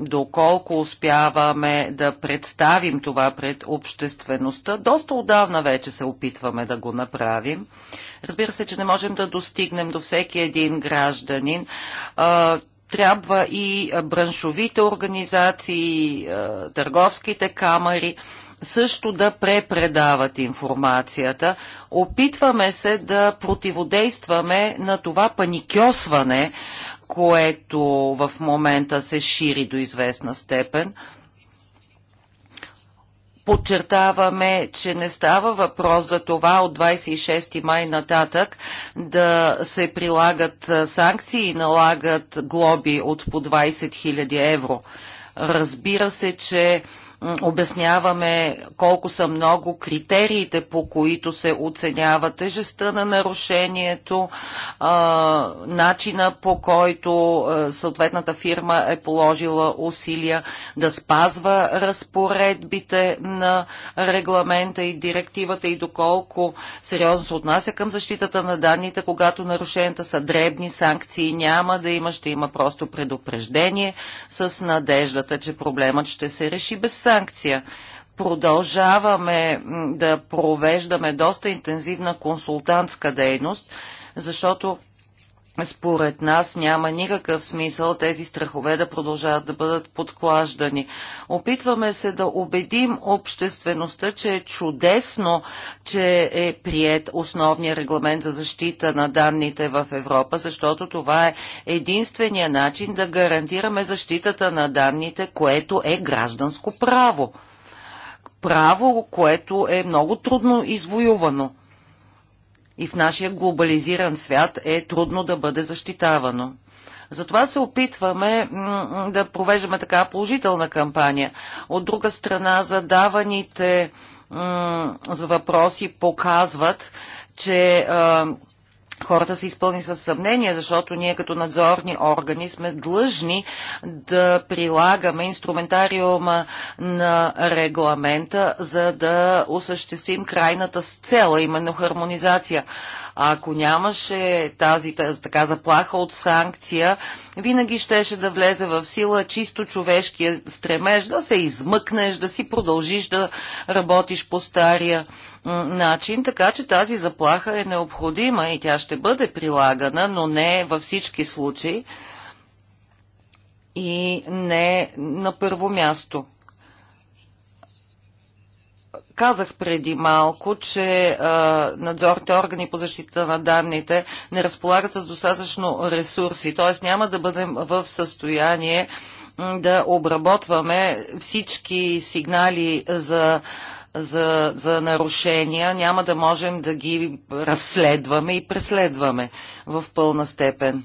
доколко успяваме да представим това пред обществеността. Доста отдавна вече се опитваме да го направим. Разбира се, че не можем да достигнем до всеки един гражданин. трябва и браншовите организации, търговските камери също да препредават информацията. Опитваме се да противодействаме на това паникьосване, което в момента се шири до известна степен. Подчертаваме, че не става въпрос за това от 26 май нататък да се прилагат санкции и налагат глоби от по 20 000 евро. Разбира се, че обясняваме колко са много критериите, по които се оценява тежестта на нарушението, начина по който съответната фирма е положила усилия да спазва разпоредбите на регламента и директивата и доколко сериозно се отнася към защитата на данните, когато нарушенията са дребни, санкции няма да има, ще има просто предупреждение с надеждата, че проблемът ще се реши без санкции санкция. Продължаваме да провеждаме доста интензивна консултантска дейност, защото според нас няма никакъв смисъл тези страхове да продължават да бъдат подклаждани. Опитваме се да убедим обществеността, че е чудесно, че е прият основния регламент за защита на данните в Европа, защото това е единствения начин да гарантираме защитата на данните, което е гражданско право. Право, което е много трудно извоювано и в нашия глобализиран свят е трудно да бъде защитавано. Затова се опитваме да провеждаме така положителна кампания. От друга страна, задаваните за въпроси показват, че хората са изпълни с съмнение, защото ние като надзорни органи сме длъжни да прилагаме инструментариума на регламента, за да осъществим крайната с цела, именно хармонизация. А ако нямаше тази така заплаха от санкция, винаги щеше да влезе в сила чисто човешкия стремеж да се измъкнеш, да си продължиш да работиш по стария начин, така че тази заплаха е необходима и тя ще бъде прилагана, но не във всички случаи и не на първо място. Казах преди малко, че а, надзорните органи по защита на данните не разполагат с достатъчно ресурси, т.е. няма да бъдем в състояние да обработваме всички сигнали за а, за, за нарушения, няма да можем да ги разследваме и преследваме в пълна степен.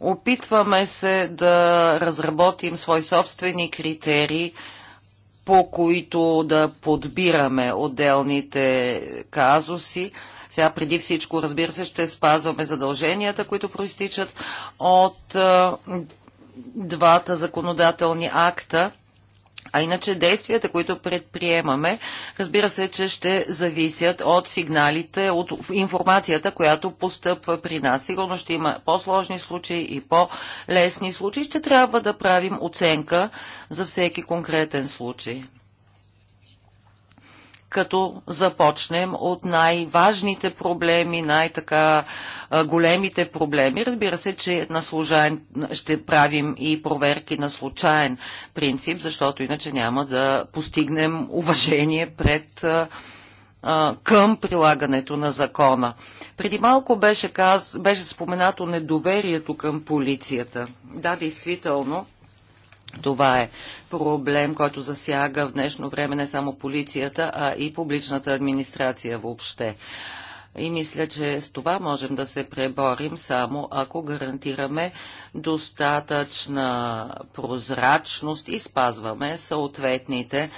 Опитваме се да разработим свои собствени критерии, по които да подбираме отделните казуси. Сега преди всичко, разбира се, ще спазваме задълженията, които проистичат от двата законодателни акта, а иначе действията, които предприемаме, разбира се, че ще зависят от сигналите, от информацията, която постъпва при нас. Сигурно ще има по-сложни случаи и по-лесни случаи. Ще трябва да правим оценка за всеки конкретен случай като започнем от най-важните проблеми, най-така големите проблеми. Разбира се, че на служаен, ще правим и проверки на случайен принцип, защото иначе няма да постигнем уважение пред към прилагането на закона. Преди малко беше, каз, беше споменато недоверието към полицията. Да, действително, това е проблем, който засяга в днешно време не само полицията, а и публичната администрация въобще. И мисля, че с това можем да се преборим само ако гарантираме достатъчна прозрачност и спазваме съответните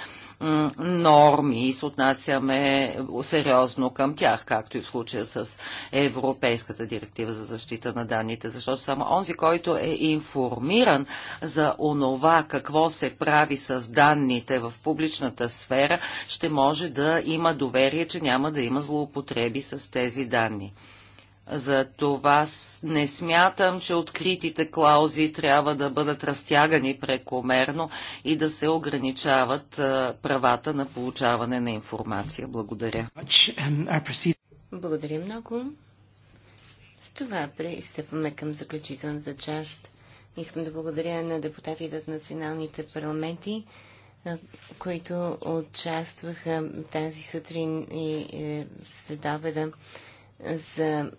норми и се отнасяме сериозно към тях, както и в случая с Европейската директива за защита на данните, защото само онзи, който е информиран за онова какво се прави с данните в публичната сфера, ще може да има доверие, че няма да има злоупотреби с тези данни. За това не смятам, че откритите клаузи трябва да бъдат разтягани прекомерно и да се ограничават правата на получаване на информация. Благодаря. Благодаря много. С това пристъпваме към заключителната част. Искам да благодаря на депутатите от националните парламенти, които участваха тази сутрин и е, следобеда за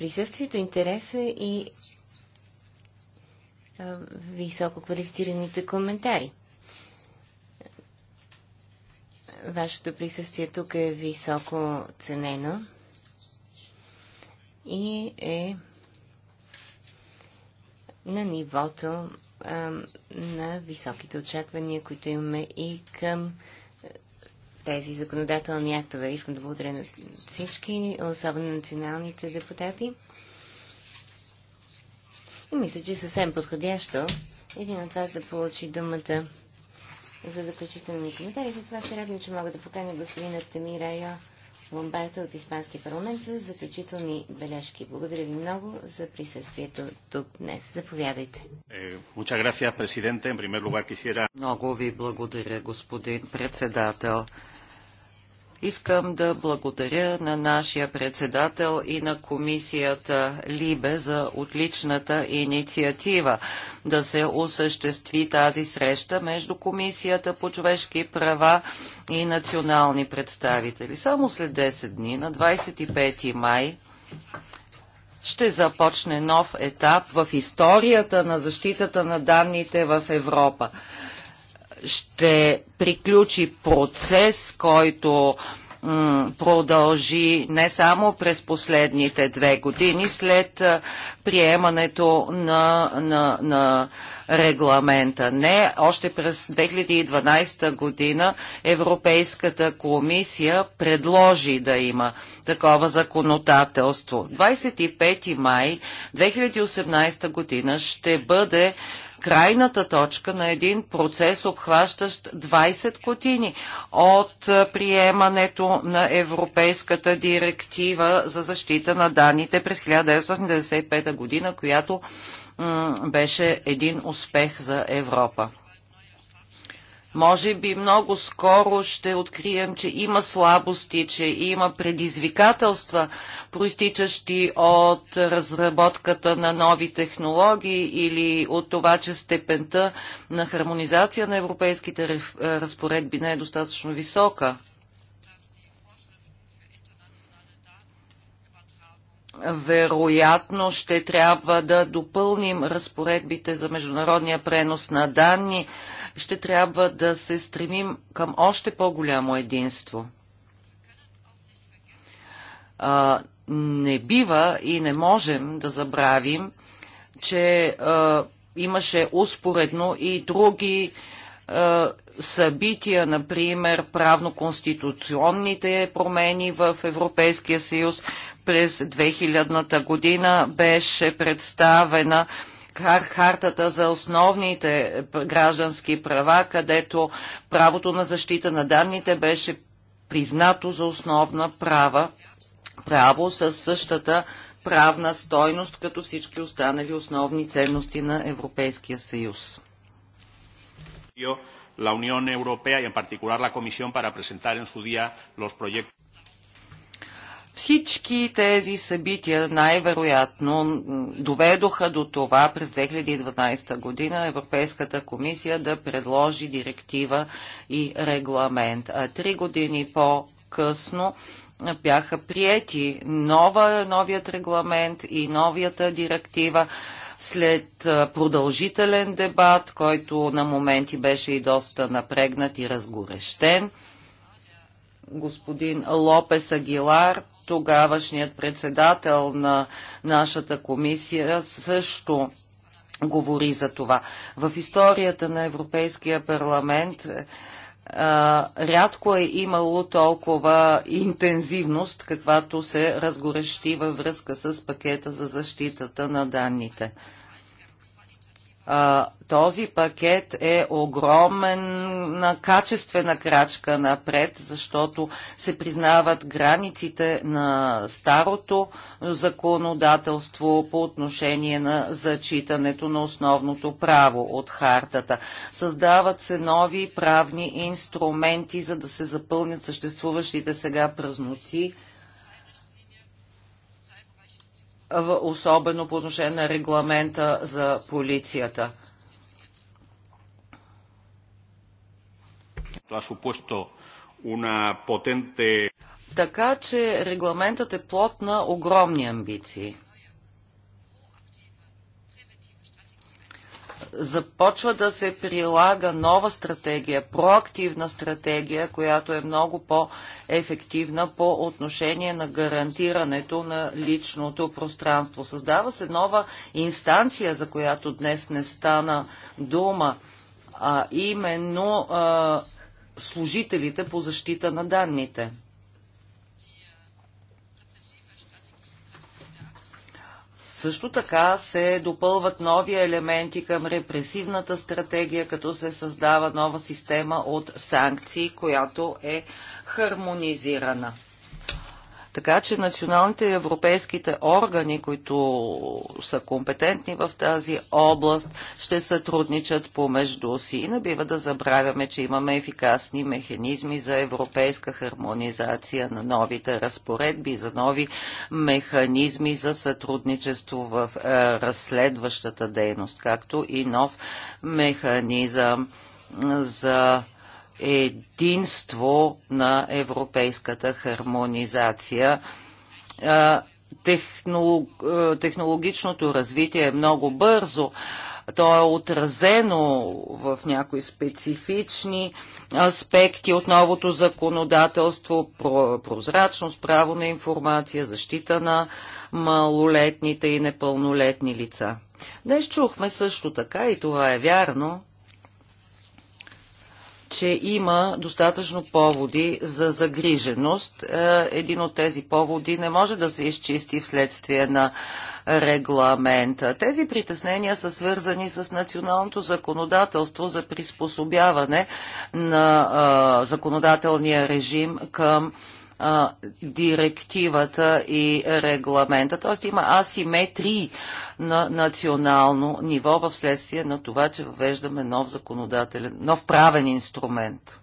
присъствието, интереса и високо квалифицираните коментари. Вашето присъствие тук е високо ценено и е на нивото а, на високите очаквания, които имаме и към тези законодателни актове. Искам да благодаря на всички, особено националните депутати. И мисля, че е съвсем подходящо един от вас да получи думата за заключителни коментари. Затова се радвам, че мога да поканя господина Тамира Йо Ломбарта от Испански парламент за заключителни бележки. Благодаря ви много за присъствието тук днес. Заповядайте. Е, много ви благодаря, господин председател. Искам да благодаря на нашия председател и на комисията Либе за отличната инициатива да се осъществи тази среща между Комисията по човешки права и национални представители. Само след 10 дни, на 25 май, ще започне нов етап в историята на защитата на данните в Европа ще приключи процес, който продължи не само през последните две години, след приемането на, на, на регламента. Не, още през 2012 година Европейската комисия предложи да има такова законодателство. 25 май 2018 година ще бъде крайната точка на един процес, обхващащ 20 години от е, приемането на Европейската директива за защита на данните през 1995 година, която беше един успех за Европа. Може би много скоро ще открием, че има слабости, че има предизвикателства, проистичащи от разработката на нови технологии или от това, че степента на хармонизация на европейските е, разпоредби не е достатъчно висока. вероятно ще трябва да допълним разпоредбите за международния пренос на данни ще трябва да се стремим към още по-голямо единство. А, не бива и не можем да забравим, че а, имаше успоредно и други а, събития, например правно-конституционните промени в Европейския съюз през 2000-та година беше представена а, хартата за основните граждански права, където правото на защита на данните беше признато за основна права, право с същата правна стойност, като всички останали основни ценности на Европейския съюз. la Unión Europea y en particular la Comisión para presentar en su día los proyectos всички тези събития най-вероятно доведоха до това през 2012 година Европейската комисия да предложи директива и регламент. А три години по-късно бяха приети нова, новият регламент и новията директива след продължителен дебат, който на моменти беше и доста напрегнат и разгорещен господин Лопес Агилар тогавашният председател на нашата комисия също говори за това. В историята на Европейския парламент е, рядко е имало толкова интензивност, каквато се разгорещи във връзка с пакета за защитата на данните а, този пакет е огромен качествена крачка напред, защото се признават границите на старото законодателство по отношение на зачитането на основното право от хартата. Създават се нови правни инструменти, за да се запълнят съществуващите сега празноци особено по отношение на регламента за полицията. Така че регламентът е плод на огромни амбиции. започва да се прилага нова стратегия, проактивна стратегия, която е много по-ефективна по отношение на гарантирането на личното пространство. Създава се нова инстанция, за която днес не стана дума, а именно а, служителите по защита на данните. Също така се допълват нови елементи към репресивната стратегия, като се създава нова система от санкции, която е хармонизирана. Така че националните и европейските органи, които са компетентни в тази област, ще сътрудничат помежду си. И не бива да забравяме, че имаме ефикасни механизми за европейска хармонизация на новите разпоредби, за нови механизми за сътрудничество в е, разследващата дейност, както и нов механизъм за единство на европейската хармонизация. Технологичното развитие е много бързо. То е отразено в някои специфични аспекти от новото законодателство, прозрачност, право на информация, защита на малолетните и непълнолетни лица. Днес чухме също така, и това е вярно, че има достатъчно поводи за загриженост. Е, един от тези поводи не може да се изчисти вследствие на регламента. Тези притеснения са свързани с националното законодателство за приспособяване на е, законодателния режим към директивата и регламента. Т.е. има асиметрии на национално ниво в следствие на това, че въвеждаме нов законодателен, нов правен инструмент.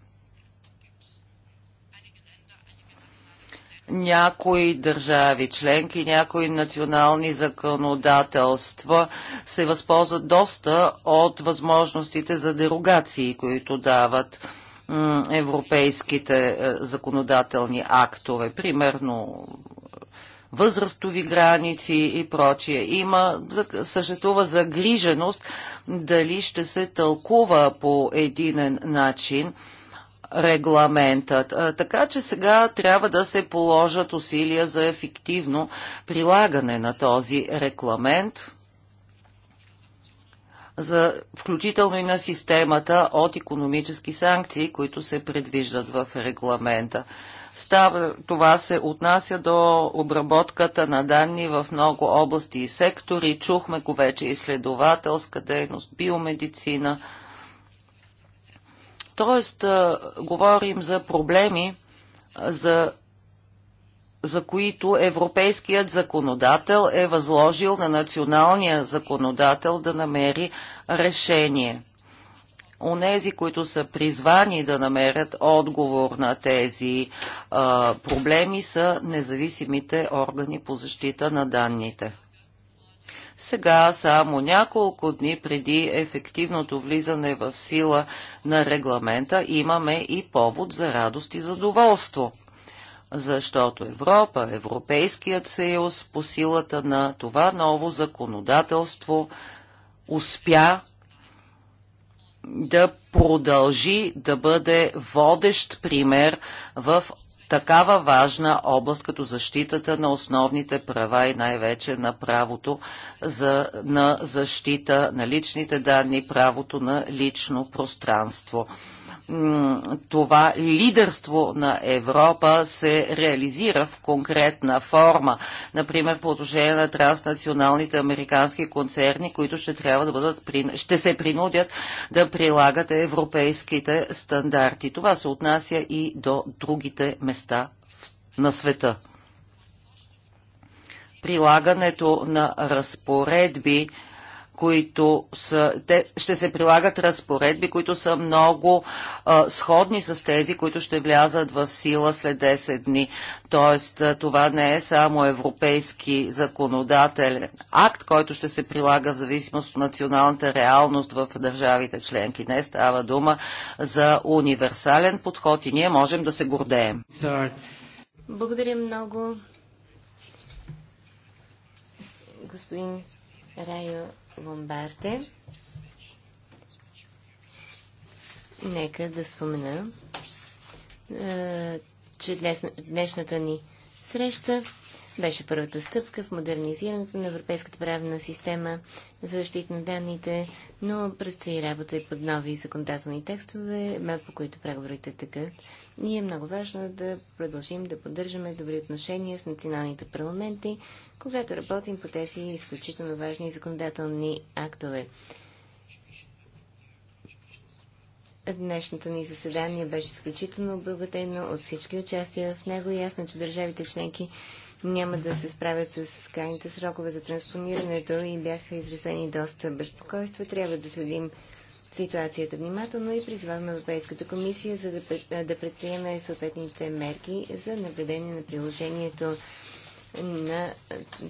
някои държави членки, някои национални законодателства се възползват доста от възможностите за дерогации, които дават европейските е, законодателни актове, примерно възрастови граници и прочие. Има, съществува загриженост дали ще се тълкува по един начин регламентът. Е, така че сега трябва да се положат усилия за ефективно прилагане на този регламент за, включително и на системата от економически санкции, които се предвиждат в регламента. Става, това се отнася до обработката на данни в много области и сектори. Чухме го вече изследователска дейност, биомедицина. Тоест, говорим за проблеми, за за които европейският законодател е възложил на националния законодател да намери решение. Онези, които са призвани да намерят отговор на тези а, проблеми, са независимите органи по защита на данните. Сега, само няколко дни преди ефективното влизане в сила на регламента, имаме и повод за радост и задоволство – защото Европа, Европейският съюз по силата на това ново законодателство успя да продължи да бъде водещ пример в такава важна област като защитата на основните права и най-вече на правото за, на защита на личните данни, правото на лично пространство това лидерство на Европа се реализира в конкретна форма. Например, по отношение на транснационалните американски концерни, които ще трябва да бъдат, ще се принудят да прилагат европейските стандарти. Това се отнася и до другите места на света. Прилагането на разпоредби които са, те ще се прилагат разпоредби, които са много а, сходни с тези, които ще влязат в сила след 10 дни. Тоест, това не е само европейски законодателен акт, който ще се прилага в зависимост от националната реалност в държавите членки. Не става дума за универсален подход и ние можем да се гордеем. Благодаря много, господин Райо Ломбарде. Нека да спомена, че днешната ни среща беше първата стъпка в модернизирането на европейската правна система за защита на данните, но предстои работа и под нови законодателни текстове, по които преговорите тъкат и е много важно да продължим да поддържаме добри отношения с националните парламенти, когато работим по тези изключително важни законодателни актове. Днешното ни заседание беше изключително обогатено от всички участия в него. Ясно, че държавите членки няма да се справят с крайните срокове за транспонирането и бяха изразени доста безпокойства. Трябва да следим ситуацията внимателно и призваваме Европейската комисия за да предприеме съответните мерки за наблюдение на приложението на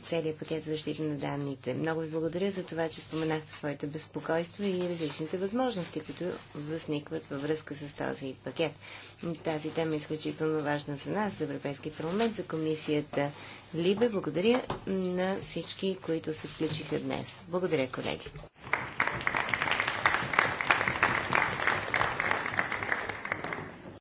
целия пакет за защита на данните. Много ви благодаря за това, че споменахте своите безпокойства и различните възможности, които възникват във връзка с този пакет. Тази тема е изключително важна за нас, за Европейския парламент, за комисията Либе. Благодаря на всички, които се включиха днес. Благодаря, колеги.